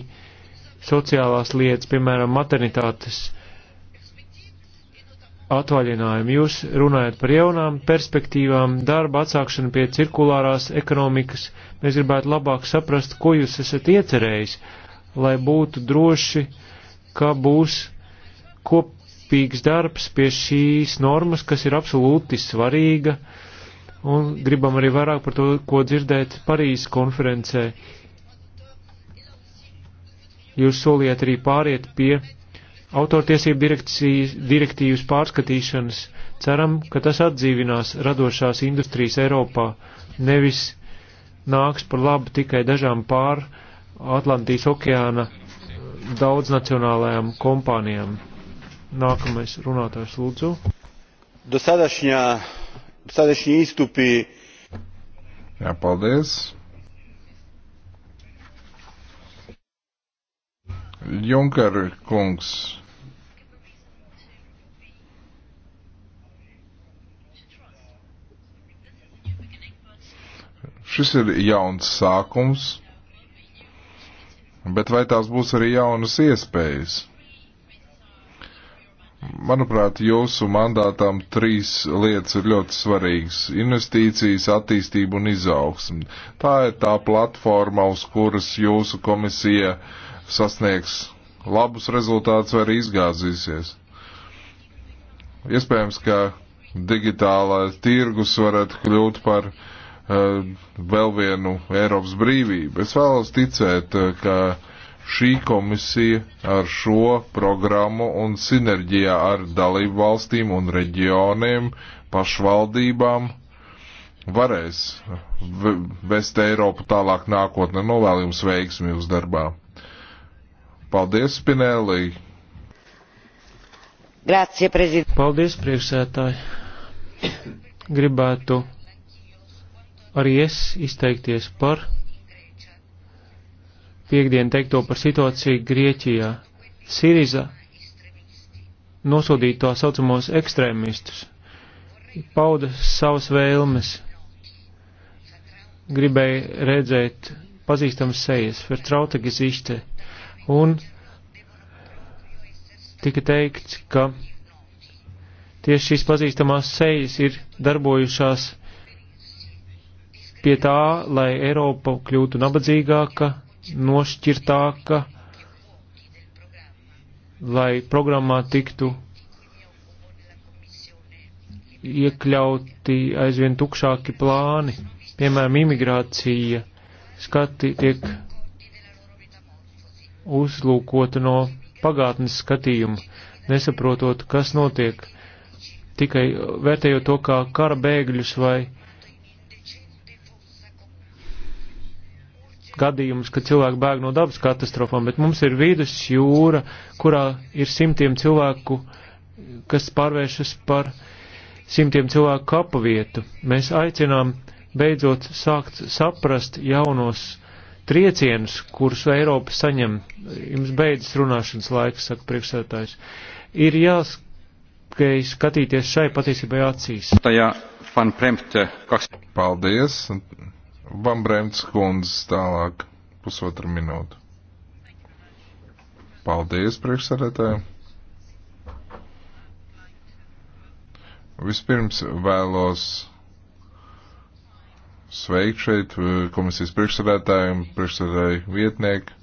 sociālās lietas, piemēram, maternitātes atvaļinājumu. Jūs runājat par jaunām perspektīvām, darba atsākšanu pie cirkulārās ekonomikas. Mēs gribētu labāk saprast, ko jūs esat iecerējis, lai būtu droši, ka būs kopīgs darbs pie šīs normas, kas ir absolūti svarīga. Un gribam arī vairāk par to, ko dzirdēt Parīzes konferencē. Jūs soliet arī pāriet pie autortiesību direktīvas pārskatīšanas. Ceram, ka tas atdzīvinās radošās industrijas Eiropā, nevis nāks par labu tikai dažām pār Atlantijas okeāna eh, daudznacionālajām kompānijām. Nākamais runātājs lūdzu. Dosadašnji istupi. Jā, paldies. Junker kungs Šis ir jauns sākums, bet vai tās būs arī jaunas iespējas? Manuprāt, jūsu mandātām trīs lietas ir ļoti svarīgas - investīcijas, attīstība un izaugsme. Tā ir tā platforma, uz kuras jūsu komisija sasniegs labus rezultātus vai arī izgāzīsies. Iespējams, ka digitālais tirgus varētu kļūt par uh, Eh, vēl vienu Eiropas brīvību. Es vēlos ticēt, eh, ka šī komisija ar šo programmu un sinerģijā ar dalību valstīm un reģioniem, pašvaldībām varēs vest Eiropu tālāk nākotnē. Novēlījums veiksmi jūs darbā. Paldies, Spinelli! Grācie, prezident! Paldies, priekšsētāji! Gribētu arī es izteikties par piekdienu teikto par situāciju Grieķijā. Siriza nosodīja tā saucamos ekstrēmistus, pauda savas vēlmes, gribēja redzēt pazīstamas sejas, vertraute gezište, un tika teikts, ka tieši šīs pazīstamās sejas ir darbojušās pie tā, lai Eiropa kļūtu nabadzīgāka, nošķirtāka, lai programmā tiktu iekļauti aizvien tukšāki plāni, piemēram, imigrācija, skati tiek uzlūkota no pagātnes skatījuma, nesaprotot, kas notiek, tikai vērtējot to kā kara bēgļus vai gadījumus, kad cilvēki bēg no dabas katastrofām, bet mums ir vidus jūra, kurā ir simtiem cilvēku, kas pārvēršas par simtiem cilvēku kapavietu. Mēs aicinām beidzot sākt saprast jaunos triecienus, kurus Eiropa saņem. Jums beidzas runāšanas laiks, saka priekšsētājs. Ir jāskatīties skatīties šai patiesībai acīs. Tajā fan premte, kas paldies. Van Bremts kundze tālāk pusotru minūtu. Paldies, priekšsarētāji. Vispirms vēlos sveikt šeit eh, komisijas priekšsarētājiem, priekšsarētāju vietnieku.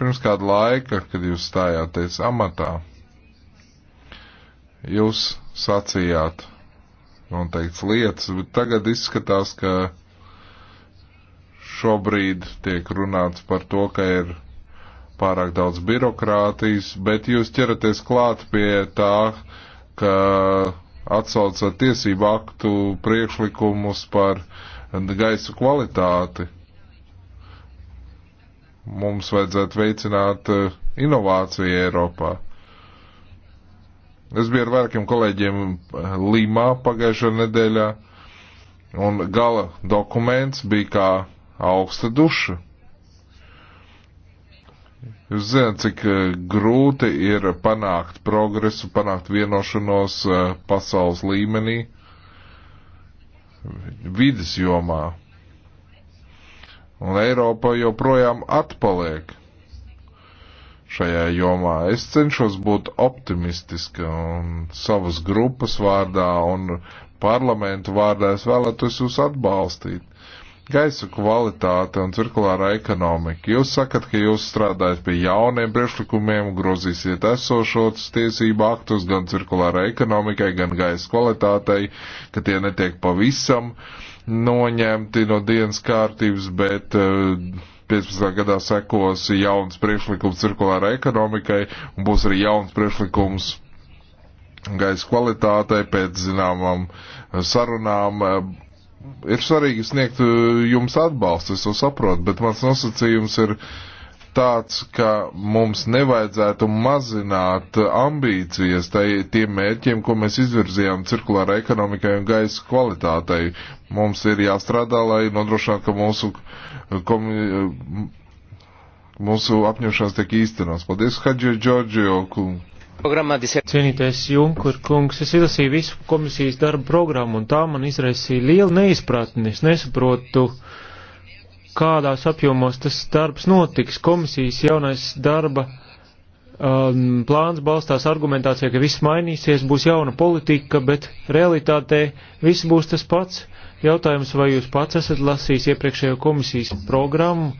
Pirms kāda laika, kad jūs stājāties amatā, jūs sacījāt noteikts lietas, bet tagad izskatās, ka Šobrīd tiek runāts par to, ka ir pārāk daudz birokrātijas, bet jūs ķeraties klāt pie tā, ka atsaucat tiesību aktu priekšlikumus par gaisa kvalitāti. Mums vajadzētu veicināt eh, inovāciju Eiropā. Es biju ar vairākiem kolēģiem eh, Limā pagājušajā nedēļā, un gala dokuments bija kā augsta duša. Jūs zināt, cik e, grūti ir panākt progresu, panākt vienošanos e, pasaules līmenī, vidas jomā. Un Eiropa joprojām atpaliek šajā jomā. Es cenšos būt optimistiska un savas grupas vārdā un parlamentu vārdā es vēlētos jūs atbalstīt. Gaisa kvalitāte un cirkulārā ekonomika. Jūs sakat, ka jūs strādājat pie jauniem priekšlikumiem, grozīsiet esošos tiesību aktus gan cirkulārā ekonomikai, gan gaisa kvalitātei, ka tie netiek pavisam noņemti no dienas kārtības, bet 15. Eh, gadā sekos jauns priekšlikums cirkulārā ekonomikai un būs arī jauns priekšlikums gaisa kvalitātei pēc zināmām sarunām eh, ir svarīgi sniegt uh, jums atbalstu, es to saprotu, bet mans nosacījums ir tāds, ka mums nevajadzētu mazināt ambīcijas tai, tiem mērķiem, ko mēs izvirzījām cirkulārai ekonomikai un gaisa kvalitātei. Mums ir jāstrādā, lai nodrošinātu, ka mūsu, uh, komi, uh, mūsu apņemšanas tiek īstenos. Paldies, Hadži Džordžio kungu! Cienītais Junkur kungs, es izlasīju visu komisijas darbu programmu un tā man izraisīja lielu neizpratni. Es nesaprotu, kādās apjomos tas darbs notiks. Komisijas jaunais darba um, plāns balstās argumentācijā, ka viss mainīsies, būs jauna politika, bet realitātē viss būs tas pats. Jautājums, vai jūs pats esat lasījis iepriekšējo komisijas programmu?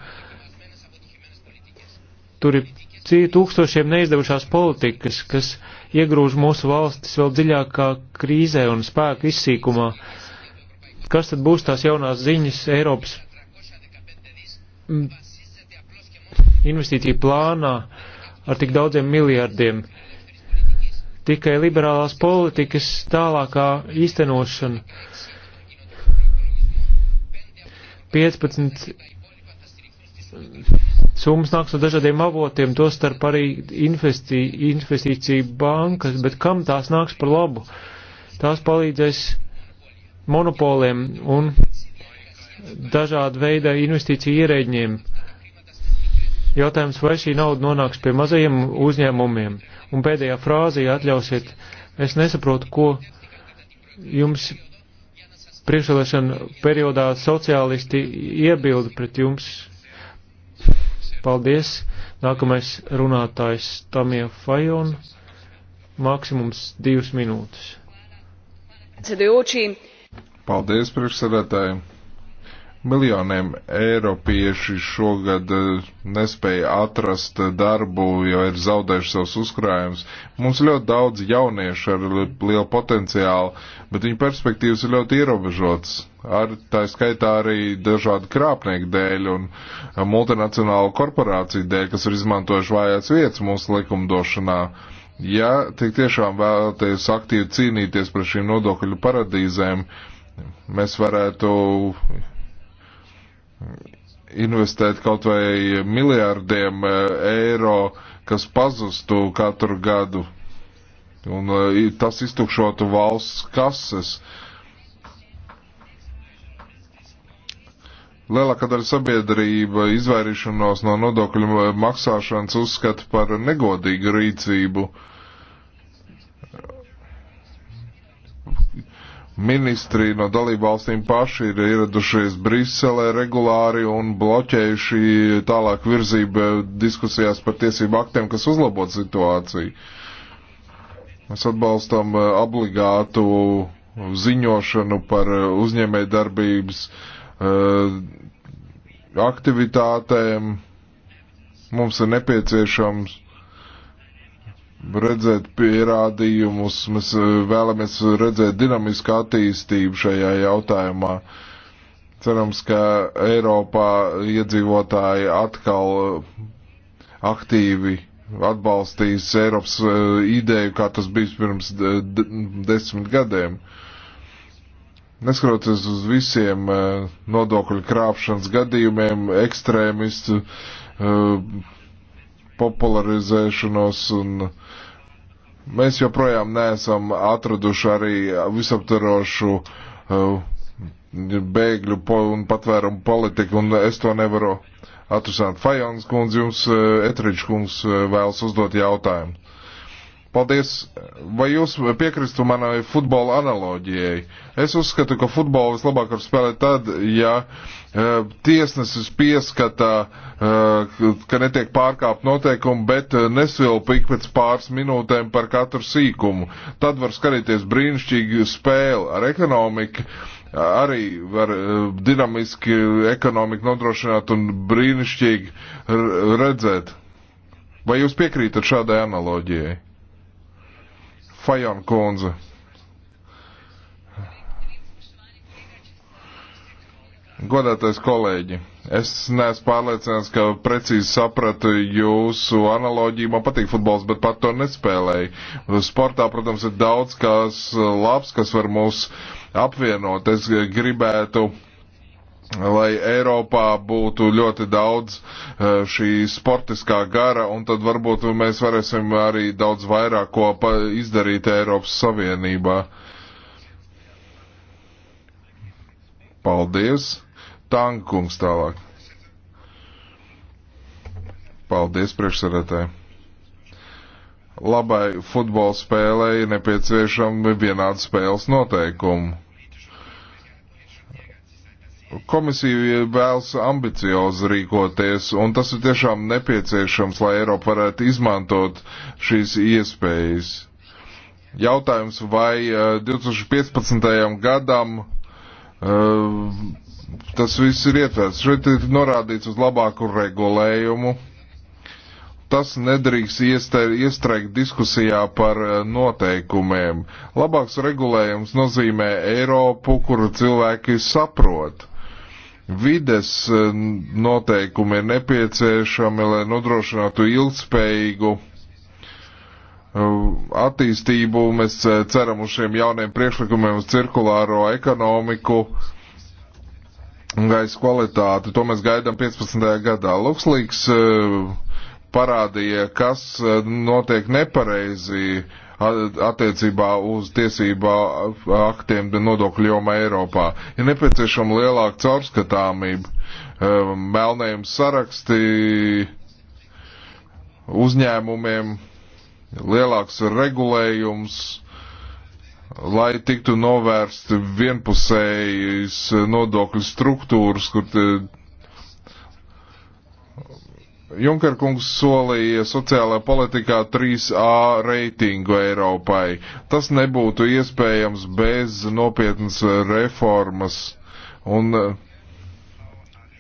Tur ir tūkstošiem neizdevušās politikas, kas iegrūž mūsu valstis vēl dziļākā krīzē un spēku izsīkumā. Kas tad būs tās jaunās ziņas Eiropas investīciju plānā ar tik daudziem miljardiem? Tikai liberālās politikas tālākā īstenošana. 15 summas nāks no dažādiem avotiem, to starp arī investī, investīcija bankas, bet kam tās nāks par labu? Tās palīdzēs monopoliem un dažāda veida investīciju ierēģiem. Jautājums, vai šī nauda nonāks pie mazajiem uzņēmumiem? Un pēdējā frāzī atļausiet, es nesaprotu, ko jums priekšvēlēšana periodā sociālisti iebilda pret jums Paldies! Nākamais runātājs Tamie Fajon, maksimums divas minūtes. Paldies, priekšsēdētāji! Miljoniem eiropieši šogad eh, nespēja atrast darbu, jo ir zaudējuši savus uzkrājumus. Mums ir ļoti daudz jauniešu ar lielu potenciālu, bet viņu perspektīvas ir ļoti ierobežotas ar tā skaitā arī dažādu krāpnieku dēļ un multinacionālu korporāciju dēļ, kas ir izmantojuši vājās vietas mūsu likumdošanā. Ja tik tiešām vēlaties aktīvi cīnīties par šīm nodokļu paradīzēm, mēs varētu investēt kaut vai miljārdiem e, eiro, kas pazustu katru gadu. Un e, tas iztukšotu valsts kases. Uh, Lielākā daļa sabiedrība izvairīšanos no nodokļu maksāšanas uzskata par negodīgu rīcību. Ministri no dalībvalstīm paši ir ieradušies Briselē regulāri un bloķējuši tālāk virzību diskusijās par tiesību aktiem, kas uzlabot situāciju. Mēs atbalstam eh, obligātu ziņošanu par eh, uzņēmējdarbības darbības eh, aktivitātēm mums ir nepieciešams redzēt pierādījumus, mēs eh, vēlamies redzēt dinamisku attīstību šajā jautājumā. Cerams, ka Eiropā iedzīvotāji atkal eh, aktīvi atbalstīs Eiropas eh, ideju, kā tas bijis pirms desmit gadiem. Uh, Neskatoties uz visiem eh, nodokļu krāpšanas gadījumiem, ekstrēmistu eh, popularizēšanos un mēs joprojām neesam atraduši arī visaptarošu eh, bēgļu un patvērumu politiku, un es to nevaru atrasāt. Fajons kundze, jums Etriģis kungs vēlas uzdot jautājumu. Paldies! Vai jūs piekristu manai futbola analoģijai? Es uzskatu, ka futbolu vislabāk var spēlēt tad, ja uh, tiesnesis pieskata, uh, ka netiek pārkāpt noteikumi, bet e, nesilpa ik pēc pāris minūtēm par katru sīkumu. Tad var skatīties brīnišķīgu spēli ar ekonomiku. Arī var uh, dinamiski ekonomiku nodrošināt un brīnišķīgi redzēt. Vai jūs piekrītat šādai analoģijai? Fajon kundze. Godātais kolēģi, es neesmu pārliecināts, ka precīzi sapratu jūsu analoģiju. Man patīk futbols, bet pat to nespēlēju. Sportā, protams, ir daudz kas labs, kas var mūs apvienot. Es gribētu uh, lai Eiropā būtu ļoti daudz e, šī sportiskā gara, un tad varbūt mēs varēsim arī daudz vairāk ko izdarīt Eiropas Savienībā. Paldies! Tankungs tālāk. Paldies priekšsarētāji! Labai futbola spēlei nepieciešami vienādi spēles noteikumi Komisija vēlas ambiciozi rīkoties, un tas ir tiešām nepieciešams, lai Eiropa varētu izmantot šīs iespējas. Jautājums, vai 2015. Eh, gadam uh, tas viss ir ietverts. Šeit ir norādīts uz labāku regulējumu. Tas nedrīkst iestrēgt diskusijā par eh, noteikumiem. Labāks regulējums nozīmē Eiropu, kuru cilvēki saprot. Vides eh, noteikumi ir nepieciešami, lai nodrošinātu ilgspējīgu eh, attīstību. Mēs eh, ceram uz šiem jauniem priekšlikumiem uz cirkulāro ekonomiku un gaisa kvalitāti. To mēs gaidām 15. gadā. Lukslīgs parādīja, kas notiek nepareizi attiecībā uz tiesībā aktiem nodokļu jomā Eiropā. Ir nepieciešama lielāka caurskatāmība, e, melnējuma saraksti uzņēmumiem, lielāks regulējums, lai tiktu novērsti vienpusējas nodokļu struktūras, kur Junker kungs solīja sociālā politikā 3A reitingu Eiropai. Tas nebūtu iespējams bez nopietnas reformas. Un eh,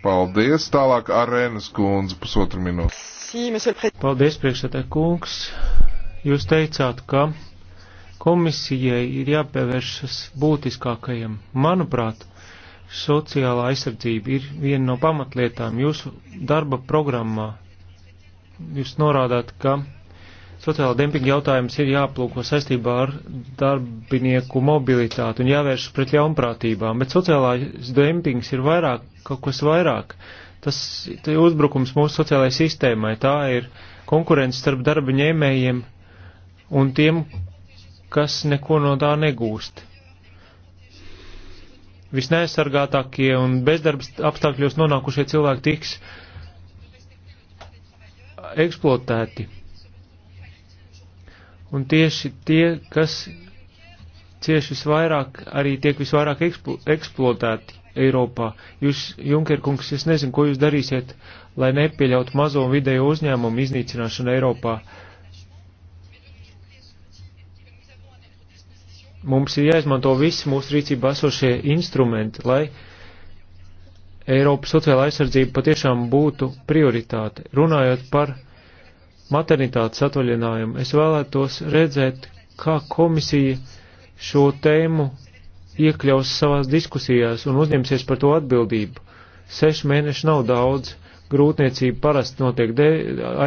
paldies tālāk Arēnas kundze pusotru minūtu. Paldies priekšsētā kungs. Jūs teicāt, ka komisijai ir jāpievēršas būtiskākajiem. Manuprāt, sociālā aizsardzība ir viena no pamatlietām. Jūsu darba programmā jūs norādāt, ka sociāla dempinga jautājums ir jāplūko saistībā ar darbinieku mobilitāti un jāvēršas pret ļaunprātībām, bet sociālais dempings ir vairāk, kaut kas vairāk. Tas ir uzbrukums mūsu sociālajai sistēmai, tā ir konkurence starp darba ņēmējiem un tiem, kas neko no tā negūst visneaizsargātākie un bezdarbs apstākļos nonākušie cilvēki tiks eksploatēti. Un tieši tie, kas cieši visvairāk, arī tiek visvairāk eksplo eksploatēti Eiropā. Jūs, Junkerkungs, es nezinu, ko jūs darīsiet, lai nepieļautu mazo un vidējo uzņēmumu iznīcināšanu Eiropā. Uh, Mums ir jāizmanto visi mūsu rīcībā esošie instrumenti, lai Eiropas sociāla aizsardzība patiešām būtu prioritāte. Runājot par maternitātes atvaļinājumu, es vēlētos redzēt, kā komisija šo tēmu iekļaus savās diskusijās un uzņemsies par to atbildību. Seši mēneši nav daudz, grūtniecība parasti notiek de,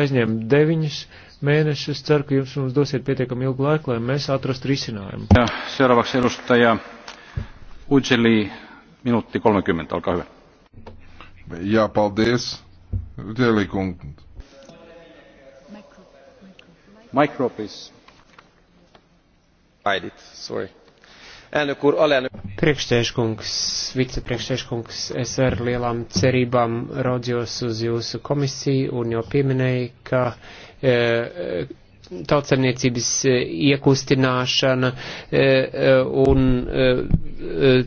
aizņem deviņus mēnešus mēnešus. Ceru, ka jums mums dosiet pietiekami ilgu laiku, lai mēs atrastu risinājumu. Jā, seuraavaksi edustaja Uģelī, minūti 30, olkaa hyvä. Jā, paldies. Uģelī kungi. Micro, please. Sorry. Elnök úr, alelnök. Priekšsēžkungs, vicepriekšsēžkungs, es ar lielām cerībām raudzījos uz jūsu komisiju un jau pieminēju, ka e, tautsemniecības e, iekustināšana, e, e, un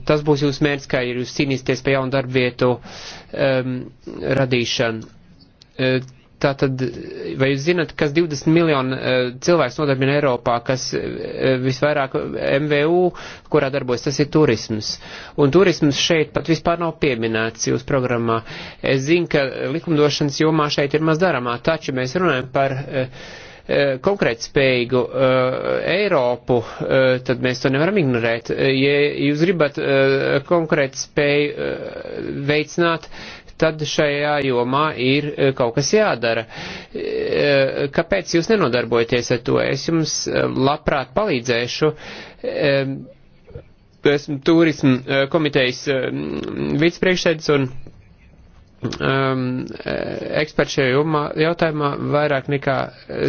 tas būs jūsu mērķis, kā ir jūs cīnīsieties par jaunu darbvietu radīšanu. Tātad, vai jūs zinat, kas 20 miljonu uh, cilvēks nodarbina Eiropā, kas uh, visvairāk MVU, kurā darbojas, tas ir turisms. Un turisms šeit pat vispār nav pieminēts jūsu programmā. Es zinu, ka likumdošanas jomā šeit ir maz darāmā, taču mēs runājam par. Uh, e, konkrētspējīgu uh, Eiropu, uh, tad mēs to nevaram ignorēt. Ja jūs gribat uh, konkrētspēju uh, veicināt, tad šajā jomā ir eh, kaut kas jādara. Eh, kāpēc jūs nenodarbojaties ar to? Es jums eh, labprāt palīdzēšu esmu turismu komitejas vicepriekšsēdis un um, eksperti šajā jomā, jautājumā vairāk nekā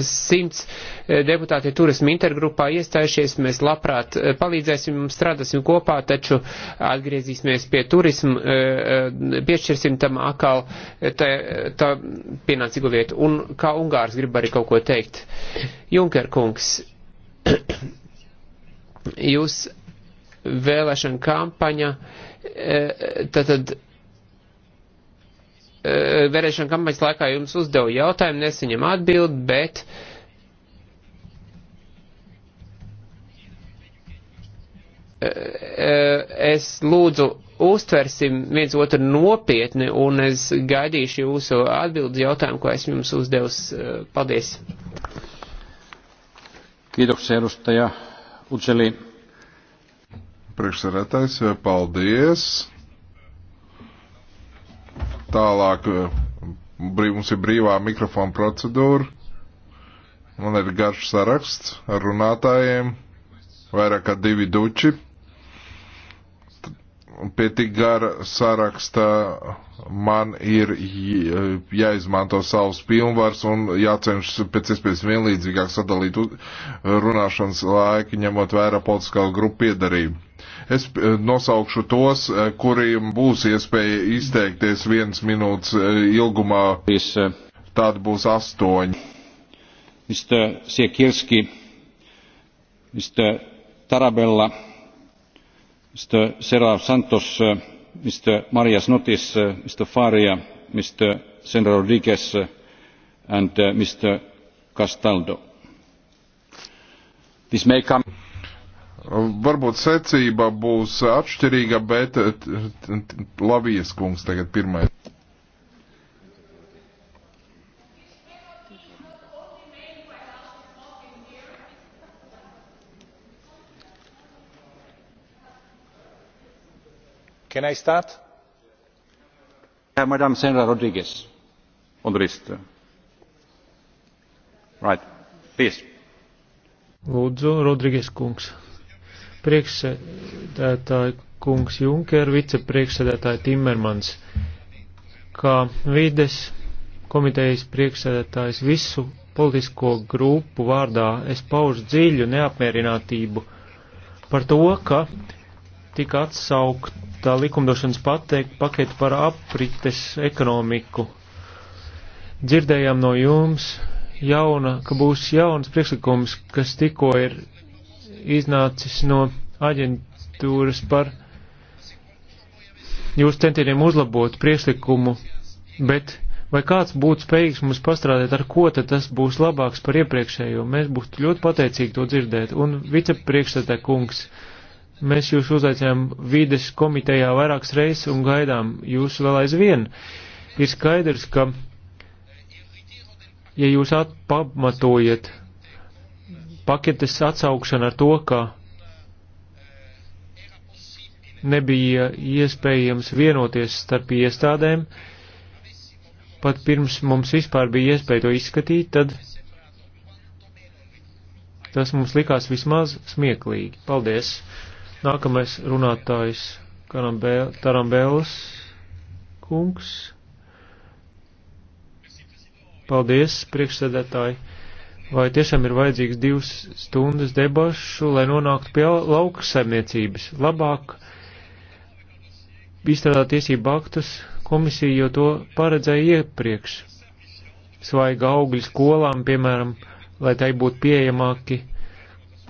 simts eh, deputāti turismu intergrupā iestājušies. Mēs labprāt eh, palīdzēsim, strādāsim kopā, taču atgriezīsimies pie turismu, eh, piešķirsim tam akal tā, tā pienācīgu vietu. Un kā Ungārs grib arī kaut ko teikt. Junker kungs, jūs vēlēšana kampaņa, tātad. Tā, Eh, vērēšana kampaņas laikā jums uzdevu jautājumu, nesaņem atbild, bet eh, eh, es lūdzu uztversim viens otru nopietni un es gaidīšu jūsu atbildes jautājumu, ko esmu jums uzdevis. Paldies! Kiitoksia edustaja Utseli. Priekšsēdētājs, paldies! Tālāk eh, brīv, mums ir brīvā mikrofona procedūra. Man ir garš saraksts ar runātājiem, vairāk kā divi duči. Pie tik gara saraksta man ir eh, jāizmanto savs pilnvars un jācenšas pēc iespējas vienlīdzīgāk sadalīt runāšanas laiku, ņemot vērā politiskā grupu piedarību. Es eh, nosaukšu tos, eh, kuriem būs iespēja izteikties viens minūtes eh, ilgumā. Tāda būs astoņi. Mr. Siekierski, Mr. Tarabella, Mr. Seraf Santos, Mr. Marias Notis, Mr. Faria, Mr. Senra Rodriguez and Mr. Castaldo. This may come Varbūt secība būs atšķirīga, bet Lavijas kungs tagad pirmais. Can I start? Yeah, Madam Senra Rodriguez on the list. Right. Please. Lūdzu, Rodriguez kungs priekšsēdētāja kungs Junker, vicepriekšsēdētāja Timermans, kā vides komitejas priekšsēdētājs visu politisko grupu vārdā es paužu dziļu neapmierinātību par to, ka tika atsaukta likumdošanas pateik, paketa par aprites ekonomiku. Dzirdējām no jums, jauna, ka būs jauns priekšlikums, kas tikko ir iznācis no aģentūras par jūsu centieniem uzlabot priekšlikumu, bet vai kāds būtu spējīgs mums pastrādāt, ar ko tad tas būs labāks par iepriekšējo? Mēs būtu ļoti pateicīgi to dzirdēt. Un vicepriekšsēdē kungs, mēs jūs uzaicinām vides komitejā vairākas reizes un gaidām jūs vēl aizvien. Ir skaidrs, ka ja jūs atpamatojat paketes atsaukšana ar to, ka nebija iespējams vienoties starp iestādēm, pat pirms mums vispār bija iespēja to izskatīt, tad tas mums likās vismaz smieklīgi. Paldies! Nākamais runātājs Tarambēlas kungs. Paldies, priekšsēdētāji! Vai tiešām ir vajadzīgs divas stundas debašu, lai nonāktu pie lauksaimniecības? Labāk izstrādāt tiesību aktus komisija, jo to paredzēja iepriekš. Svaiga augļu skolām, piemēram, lai tai būtu pieejamāki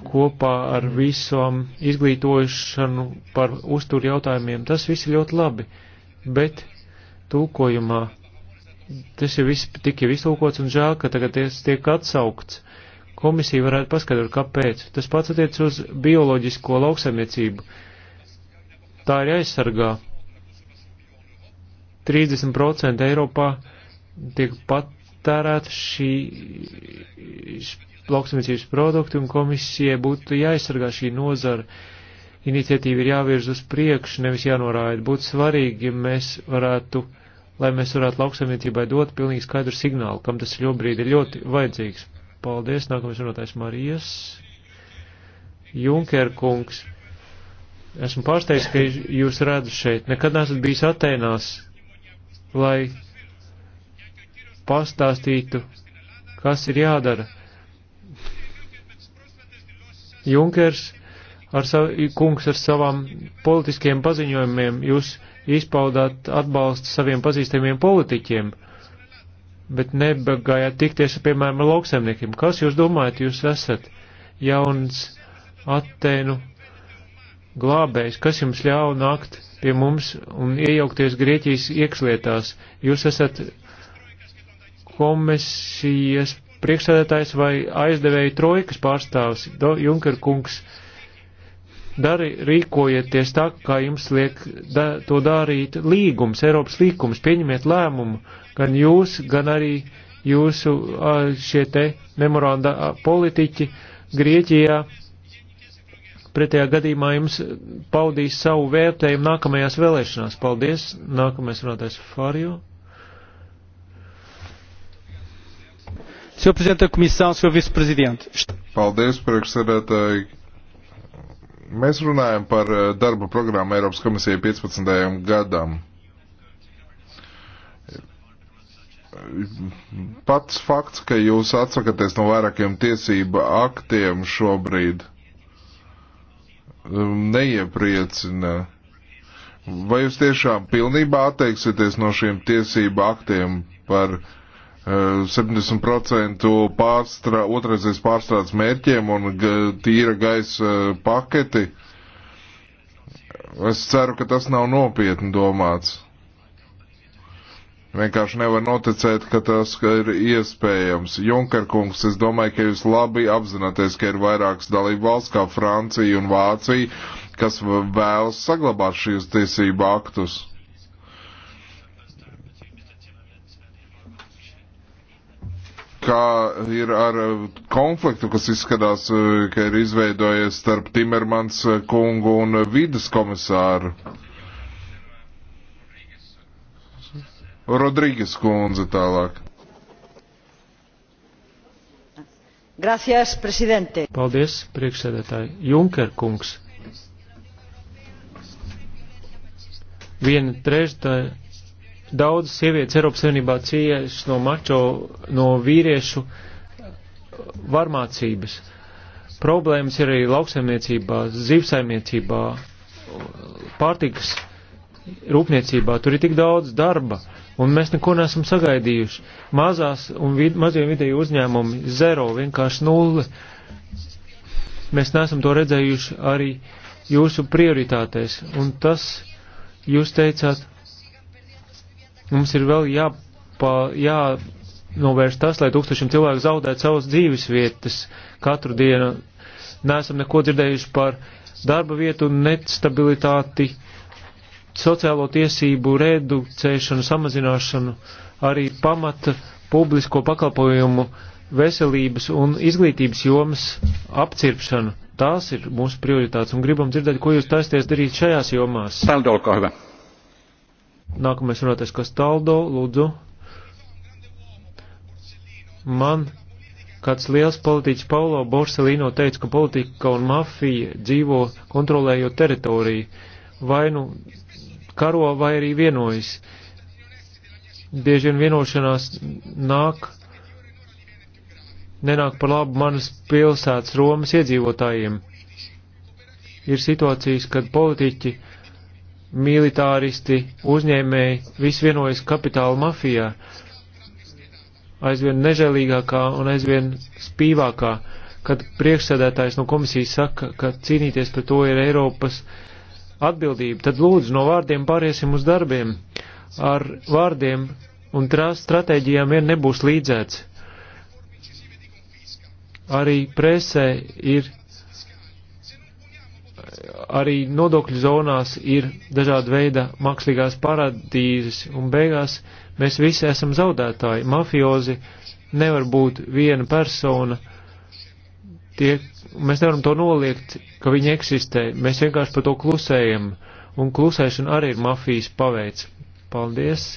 kopā ar visām izglītošanu par uzturu jautājumiem. Tas viss ir ļoti labi, bet tulkojumā Tas ir viss tik jau iztūkots un žēl, ka tagad tiek atsaukts. Komisija varētu paskaidrot, kāpēc. Tas pats attiec uz bioloģisko lauksaimniecību. Tā ir jāizsargā. 30% Eiropā tiek patērēta šī lauksaimniecības produkti un komisijai būtu jāizsargā šī nozara iniciatīva ir jāvirz uz priekšu, nevis jānorāda. Būtu svarīgi, ja mēs varētu lai mēs varētu lauksaimniecībai dot pilnīgi skaidru signālu, kam tas šobrīd ir ļoti vajadzīgs. Paldies, nākamais runātājs Marijas. Junker kungs, esmu pārsteigts, ka jūs redzat šeit. Nekad neesat bijis Atēnās, lai pastāstītu, kas ir jādara. Junkers ar savu, kungs ar savām politiskiem paziņojumiem jūs izpaudāt atbalstu saviem pazīstamiem politiķiem, bet nebagājāt tikties, piemēram, ar lauksaimniekiem. Kas jūs domājat, jūs esat jauns Atēnu glābējs, kas jums ļauj nākt pie mums un iejaukties Grieķijas iekšlietās? Jūs esat komisijas priekšsēdētājs vai aizdevēja trojkas pārstāvs, Junker kungs. Uh, Dari, rīkojieties tā, kā jums liek da, to darīt līgums, Eiropas līgums, pieņemiet lēmumu, gan jūs, gan arī jūsu šie te memoranda politiķi Grieķijā. Pretējā gadījumā jums paudīs savu vērtējumu nākamajās vēlēšanās. Paldies. Nākamais runātais Fāriju. Sr. Presidente da Comissão, Sr. Vice-Presidente. Paldies, priekšsēdētāji, Mēs runājam par eh, darba programmu Eiropas komisijai 15. gadam. Pats fakts, ka jūs atsakaties no vairākiem tiesība aktiem šobrīd, um, neiepriecina. Vai jūs tiešām pilnībā atteiksieties no šiem tiesība aktiem par uh, 70% pārstrā, otraisies pārstrādes mērķiem un tīra gaisa eh, paketi. Es ceru, ka tas nav nopietni domāts. Vienkārši nevar noticēt, ka tas ir iespējams. Junkerkungs, es domāju, ka jūs labi apzināties, ka ir vairākas dalību valsts kā Francija un Vācija, kas vēlas saglabāt šīs tiesību aktus. kā ir ar eh, konfliktu, kas izskatās, eh, ka ir izveidojies starp Timermans eh, kungu un vidas komisāru. Rodrīgas kundze tālāk. Gracias, presidente. Paldies, priekšsēdētāji. Junker kungs. Viena trešdaļa Daudz sievietes Eiropas Savienībā cieš no mačo, no vīriešu varmācības. Problēmas ir arī lauksaimniecībā, zivsaimniecībā, pārtikas rūpniecībā. Tur ir tik daudz darba, un mēs neko nesam sagaidījuši. Mazās un vid mazie vidēji uzņēmumi zero, vienkārši nulli. Mēs neesam to redzējuši arī jūsu prioritātēs, un tas jūs teicāt Mums ir vēl jāpa, jānovērš tas, lai tūkstošiem cilvēku zaudētu savas dzīves vietas katru dienu. Nesam neko dzirdējuši par darba vietu nestabilitāti, sociālo tiesību reducēšanu, samazināšanu, arī pamata publisko pakalpojumu veselības un izglītības jomas apcirpšanu. Tās ir mūsu prioritātes un gribam dzirdēt, ko jūs taisties darīt šajās jomās. Paldies, Nākamais runātais Kastaldo, lūdzu. Man kāds liels politiķis Paulo Borsellino teica, ka politika un mafija dzīvo kontrolējot teritoriju, vai nu karo, vai arī vienojas. Bieži vien vienošanās nāk, nenāk par labu manas pilsētas Romas iedzīvotājiem. Ir situācijas, kad politiķi militāristi, uzņēmēji, viss vienojas kapitāla mafijā, aizvien nežēlīgākā un aizvien spīvākā, kad priekšsēdētājs no komisijas saka, ka cīnīties par to ir Eiropas atbildība, tad lūdzu no vārdiem pāriesim uz darbiem. Ar vārdiem un stratēģijām vien nebūs līdzēts. Arī presē ir arī nodokļu zonās ir dažāda veida mākslīgās paradīzes, un beigās mēs visi esam zaudētāji. Mafiozi nevar būt viena persona. Tie, mēs nevaram to noliegt, ka viņi eksistē. Mēs vienkārši par to klusējam, un klusēšana arī ir mafijas paveids. Paldies!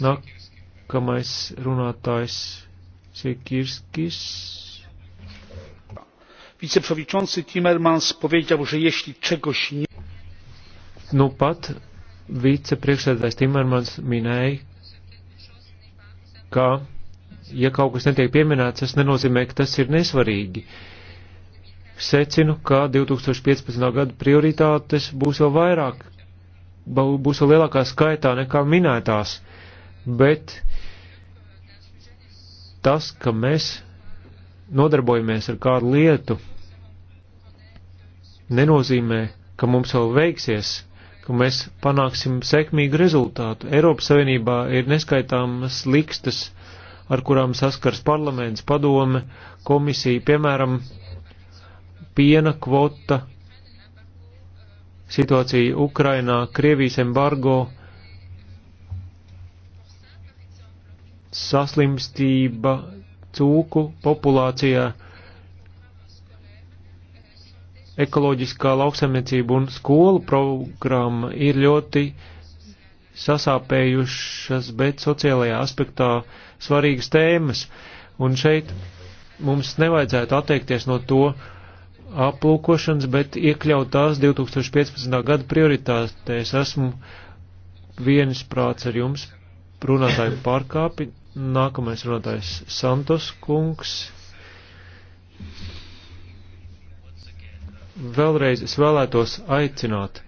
Nākamais runātājs Sikirskis wiceprzewodniczący Timmermans powiedział, że jeśli czegoś nie. Nu pat vicepriekšsēdētājs Timermans minēja, ka, ja kaut kas netiek pieminēts, tas nenozīmē, ka tas ir nesvarīgi. Secinu, ka 2015. gada prioritātes būs vēl vairāk, būs vēl lielākā skaitā nekā minētās, bet tas, ka mēs nodarbojamies ar kādu lietu, nenozīmē, ka mums jau veiksies, ka mēs panāksim sekmīgu rezultātu. Eiropas Savienībā ir neskaitāmas likstas, ar kurām saskars parlaments, padome, komisija, piemēram, piena kvota, situācija Ukrainā, Krievijas embargo, saslimstība cūku populācijā ekoloģiskā lauksaimniecība un skolu programma ir ļoti sasāpējušas, bet sociālajā aspektā svarīgas tēmas. Un šeit mums nevajadzētu atteikties no to aplūkošanas, bet iekļaut tās 2015. gada prioritātēs. Esmu vienas prāts ar jums, runātāju pārkāpi. Nākamais runātājs Santos Kungs vēlreiz es vēlētos aicināt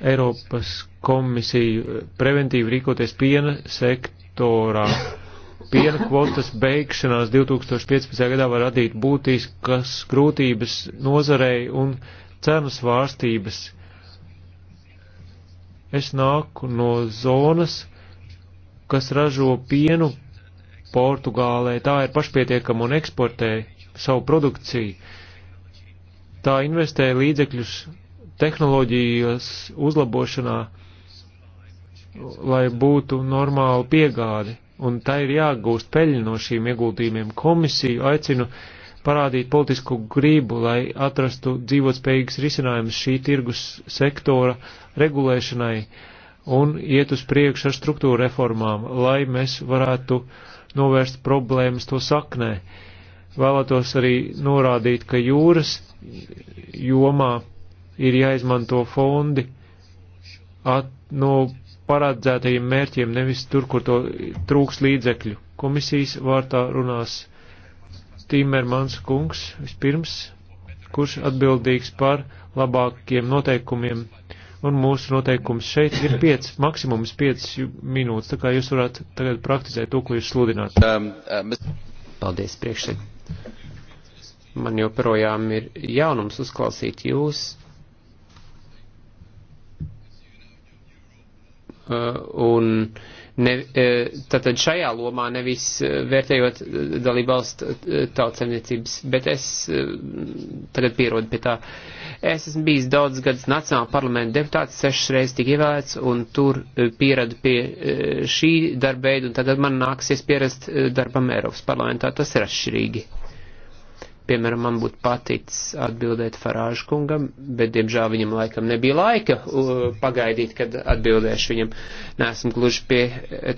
Eiropas komisiju preventīvi rīkoties piena sektorā. Piena kvotas beigšanās 2015. gadā var radīt būtiskas grūtības nozarei un cenu svārstības. Es nāku no zonas, kas ražo pienu Portugālē, tā ir pašpietiekama un eksportē savu produkciju. Tā investē līdzekļus tehnoloģijas uzlabošanā, lai būtu normāla piegāde, un tā ir jāgūst peļņa no šīm ieguldījumiem. Komisiju aicinu parādīt politisku gribu, lai atrastu dzīvotspējīgs risinājums šī tirgus sektora regulēšanai un iet uz priekšu ar struktūra reformām, lai mēs varētu novērst problēmas to saknē. Vēlētos arī norādīt, ka jūras jomā ir jāizmanto fondi at, no paredzētajiem mērķiem, nevis tur, kur to trūks līdzekļu. Komisijas vārtā runās Timermans kungs vispirms, kurš atbildīgs par labākiem noteikumiem. Un mūsu noteikums šeit ir 5, maksimums 5 minūtes, tā kā jūs varat tagad praktizēt to, ko jūs sludināt. Um, um, Paldies, priekšsēdētāji. Man joprojām ir jaunums uzklausīt jūs. Uh, un uh, Ne, e, tātad šajā lomā nevis e, vērtējot e, dalībvalstu tautsemniecības, bet es tagad pierodu pie tā. Es esmu bijis daudz gadus Nacionāla parlamenta deputāts, sešas reizes tik ievēlēts un tur pieradu pie šī darba veidu un tagad man nāksies pierast darbam Eiropas parlamentā. Tas ir atšķirīgi. Piemēram, man būtu paticis atbildēt Farāžu kungam, bet, diemžēl, viņam laikam nebija laika uh, pagaidīt, kad atbildēšu viņam. Nesmu gluži pie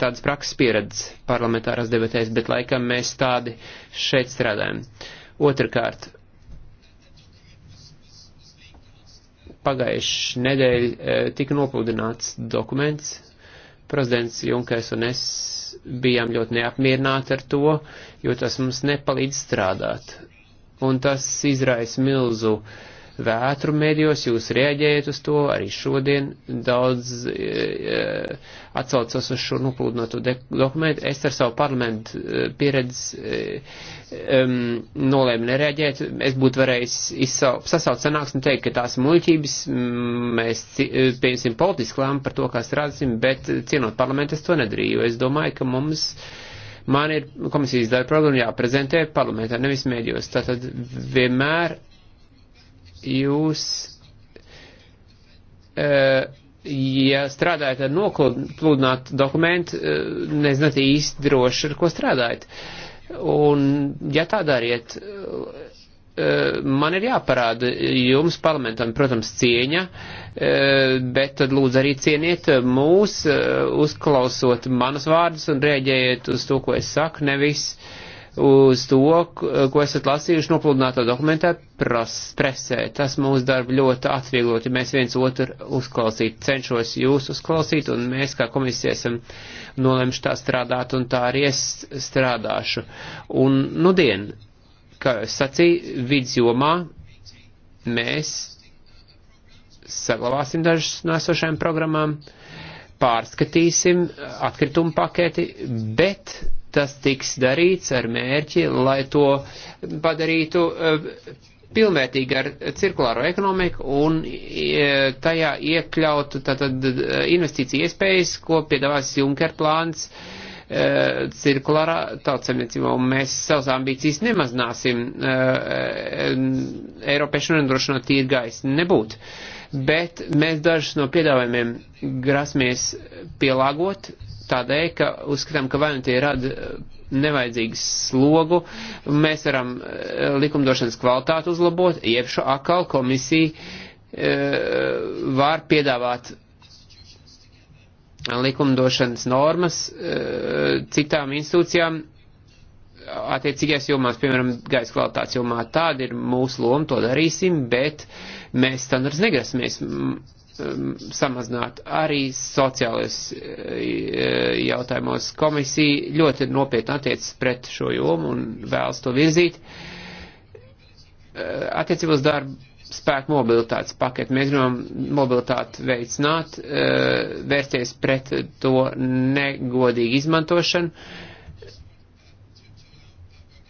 tādas prakses pieredzes parlamentārās debatēs, bet laikam mēs tādi šeit strādājam. Otrakārt, pagājuši nedēļ uh, tika nopludināts dokuments. Prezidents Junkers un es bijām ļoti neapmierināti ar to, jo tas mums nepalīdz strādāt un tas izraisa milzu vētru medijos, jūs reaģējat uz to, arī šodien daudz e, e atsaucas uz šo noplūdnoto dokumentu. Es ar savu parlamentu e, pieredzi e, e, nolēmu nereaģēt, es būtu varējis izsau, sasaukt sanāksmi teikt, ka tās muļķības mēs e, pieņemsim politiski lēmu par to, kā strādāsim, bet cienot parlamentu es to nedarīju, jo es domāju, ka mums. E, Man ir komisijas darba programma jāprezentē parlamentā, nevis mēdījos. Tātad vienmēr jūs, eh, ja strādājat ar nokludinātu dokumentu, eh, nezināt īsti droši, ar ko strādājat. Un, ja tā dariet, Eh, man ir jāparāda jums parlamentam, protams, cieņa, eh, bet tad lūdzu arī cieniet mūs, eh, uzklausot manus vārdus un rēģējiet uz to, ko es saku, nevis uz to, ko esat lasījuši nopludināto dokumentā presē. Tas mūsu darbu ļoti atvieglot, ja mēs viens otru uzklausīt. Cenšos jūs uzklausīt, un mēs kā komisija esam nolēmuši tā strādāt, un tā arī es strādāšu. Un, nu, dien, kā sacīja, vidas jomā mēs saglabāsim dažas nāsošajām programmām, pārskatīsim atkritumu paketi, bet tas tiks darīts ar mērķi, lai to padarītu eh, pilnvērtīgi ar cirkulāro ekonomiku un eh, tajā iekļautu tātad eh, investīciju iespējas, ko piedāvās Junker plāns. Uh, E, cirkulārā tautsemniecībā, un mēs savas ambīcijas nemazināsim. E, e, Eiropai šodien drošinot tīri gaisa nebūtu, bet mēs dažus no piedāvājumiem grasmies pielāgot tādēļ, ka uzskatām, ka vai nu tie rada nevajadzīgu slogu, mēs varam likumdošanas kvalitāti uzlabot, jeb šo akal komisija var piedāvāt likumdošanas normas e, citām institūcijām attiecīgajās jomās, piemēram, gaisa kvalitātes jomā. Tāda ir mūsu loma, to darīsim, bet mēs standarts negrasamies samazināt arī sociālajos e, jautājumos. Komisija ļoti nopietni attiecas pret šo jomu un vēlas to virzīt. E, Attiecībos darba spēku mobilitātes paketu. Mēs gribam mobilitāti veicināt, e, vērsties pret to negodīgu izmantošanu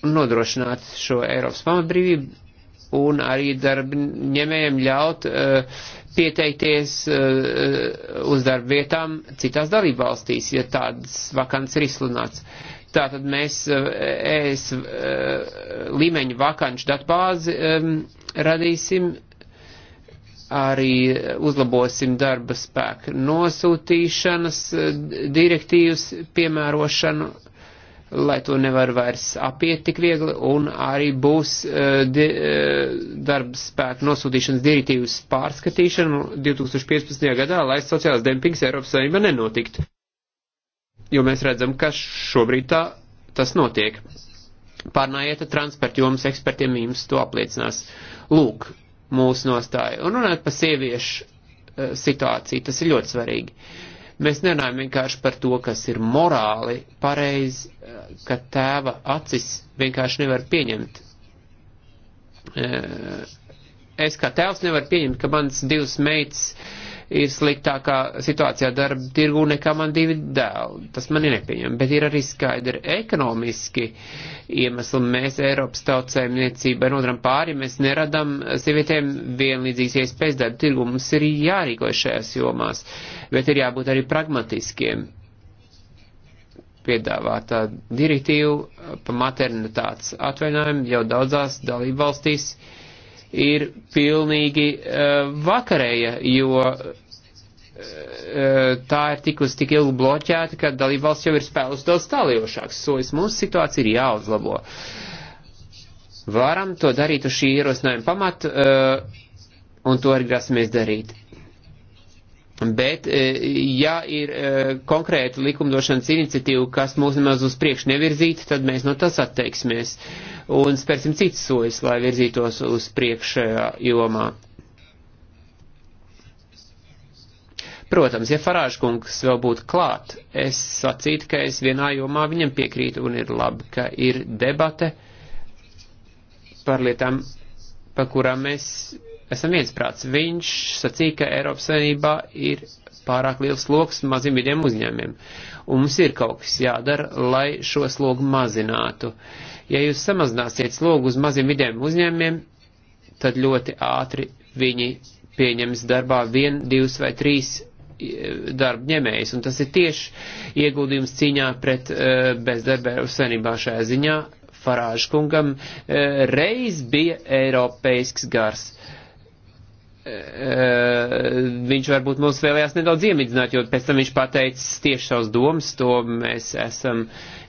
un nodrošināt šo Eiropas pamatbrīvību un arī darbņēmējiem ļaut e, pieteikties e, uz darba vietām citās dalībvalstīs, ja tādas vakants ir izsludināts. Tātad mēs ES līmeņu vakanšu datbāzi um, radīsim, arī uzlabosim darba spēku nosūtīšanas eh, direktīvas piemērošanu, lai to nevar vairs apiet tik viegli, un arī būs eh, di, eh, darba spēku nosūtīšanas direktīvas pārskatīšana 2015. gadā, lai sociālais dempings Eiropas Savienībā nenotiktu. Jo mēs redzam, ka šobrīd tā tas notiek. Pārnājiet ar transportu jomas ekspertiem, jums to apliecinās. Uh, Lūk, mūsu nostāja. Un runāt par sieviešu e, situāciju, tas ir ļoti svarīgi. Mēs nerunājam vienkārši par to, kas ir morāli pareizi, e, ka tēva acis vienkārši nevar pieņemt. E, es kā tēvs nevaru pieņemt, ka mans divas meitas uh, ir sliktākā situācijā darba tirgū nekā man divi dēli. Tas man ir nepieņem, bet ir arī skaidri ekonomiski iemesli. Mēs Eiropas tautsēmniecībai nodaram pāri, mēs neradam sievietēm vienlīdzīgas iespējas darba tirgū. Mums ir jārīkojas šajās jomās, bet ir jābūt arī pragmatiskiem piedāvātā direktīva pa maternitātes atvainājumu jau daudzās dalību valstīs uh, ir pilnīgi uh, vakarēja, jo uh, tā ir tikus tik ilgi bloķēta, ka dalībvalsts jau ir spēlus daudz tālījošāks solis. Mūsu situācija ir jāuzlabo. Varam to darīt uz šī ierosinājuma pamata, uh, un to arī grasamies darīt. Bet, e, ja ir e, konkrēta likumdošanas iniciatīva, kas mūs nemaz uz priekšu nevirzītu, tad mēs no tas atteiksimies un spērsim citas sojas, lai virzītos uz priekšējā e, jomā. Protams, ja Farāžkungs vēl būtu klāt, es sacītu, ka es vienā jomā viņam piekrītu un ir labi, ka ir debate par lietām, pa kurām mēs esam viensprāts. Viņš sacīja, ka Eiropas Savienībā ir pārāk liels sloks maziem vidiem uzņēmiem. Un mums ir kaut kas jādara, lai šo slogu mazinātu. Ja jūs samazināsiet slogu uz maziem vidiem uzņēmiem, tad ļoti ātri viņi pieņems darbā vien, divus vai trīs e, darba ņemējs, un tas ir tieši ieguldījums cīņā pret uh, bezdarba savienībā šajā ziņā. Farāžkungam uh, e, reiz bija eiropeisks gars. Uh, Eh, viņš varbūt mūs vēlējās nedaudz iemidzināt, jo pēc tam viņš pateicis tieši savus domas, to mēs esam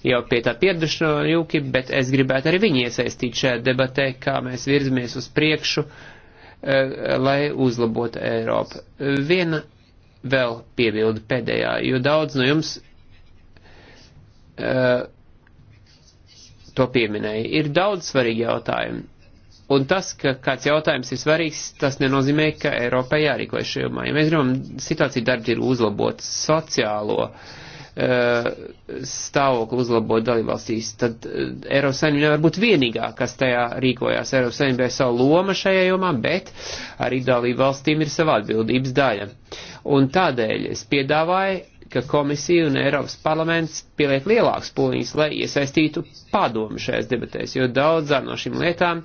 jau pie tā pieraduši no jūki, bet es gribētu arī viņu iesaistīt šajā debatē, kā mēs virzamies uz priekšu, eh, lai uzlabotu Eiropu. Viena vēl piebildi pēdējā, jo daudz no jums eh, to pieminēja. Ir daudz svarīgi jautājumi Un tas, ka kāds jautājums ir svarīgs, tas nenozīmē, ka Eiropai jārīkojas šajā jomā. Ja mēs gribam situāciju darbģi ir uzlabot sociālo uh, stāvokli uzlabot dalībvalstīs, tad uh, Eiropas saimnība nevar būt vienīgā, kas tajā rīkojās. Eiropas saimnība ir savu loma šajā jomā, bet arī dalībvalstīm ir sava atbildības daļa. Un tādēļ es piedāvāju ka komisija un Eiropas parlaments pieliek lielāks pūliņus, lai iesaistītu padomu šajās debatēs, jo daudzām no šīm lietām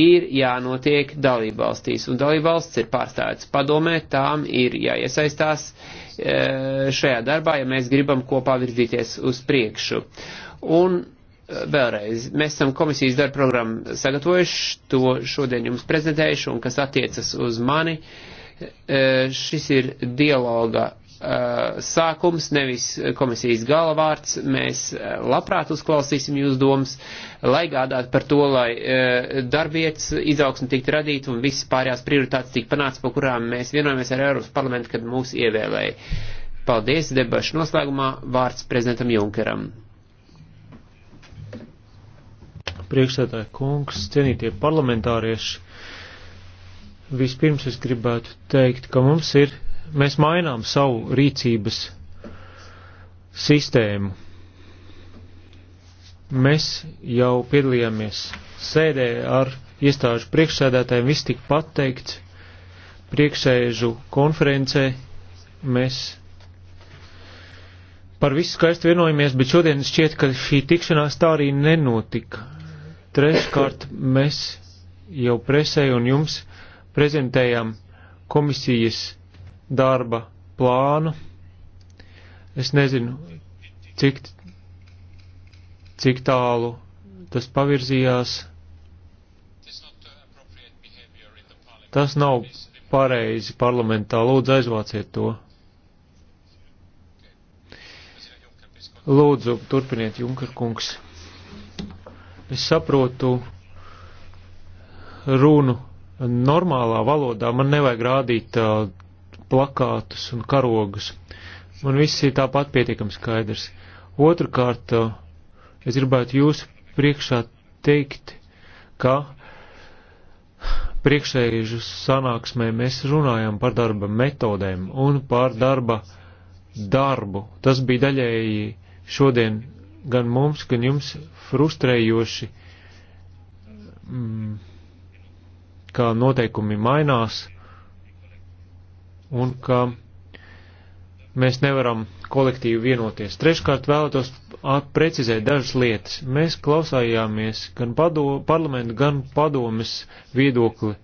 ir jānotiek dalībvalstīs, un dalībvalsts ir pārstāvēts padomē, tām ir jāiesaistās e, šajā darbā, ja mēs gribam kopā virzīties uz priekšu. Un e, vēlreiz, mēs esam komisijas darba programmu sagatavojuši, to šodien jums prezentējuši, un kas attiecas uz mani, e, šis ir dialoga Eh, sākums, nevis komisijas galvārds. Mēs eh, labprāt uzklausīsim jūs domas, lai gādātu par to, lai eh, darbietas izaugsme tiktu radīta un visas pārējās prioritātes tiktu panāts, par kurām mēs vienojamies ar Eiropas parlamentu, kad mūs ievēlēja. Paldies, debašu noslēgumā vārds prezidentam Junkeram. Priekšsēdētāji kungs, cienītie parlamentārieši, vispirms es gribētu teikt, ka mums ir mēs mainām savu rīcības sistēmu. Mēs jau piedalījāmies sēdē ar iestāžu priekšsēdētājiem, viss tika pateikts priekšsēžu konferencē. Mēs par visu skaistu vienojamies, bet šodien šķiet, ka šī tikšanās tā arī nenotika. Treškārt mēs jau presē un jums prezentējām komisijas darba plānu. Es nezinu, cik, cik tālu tas pavirzījās. Tas nav pareizi parlamentā. Lūdzu, aizvāciet to. Lūdzu, turpiniet, Junker kungs. Es saprotu runu normālā valodā. Man nevajag rādīt uh, plakātus un karogus. Man viss ir tāpat pietiekami skaidrs. Otrakārt, es gribētu jūsu priekšā teikt, ka priekšējušu sanāksmē mēs runājam par darba metodēm un par darba darbu. Tas bija daļēji šodien gan mums, gan jums frustrējoši, mm, kā noteikumi mainās un ka mēs nevaram kolektīvi vienoties. Treškārt vēlētos precizēt dažas lietas. Mēs klausājāmies gan pado, parlamentu, gan padomes viedokli.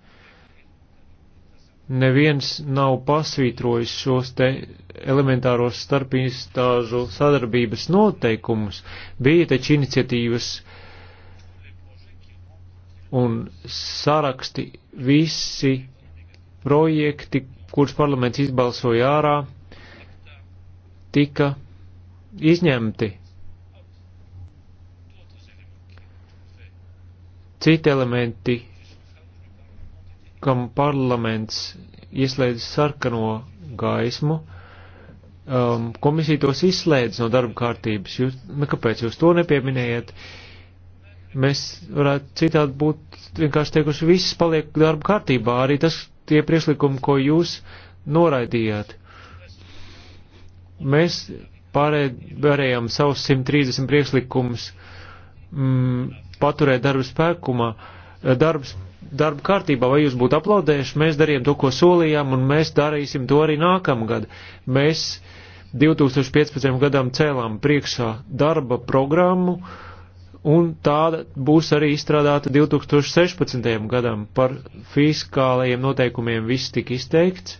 Neviens nav pasvītrojis šos te elementāros starpīstāžu sadarbības noteikumus. Bija taču iniciatīvas un saraksti visi projekti, kurš parlaments izbalsoja ārā, tika izņemti citi elementi, kam parlaments ieslēdz sarkano gaismu, um, komisija tos izslēdz no darba kārtības. Jūs, ne, nu, kāpēc jūs to nepieminējat? Mēs varētu citādi būt vienkārši teikuši, viss paliek darba kārtībā, arī tas, tie priekšlikumi, ko jūs noraidījāt. Mēs pārēj, varējām savus 130 priekšlikumus mm, paturēt darba spēkumā, eh, darbs, darba kārtībā, vai jūs būtu aplaudējuši, mēs darījām to, ko solījām, un mēs darīsim to arī nākamgad. Mēs 2015. gadam cēlām priekšā darba programmu, uh, un tāda būs arī izstrādāta 2016. gadam. Par fiskālajiem noteikumiem viss tika izteikts.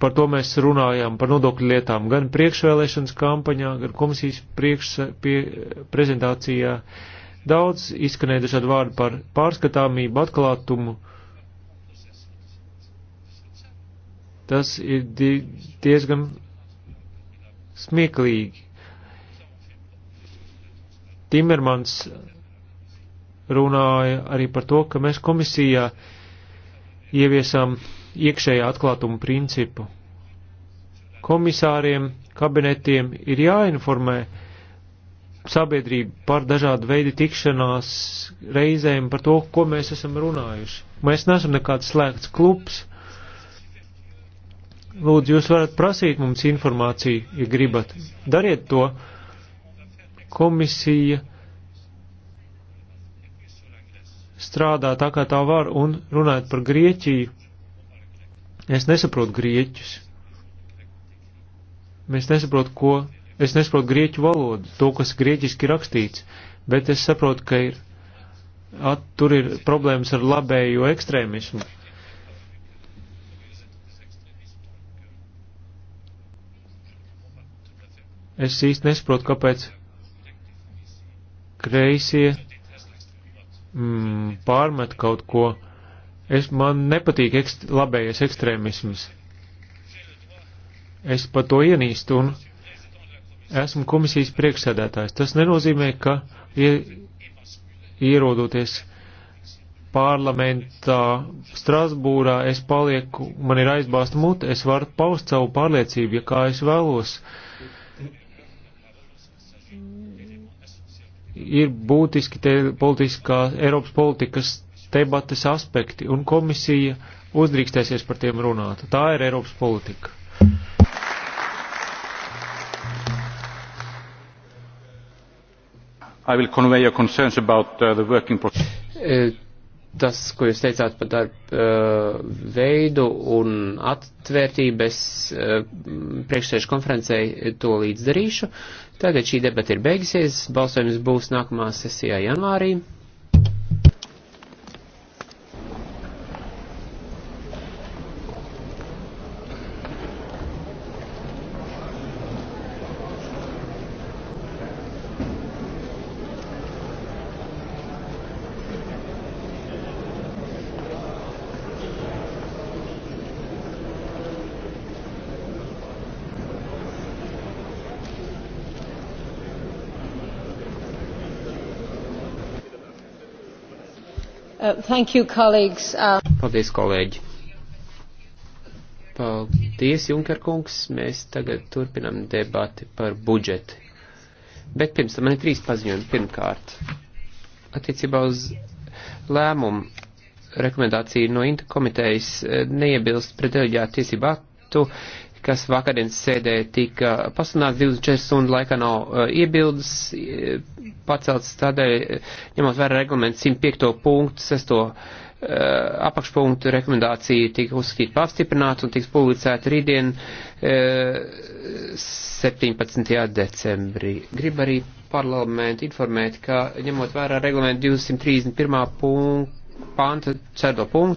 Par to mēs runājām, par nodokļu lietām gan priekšvēlēšanas kampaņā, gan komisijas priekš, pie, prezentācijā. Daudz izskanēja dažādi vārdi par pārskatāmību, atklātumu. Tas ir diezgan smieklīgi Timermans runāja arī par to, ka mēs komisijā ieviesām iekšējā atklātuma principu. Komisāriem, kabinetiem ir jāinformē sabiedrību par dažādu veidu tikšanās reizēm, par to, ko mēs esam runājuši. Mēs neesam nekāds slēgts klubs. Lūdzu, jūs varat prasīt mums informāciju, ja gribat. Dariet to komisija strādā tā, kā tā var, un runājot par Grieķiju, es nesaprotu grieķus. Mēs nesaprotu, ko, es nesaprotu grieķu valodu, to, kas grieķiski rakstīts, bet es saprotu, ka ir, at, tur ir problēmas ar labējo ekstrēmismu. Es īsti nesaprotu, kāpēc kreisie mm, pārmet kaut ko. Es, man nepatīk ekst, labējais ekstrēmisms. Es par to ienīstu un esmu komisijas priekšsēdētājs. Tas nenozīmē, ka ie, ierodoties parlamentā Strasbūrā es palieku, man ir aizbāzt mute, es varu paust savu pārliecību, ja kā es vēlos. Uh, ir būtiski te politiskā, Eiropas politikas debates aspekti, un komisija uzdrīkstēsies par tiem runāt. Tā ir Eiropas politika. About, uh, e, Tas, ko jūs teicāt par darbu uh, e, veidu un atvērtību, es uh, priekšsēžu konferencei to līdzdarīšu. Uh, Tagad šī debata ir beigusies, balsojums būs nākamā sesijā janvārī. thank you, colleagues. Uh... Paldies, kolēģi. Paldies, Junker kungs. Mēs tagad turpinam debati par budžeti. Bet pirms tam man ir trīs paziņojumi. Pirmkārt, attiecībā uz lēmumu rekomendāciju no Inta komitejas eh, neiebilst pret deleģētu tiesību aktu, kas vakardienas sēdē tika pasludināts 24 stundu laikā nav uh, iebildes uh, e, pacelts tādēļ, e, ņemot vērā reglamentu 105. punktu, 6. Uh, apakšpunktu rekomendācija tika uzskatīta pastiprināta un tiks publicēta rītdien uh, 17. decembrī. Grib arī parlamentu informēt, ka ņemot vērā reglamentu 231. Punktu, panta 4. punktu,